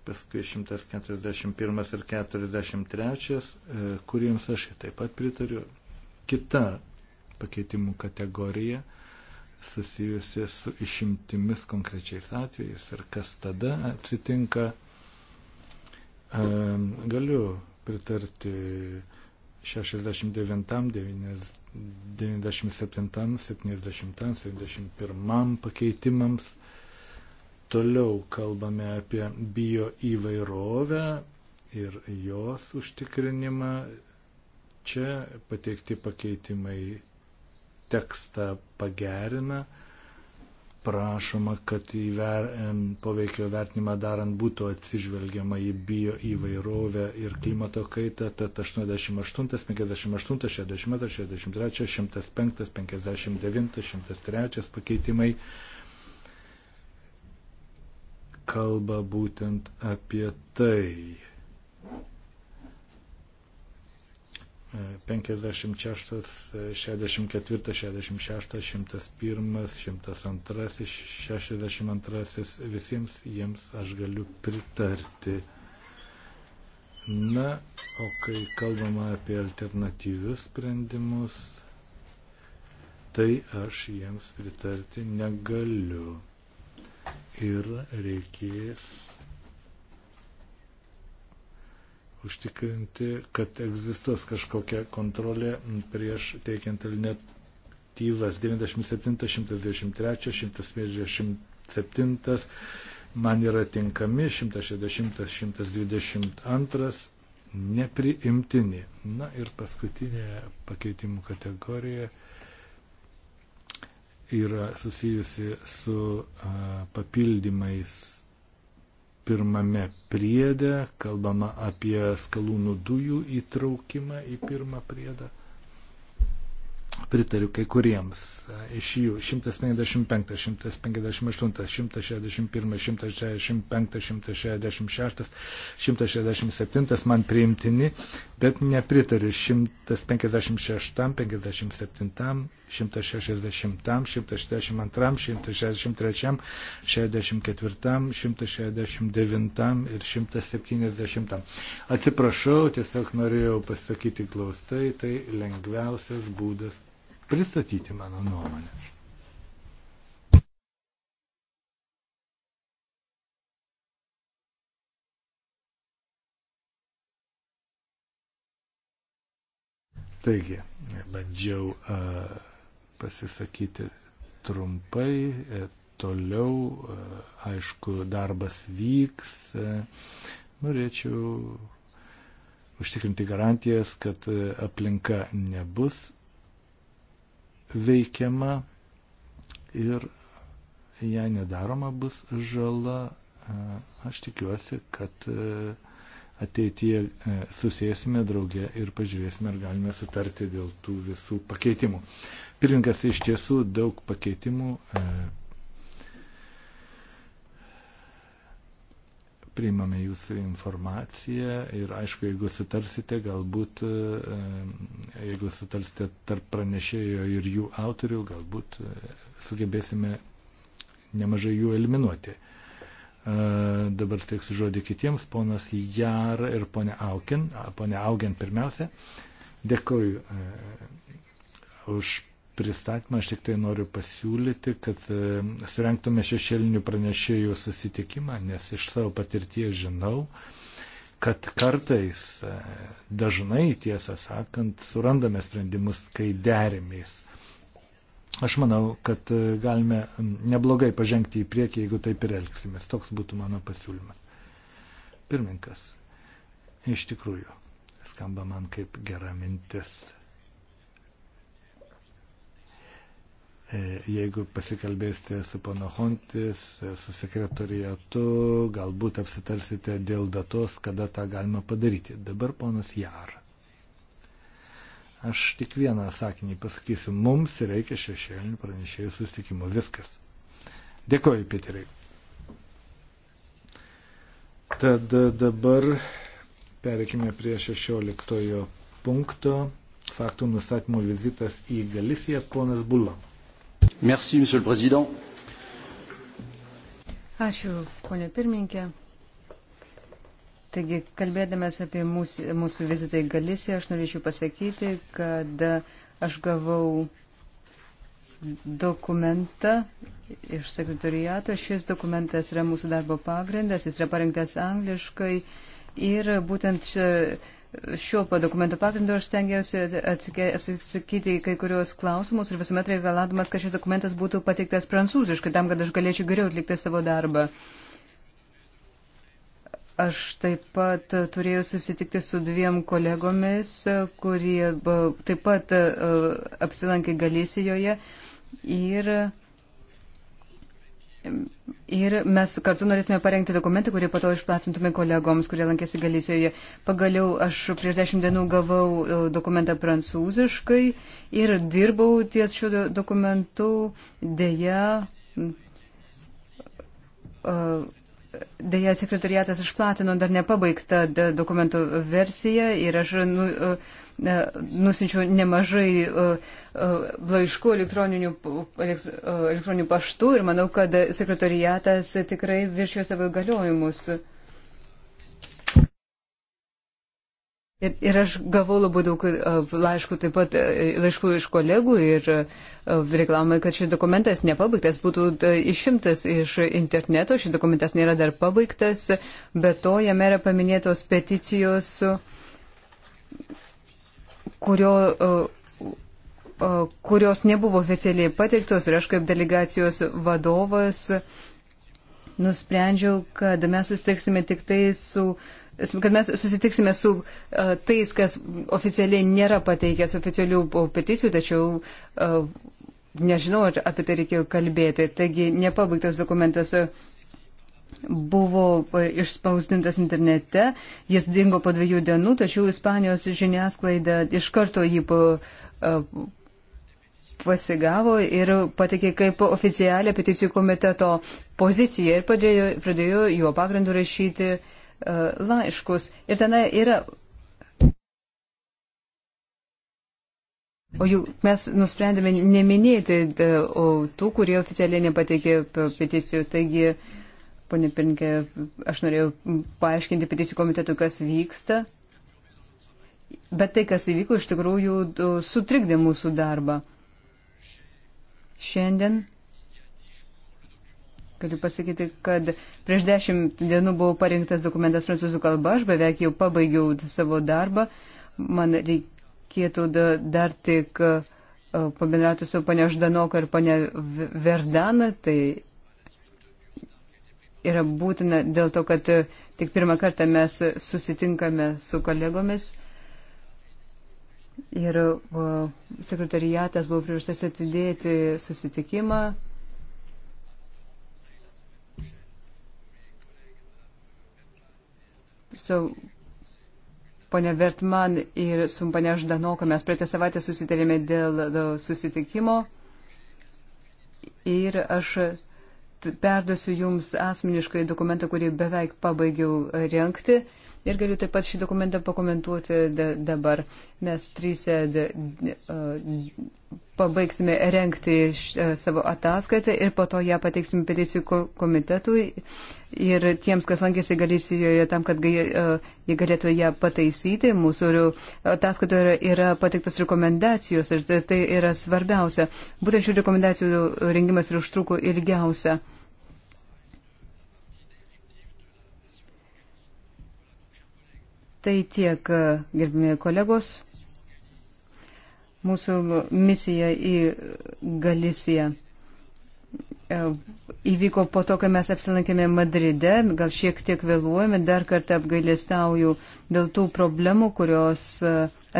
Paskui 141 ir 43, e, kuriems aš taip pat pritariu. Kita pakeitimų kategorija susijusi su išimtimis konkrečiais atvejais ir kas tada atsitinka. E, galiu pritarti 69, 97, 70, 71 pakeitimams. Toliau kalbame apie bio įvairovę ir jos užtikrinimą. Čia pateikti pakeitimai tekstą pagerina prašoma, kad įver, poveikio vertinimą darant būtų atsižvelgiama į bio įvairovę ir klimato kaitą, tad 88, 58, 60, 63, 105, 59, 103 pakeitimai kalba būtent apie tai. 56, 64, 66, 101, 102, 62, visiems jiems aš galiu pritarti. Na, o kai kalbama apie alternatyvius sprendimus, tai aš jiems pritarti negaliu. Ir reikės užtikrinti, kad egzistuos kažkokia kontrolė prieš teikiant alternatyvas 97, 123, 157 man yra tinkami 160-122 nepriimtini. Na ir paskutinė pakeitimų kategorija yra susijusi su a, papildymais pirmame priede kalbama apie skalūnų dujų įtraukimą į pirmą priedą. Pritariu kai kuriems e, iš jų 155, 158, 161, 165, 166, 167 man priimtini, bet nepritariu 156, 57, 160, 162, 163, 64, 169 ir 170. Atsiprašau, tiesiog norėjau pasakyti glaustai, tai lengviausias būdas pristatyti mano nuomonę. Taigi, bandžiau a, pasisakyti trumpai, e, toliau, a, aišku, darbas vyks. A, e, norėčiau užtikrinti garantijas, kad e, aplinka nebus veikiama ir jei nedaroma bus žala, e, aš tikiuosi, kad e, ateityje e, susėsime draugė ir pažiūrėsime, ar galime sutarti dėl tų visų pakeitimų. Pirinkas iš tiesų daug pakeitimų priimame jūsų informaciją ir aišku, jeigu sutarsite, galbūt, e, jeigu sutarsite tarp pranešėjo ir jų autorių, galbūt e, sugebėsime nemažai jų eliminuoti. E, dabar teiksiu žodį kitiems, ponas Jar ir ponė Aukin. Ponė Aukin pirmiausia. Dėkoju už pristatymą, aš tik tai noriu pasiūlyti, kad e, surenktume šešėlinių pranešėjų susitikimą, nes iš savo patirties žinau, kad kartais, e, dažnai tiesą sakant, surandame sprendimus, kai derimės. Aš manau, kad e, galime neblogai pažengti į priekį, jeigu taip ir elgsimės. Toks būtų mano pasiūlymas. Pirmininkas, iš tikrųjų, skamba man kaip gera mintis. E, jeigu pasikalbėsite su pono Hontis, e, su sekretorijatu, galbūt apsitarsite dėl datos, kada tą galima padaryti. Dabar ponas Jar. Aš tik vieną sakinį pasakysiu. Mums reikia šešėlinių pranešėjų sustikimo. Viskas. Dėkoju, Piteriai. Tad dabar pereikime prie 16 punkto. Faktų nustatymo vizitas į Galisiją, ponas Bulan. Merci, monsieur le président. Ačiū, ponė pirmininkė. Taigi, kalbėdamas apie mūsų, mūsų vizitą į Galisiją, aš norėčiau pasakyti, kad aš gavau dokumentą iš sekretoriato. Šis dokumentas yra mūsų darbo pagrindas, jis yra parengtas angliškai ir būtent šia, šio dokumento pagrindu aš stengiausi atsakyti į kai kurios klausimus ir visuomet reikalavimas, kad šis dokumentas būtų pateiktas prancūziškai, tam, kad aš galėčiau geriau atlikti savo darbą. Aš taip pat turėjau susitikti su dviem kolegomis, kurie taip pat apsilankė Galisijoje ir Ir mes kartu norėtume parengti dokumentą, kurį pato išplatintume kolegoms, kurie lankėsi Galicijoje. Pagaliau aš prieš dešimt dienų gavau e, dokumentą prancūziškai ir dirbau ties šiuo dokumentu. Deja, e, deja sekretariatas išplatino dar nepabaigtą dokumentų versiją ir aš nu, e, nusinčiau nemažai e, e, laiškų elektroninių, e, elektroninių paštų ir manau, kad sekretariatas tikrai viršijo savo įgaliojimus. Ir, ir aš gavau labai daug laiškų taip pat, laiškų iš kolegų ir reklamai, kad šis dokumentas nepabaigtas, būtų išimtas iš interneto, šis dokumentas nėra dar pabaigtas, bet to jame yra paminėtos peticijos kurio, e, e, kurios nebuvo oficialiai pateiktos ir aš kaip delegacijos vadovas nusprendžiau, kad mes susitiksime tik tai su kad mes susitiksime su uh, tais, kas oficialiai nėra pateikęs oficialių peticijų, tačiau uh, nežinau, ar apie tai reikėjo kalbėti. Taigi nepabaigtas dokumentas buvo e, išspausdintas internete, jis dingo po dviejų dienų, tačiau Ispanijos žiniasklaida iš karto jį e, pasigavo ir patikė kaip oficialią peticijų komiteto poziciją ir padėjo, pradėjo juo pagrindu rašyti e, laiškus. Ir tenai yra O jų mes nusprendėme neminėti o, tų, kurie oficialiai nepateikė peticijų. Taigi Pone Pirinkė, aš norėjau paaiškinti peticijų komitetui, kas vyksta. Bet tai, kas įvyko, iš tikrųjų sutrikdė mūsų darbą. Šiandien Galiu pasakyti, kad prieš dešimt dienų buvo parinktas dokumentas prancūzų kalba, aš beveik jau pabaigiau savo darbą. Man reikėtų dar tik pabendrauti su ponia Ždanoka ir ponia Verdana, tai yra būtina dėl to, kad e, tik pirmą kartą mes susitinkame su kolegomis ir e, sekretariatas buvo priverstas atidėti susitikimą. So, Pone Vertman ir su pane Ždanoko mes praeitą savaitę susitarėme dėl, dėl susitikimo ir aš perduosiu Jums asmeniškai dokumentą, kurį beveik pabaigiau renkti. Ir galiu taip pat šį dokumentą pakomentuoti dabar. Mes trys pabaigsime renkti e, savo ataskaitą ir po to ją pateiksime peticijų komitetui ir tiems, kas lankėsi Galisijoje tam, kad e, jie galėtų ją pataisyti. Mūsų e, ataskaitoje yra, yra pateiktas rekomendacijos ir tai, tai yra svarbiausia. Būtent šių rekomendacijų rengimas ir užtruko ilgiausia. Tai tiek, gerbimi kolegos mūsų misija į Galisiją e, įvyko po to, kai mes apsilankėme Madride, gal šiek tiek vėluojame, dar kartą apgailėstauju dėl tų problemų, kurios e,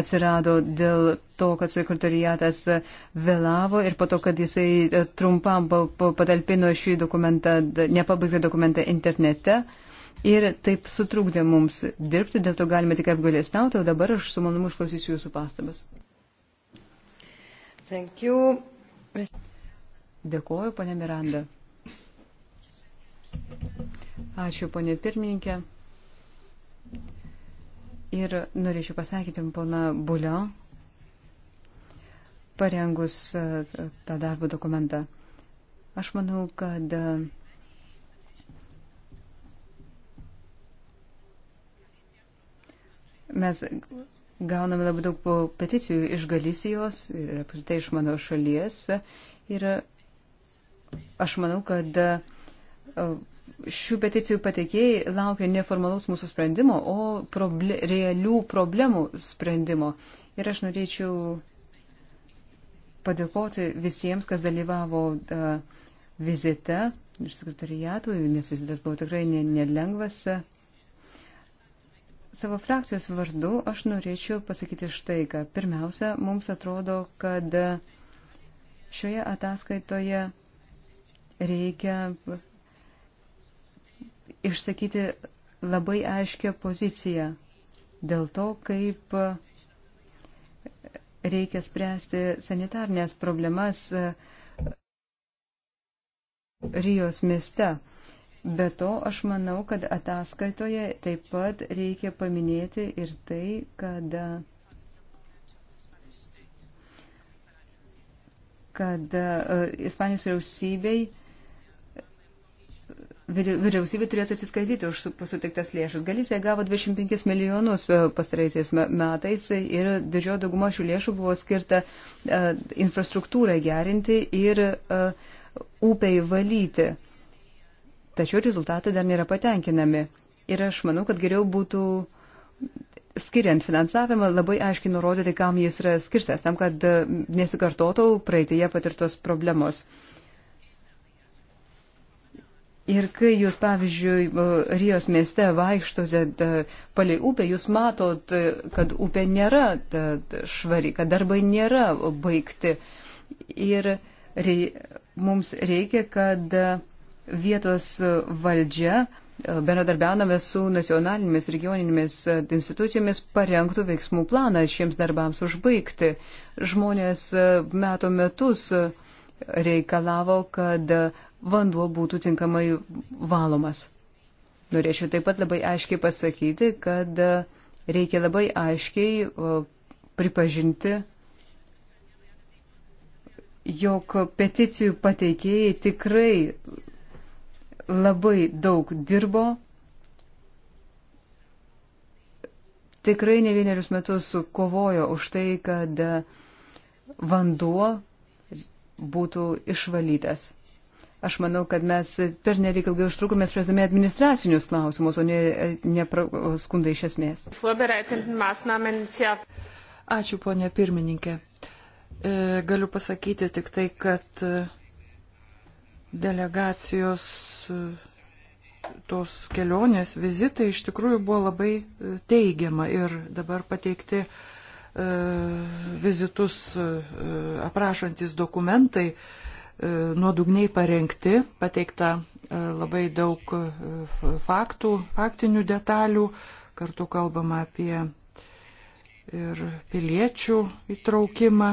atsirado dėl to, kad sekretariatas e, vėlavo ir po to, kad jisai trumpam patalpino šį dokumentą, nepabaigtą dokumentą internete. Ir taip sutrukdė mums dirbti, dėl to galime tik apgailėstauti, o dabar aš su malonumu išklausysiu jūsų pastabas. Thank you. Dėkuoju, ponė Miranda. Ačiū, ponė pirmininkė. Ir norėčiau pasakyti, pona Bulio, parengus e, tą darbo dokumentą. Aš manau, kad e, mes gauname labai daug peticijų iš Galisijos ir apskritai iš mano šalies. Ir aš manau, kad e, šių peticijų patekėjai laukia neformalaus mūsų sprendimo, o proble realių problemų sprendimo. Ir aš norėčiau padėkoti visiems, kas dalyvavo e, vizite ir sekretariatui, nes vizitas buvo tikrai nelengvas. Ne Savo frakcijos vardu aš norėčiau pasakyti štai ką. Pirmiausia, mums atrodo, kad šioje ataskaitoje reikia išsakyti labai aiškę poziciją dėl to, kaip reikia spręsti sanitarnės problemas Rijos mieste. Be to, aš manau, kad ataskaitoje taip pat reikia paminėti ir tai, kad, kad uh, Ispanijos vyriausybei Vyriausybė turėtų atsiskaityti už sutiktas lėšas. Galicija gavo 25 milijonus e, pastaraisiais metais ir didžioji dauguma šių lėšų buvo skirta e, infrastruktūrai gerinti ir upei valyti. Tačiau rezultatai dar nėra patenkinami. Ir aš manau, kad geriau būtų skiriant finansavimą labai aiškiai nurodyti, kam jis yra skirtas, tam, kad e, nesikartotų praeitėje patirtos problemos. Ir kai jūs, pavyzdžiui, e, Rijos mieste vaikštote e, palei upę, jūs matot, kad upė nėra švari, kad darbai nėra baigti. Ir rei, mums reikia, kad vietos valdžia e, bendradarbiavome su nacionalinėmis regioninėmis e, institucijomis parengtų veiksmų planą šiems darbams užbaigti. Žmonės e, metų metus reikalavo, kad vanduo būtų tinkamai valomas. Norėčiau taip pat labai aiškiai pasakyti, kad reikia labai aiškiai pripažinti, jog peticijų pateikėjai tikrai labai daug dirbo, tikrai ne vienerius metus kovojo už tai, kad vanduo būtų išvalytas. Aš manau, kad mes per nereik ilgai užtrukome spręsdami administracinius klausimus, o ne, ne skundai iš esmės. Ačiū, ponė pirmininkė. E, galiu pasakyti tik tai, kad delegacijos tos kelionės vizitai iš tikrųjų buvo labai e, teigiama ir dabar pateikti e, vizitus e, aprašantis dokumentai nuodugniai parengti, pateikta labai daug faktų, faktinių detalių, kartu kalbama apie ir piliečių įtraukimą.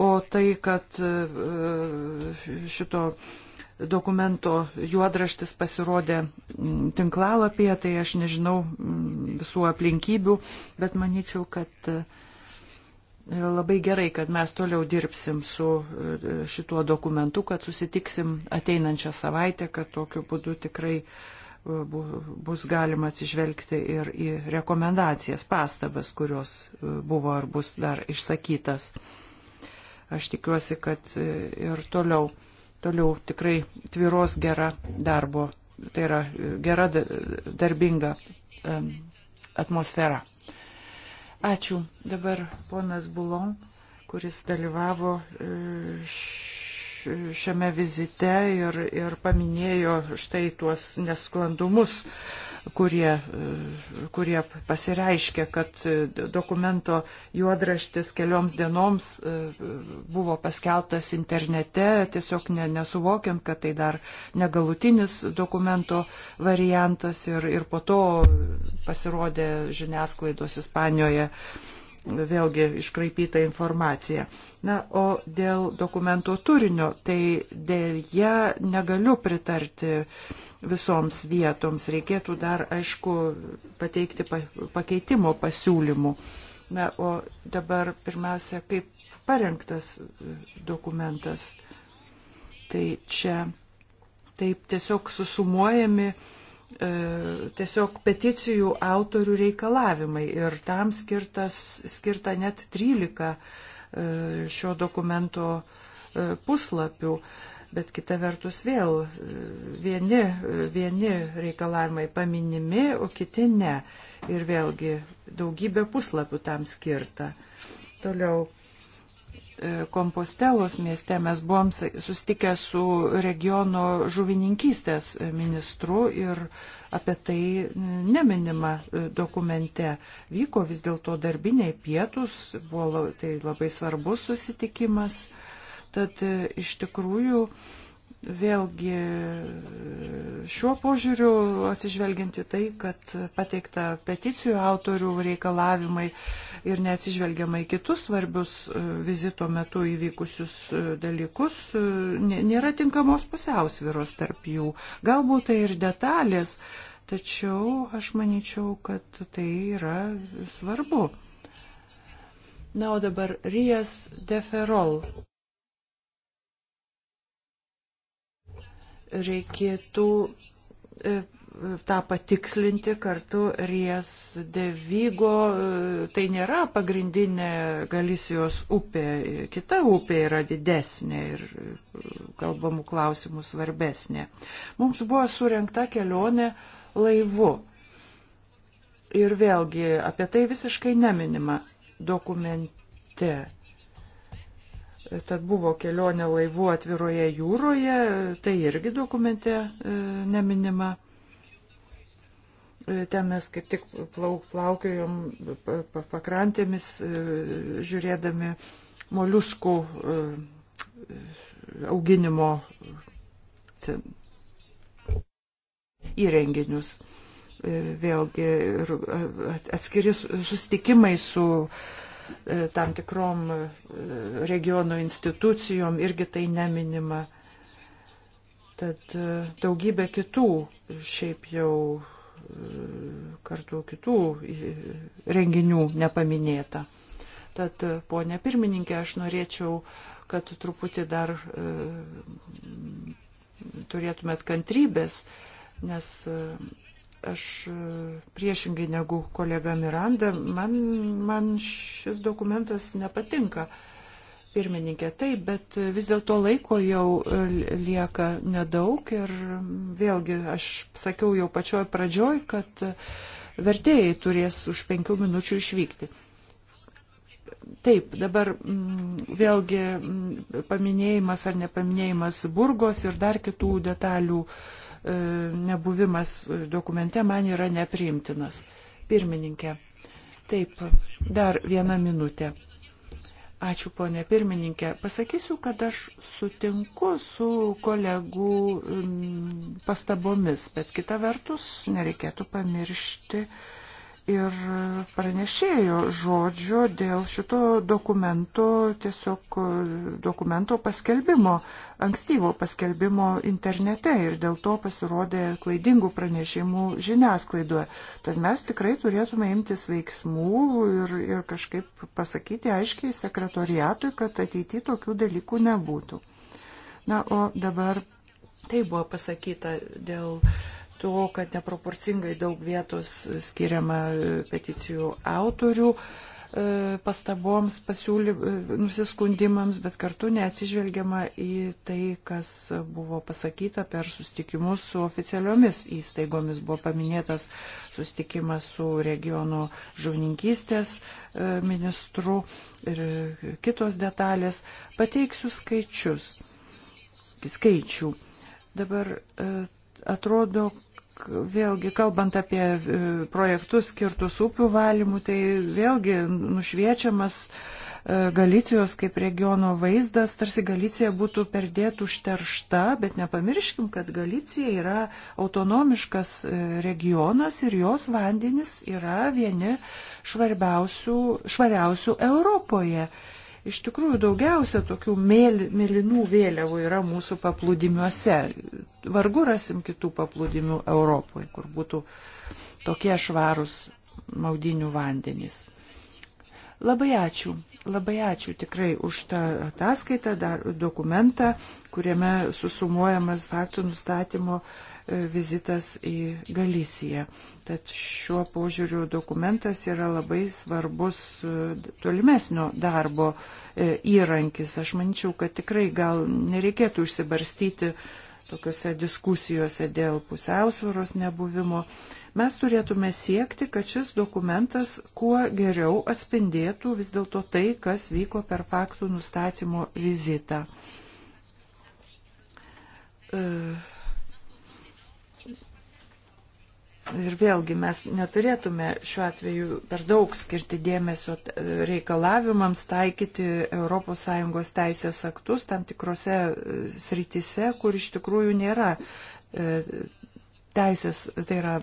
O tai, kad šito dokumento juodraštis pasirodė mm, tinklalapyje, tai aš nežinau mm, visų aplinkybių, bet manyčiau, kad e, labai gerai, kad mes toliau dirbsim su e, šituo dokumentu, kad susitiksim ateinančią savaitę, kad tokiu būdu tikrai e, bus galima atsižvelgti ir į rekomendacijas, pastabas, kurios buvo ar bus dar išsakytas. Aš tikiuosi, kad ir toliau toliau tikrai tviros gera darbo, tai yra e, gera darbinga atmosfera. Ačiū. Dabar ponas Bulon, kuris dalyvavo e, šiame vizite ir, ir paminėjo štai tuos nesklandumus kurie, kurie pasireiškia, kad e, dokumento juodraštis kelioms dienoms e, buvo paskeltas internete, tiesiog ne, nesuvokiant, kad tai dar negalutinis dokumento variantas ir, ir po to pasirodė žiniasklaidos Ispanijoje vėlgi iškraipyta informacija. Na, o dėl dokumento turinio, tai dėja negaliu pritarti visoms vietoms. Reikėtų dar, aišku, pateikti pakeitimo pasiūlymų. Na, o dabar pirmiausia, kaip parengtas dokumentas. Tai čia taip tiesiog susumuojami uh, E, tiesiog peticijų autorių reikalavimai ir tam skirtas, skirta net 13 e, šio dokumento e, puslapių. Bet kita vertus vėl vieni, vieni reikalavimai paminimi, o kiti ne. Ir vėlgi daugybė puslapių tam skirta. Toliau E, Kompostelos mieste mes buvom sustikę su regiono žuvininkystės ministru ir apie tai neminima e, dokumente. Vyko vis dėlto darbiniai pietus, buvo tai labai svarbus susitikimas. Tad e, iš tikrųjų Vėlgi šiuo požiūriu atsižvelginti tai, kad pateikta peticijų autorių reikalavimai ir neatsižvelgiama į kitus svarbius e, vizito metu įvykusius e, dalykus, e, nėra tinkamos pusiausviros tarp jų. Galbūt tai ir detalės, tačiau aš manyčiau, kad tai yra svarbu. Na, o dabar Rijas Deferol. reikėtų e, tą patikslinti kartu Ries de Vigo, e, tai nėra pagrindinė Galisijos upė, kita upė yra didesnė ir e, kalbamų klausimų svarbesnė. Mums buvo surinkta kelionė laivu. Ir vėlgi apie tai visiškai neminima dokumente. Tad buvo kelionė laivu atviroje jūroje, tai irgi dokumente e, neminima. E, ten mes kaip tik plauk, plaukiojom pakrantėmis, e, žiūrėdami moliuskų auginimo įrenginius. Vėlgi ir atskiri sustikimai su E, tam tikrom e, regiono institucijom irgi tai neminima. Tad e, daugybė kitų šiaip jau kartu kitų renginių nepaminėta. Tad, ponė pirmininkė, aš norėčiau, kad truputį dar turėtumėt kantrybės, nes aš e, priešingai negu kolega Miranda, man, man šis dokumentas nepatinka. Pirmininkė, taip, bet vis dėlto laiko jau e, lieka nedaug ir vėlgi aš sakiau jau pačioj pradžioj, kad e, vertėjai turės už penkių minučių išvykti. Taip, dabar mm, vėlgi mm, paminėjimas ar nepaminėjimas Burgos ir dar kitų detalių uh, E, nebuvimas dokumente man yra nepriimtinas. Pirmininkė. Taip, dar vieną minutę. Ačiū, ponė pirmininkė. Pasakysiu, kad aš sutinku su kolegų pastabomis, bet kita vertus nereikėtų pamiršti, ir pranešėjo žodžio dėl šito dokumento, tiesiog dokumento paskelbimo, ankstyvo paskelbimo internete ir dėl to pasirodė klaidingų pranešimų žiniasklaidoje. Tad mes tikrai turėtume imtis veiksmų ir, ir kažkaip pasakyti aiškiai sekretoriatui, kad ateityje tokių dalykų nebūtų. Na, o dabar tai buvo pasakyta dėl to, kad neproporcingai daug vietos skiriama e, peticijų autorių e, pastaboms, pasiūly, e, nusiskundimams, bet kartu neatsižvelgiama į tai, kas buvo pasakyta per sustikimus su oficialiomis įstaigomis. Buvo paminėtas sustikimas su regiono žuvininkystės ministru ir kitos detalės. Pateiksiu skaičius. Skaičių. Dabar atrodo, vėlgi kalbant apie e, projektus skirtus upių valymų, tai vėlgi nušviečiamas e, Galicijos kaip regiono vaizdas, tarsi Galicija būtų perdėt užteršta, bet nepamirškim, kad Galicija yra autonomiškas e, regionas ir jos vandenis yra vieni švariausių Europoje. Iš tikrųjų, daugiausia tokių mėly, mėlynų vėliavų yra mūsų paplūdimiuose. Vargu rasim kitų paplūdimių Europoje, kur būtų tokie švarūs maudinių vandenys. Labai ačiū, labai ačiū tikrai už tą ataskaitą, dar dokumentą, kuriame susumuojamas faktų nustatymo uh, vizitas į Galisiją. Tad šiuo požiūriu dokumentas yra labai svarbus e, tolimesnio darbo e, įrankis. Aš manyčiau, kad tikrai gal nereikėtų užsibarstyti tokiuose diskusijose dėl pusiausvėros nebuvimo, mes turėtume siekti, kad šis dokumentas kuo geriau atspindėtų vis dėlto tai, kas vyko per faktų nustatymo vizitą. E, Ir vėlgi mes neturėtume šiuo atveju per daug skirti dėmesio e, reikalavimams taikyti ES teisės aktus tam tikrose e, srityse, kur iš tikrųjų nėra e, teisės, tai yra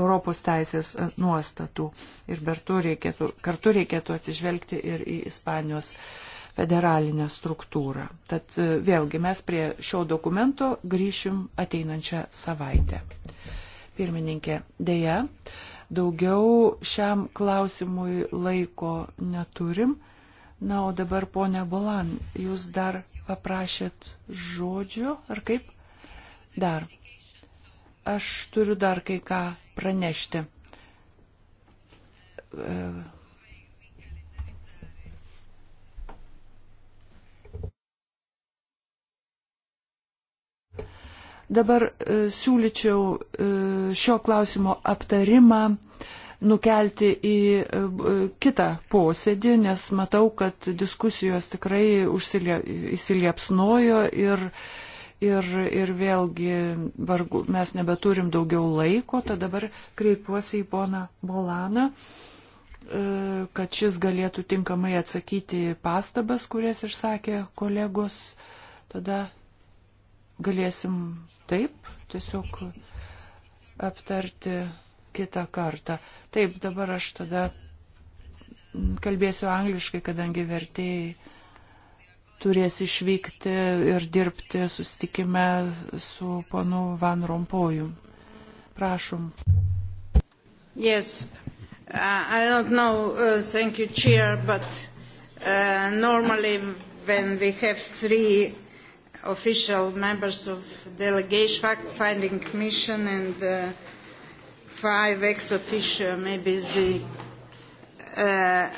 Europos teisės nuostatų. Ir reikėtų, kartu reikėtų atsižvelgti ir į Ispanijos federalinę struktūrą. Tad vėlgi mes prie šio dokumento grįšim ateinančią savaitę pirmininkė. Deja, daugiau šiam klausimui laiko neturim. Na, o dabar, ponia Bolan, jūs dar paprašėt žodžio, ar kaip? Dar. Aš turiu dar kai ką pranešti. E Dabar e, siūlyčiau e, šio klausimo aptarimą nukelti į e, kitą posėdį, nes matau, kad diskusijos tikrai užsilie, įsiliepsnojo ir, ir, ir vėlgi vargu, mes nebeturim daugiau laiko, tad dabar kreipiuosi į poną Bolaną kad šis galėtų tinkamai atsakyti pastabas, kurias išsakė kolegos. Tada galėsim taip tiesiog aptarti kitą kartą. Taip, dabar aš tada kalbėsiu angliškai, kadangi vertėjai turės išvykti ir dirbti susitikime su ponu Van Rompoju. Prašom. Yes. Uh, I don't know, uh, thank you, Chair, but uh, normally when we have three official members of delegation fact-finding mission and uh, five ex-officio, maybe the, uh,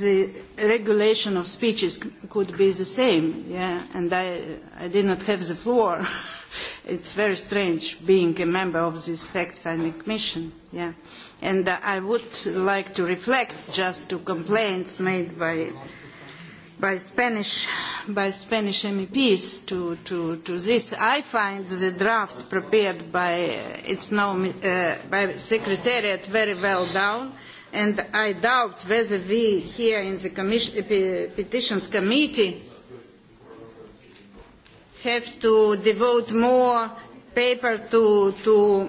the regulation of speeches could be the same, yeah, and I, I did not have the floor. it's very strange being a member of this fact-finding mission, yeah. And uh, I would like to reflect just to complaints made by uh, by Spanish, by Spanish MEPs to, to, to this. I find the draft prepared by uh, its now, uh, by Secretariat very well down, and I doubt whether we here in the commission, uh, Petitions Committee have to devote more paper to, to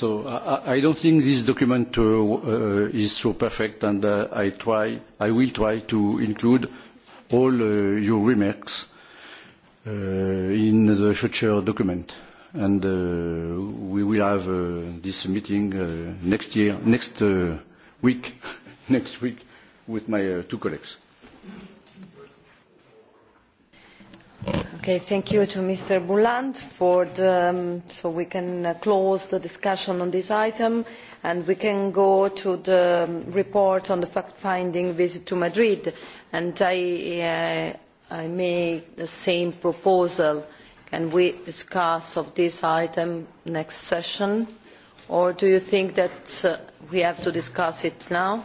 So I, I don't think this document uh, uh, is so perfect, and uh, I try, I will try to include all uh, your remarks uh, in the future document. And uh, we will have uh, this meeting uh, next year, next uh, week, next week with my uh, two colleagues. Okay, thank you to Mr. Bouland for the, um, so we can uh, close the discussion on this item and we can go to the um, report on the fact-finding visit to Madrid and I, uh, I make the same proposal. Can we discuss of this item next session or do you think that uh, we have to discuss it now?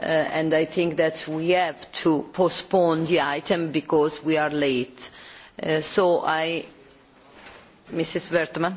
uh, and I think that we have to postpone the item because we are late. Uh, so I, Mrs. Wertmann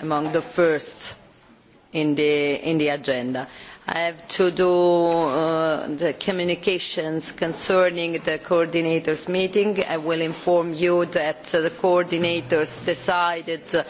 among the first in the, in the agenda. I have to do uh, the communications concerning the coordinators meeting. I will inform you that uh, the coordinators decided uh,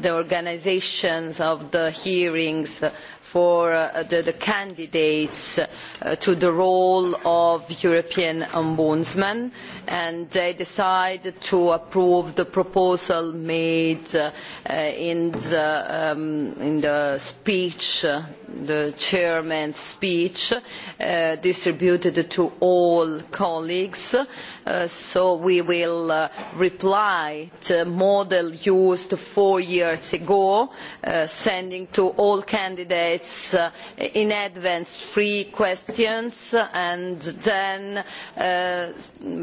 the organizations of the hearings uh, for uh, the, the candidates uh, to the role of European Ombudsman and they decide to approve the proposal made uh, in, the, um, in the speech, uh, the chairman's speech uh, distributed to all colleagues. Uh, Uh, so we will uh, reply to model used four years ago, uh, sending to all candidates uh, in advance three questions and then uh,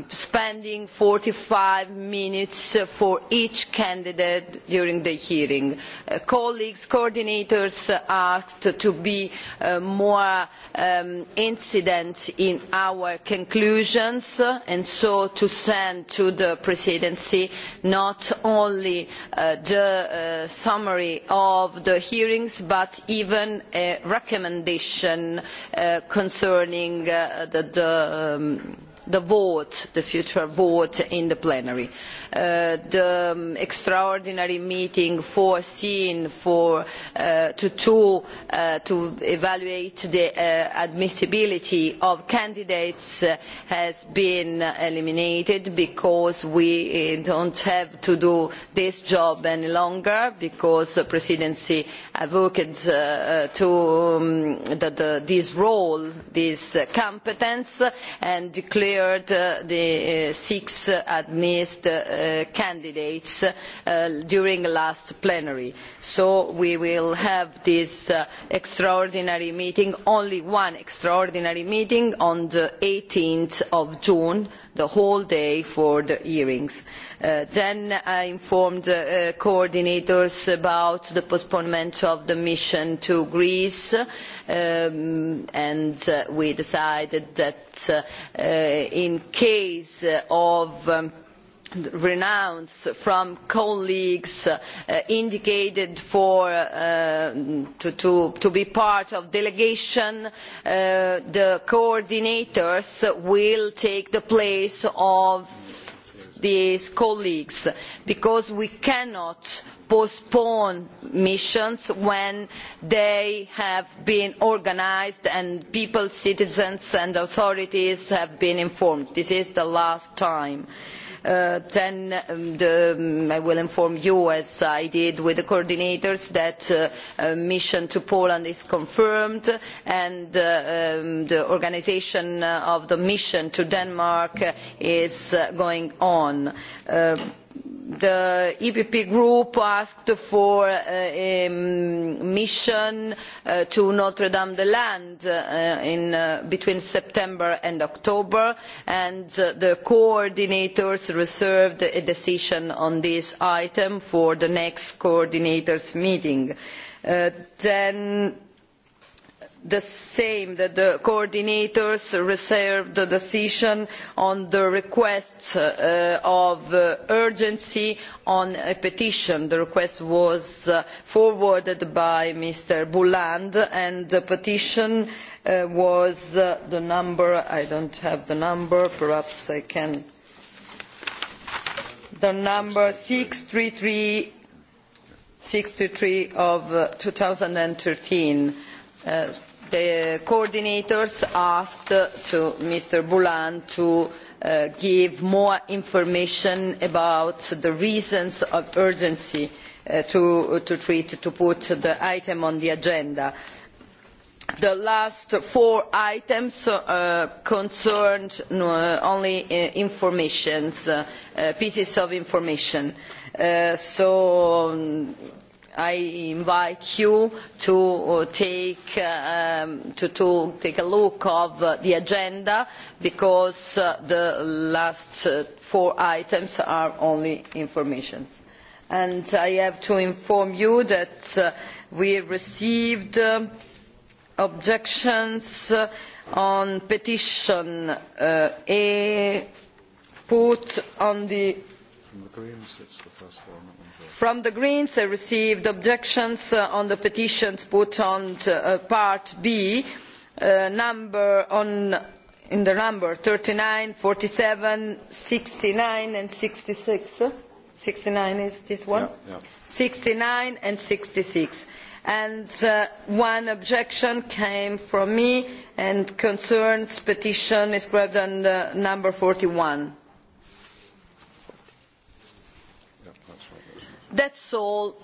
spending 45 minutes for each candidate during the hearing. Uh, colleagues, coordinators asked to be uh, more um, incident in our conclusions and so also to send to the presidency not only uh, the uh, summary of the hearings but even a recommendation uh, concerning uh, the, the um, the vote, the future vote in the plenary. Uh, the um, extraordinary meeting foreseen for, uh, to, to, uh, to evaluate the uh, admissibility of candidates uh, has been eliminated because we uh, don't have to do this job any longer because the presidency advocates uh, uh, to um, the, the, this role, this uh, competence and declared declared uh, the uh, six admitted uh, candidates uh, during last plenary. So we will have this uh, extraordinary meeting, only one extraordinary meeting on the 18th of June the whole day for the hearings. Uh, then I informed uh, coordinators about the postponement of the mission to Greece um, and uh, we decided that uh, uh, in case of um, renounced from colleagues uh, indicated for, uh, to, to, to be part of delegation, uh, the coordinators will take the place of these colleagues because we cannot postpone missions when they have been organised and people citizens and authorities have been informed. this is the last time. Uh, uh, then um, the, um, I will inform you, as I did with the coordinators, that uh, a mission to Poland is confirmed and uh, um, the organization uh, of the mission to Denmark is uh, going on. Uh, the EPP group asked for uh, a mission uh, to Notre Dame de Land uh, in, uh, between September and October, and uh, the coordinators reserved a decision on this item for the next coordinators meeting. Uh, then the same that the coordinators reserved the decision on the request uh, of uh, urgency on a petition. The request was uh, forwarded by Mr. Bouland and the petition uh, was uh, the number, I don't have the number, perhaps I can, the number 633, 633 of uh, 2013 Uh, the coordinators asked to Mr. Boulan to uh, give more information about the reasons of urgency uh, to, to treat, to put the item on the agenda. The last four items uh, concerned uh, only uh, informations, uh, uh, pieces of information. Uh, so um, I invite you to uh, take, uh, um, to, to take a look of uh, the agenda because uh, the last uh, four items are only information. And I have to inform you that uh, we received uh, objections uh, on petition uh, A put on the... From the Greens, it's the first one from the greens i received objections uh, on the petitions put on to uh, part b uh, number on in the number thirty nine forty seven sixty nine and sixty six sixty nine is this one yeah, yeah. sixty nine and sixty six and uh, one objection came from me and concerns petition described on the number forty one That's all.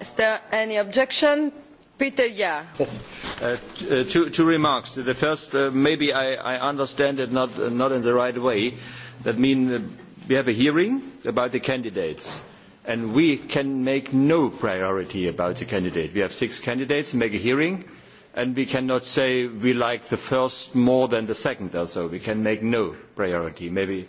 Is there any objection? Peter, yeah. Yes. Uh, uh, two, two remarks. The first, uh, maybe I, I understand it not, uh, not in the right way. That means uh, we have a hearing about the candidates and we can make no priority about the candidate. We have six candidates, make a hearing, and we cannot say we like the first more than the second or so. We can make no priority. Maybe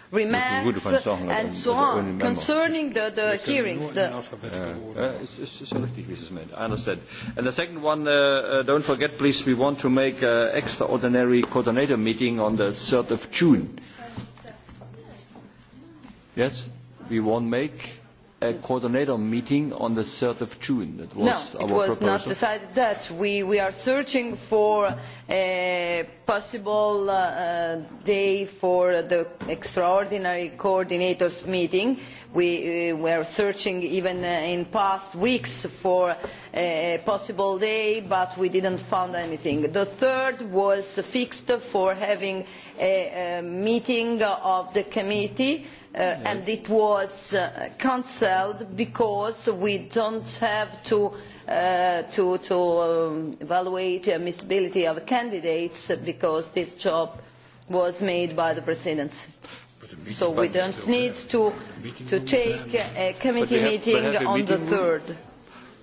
remarks and so on concerning the, the hearings. The uh, uh, it's, it's richtig, Mrs. Maid. I understand. And the second one, uh, uh, don't forget, please, we want to make an extraordinary coordinator meeting on the 3rd of June. Yes, we won't make a coordinator meeting on the 3rd of June. That was no, our it was proposal. not decided that. We, we are searching for uh, possible uh, day for the extraordinary coordinators meeting. We uh, were searching even uh, in past weeks for a possible day, but we didn't find anything. The third was fixed for having a, a meeting of the committee uh, uh, and it was uh, cancelled because we don't have to uh, to, to um, evaluate the uh, admissibility of candidates because this job was made by the presidency. So we don't need to, to take a committee have, meeting have a on meeting the 3rd.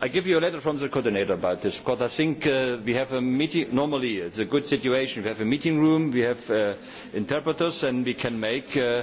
I give you a letter from the coordinator about this because I think uh, we have a meeting. Normally, it's a good situation. We have a meeting room, we have uh, interpreters, and we can make uh,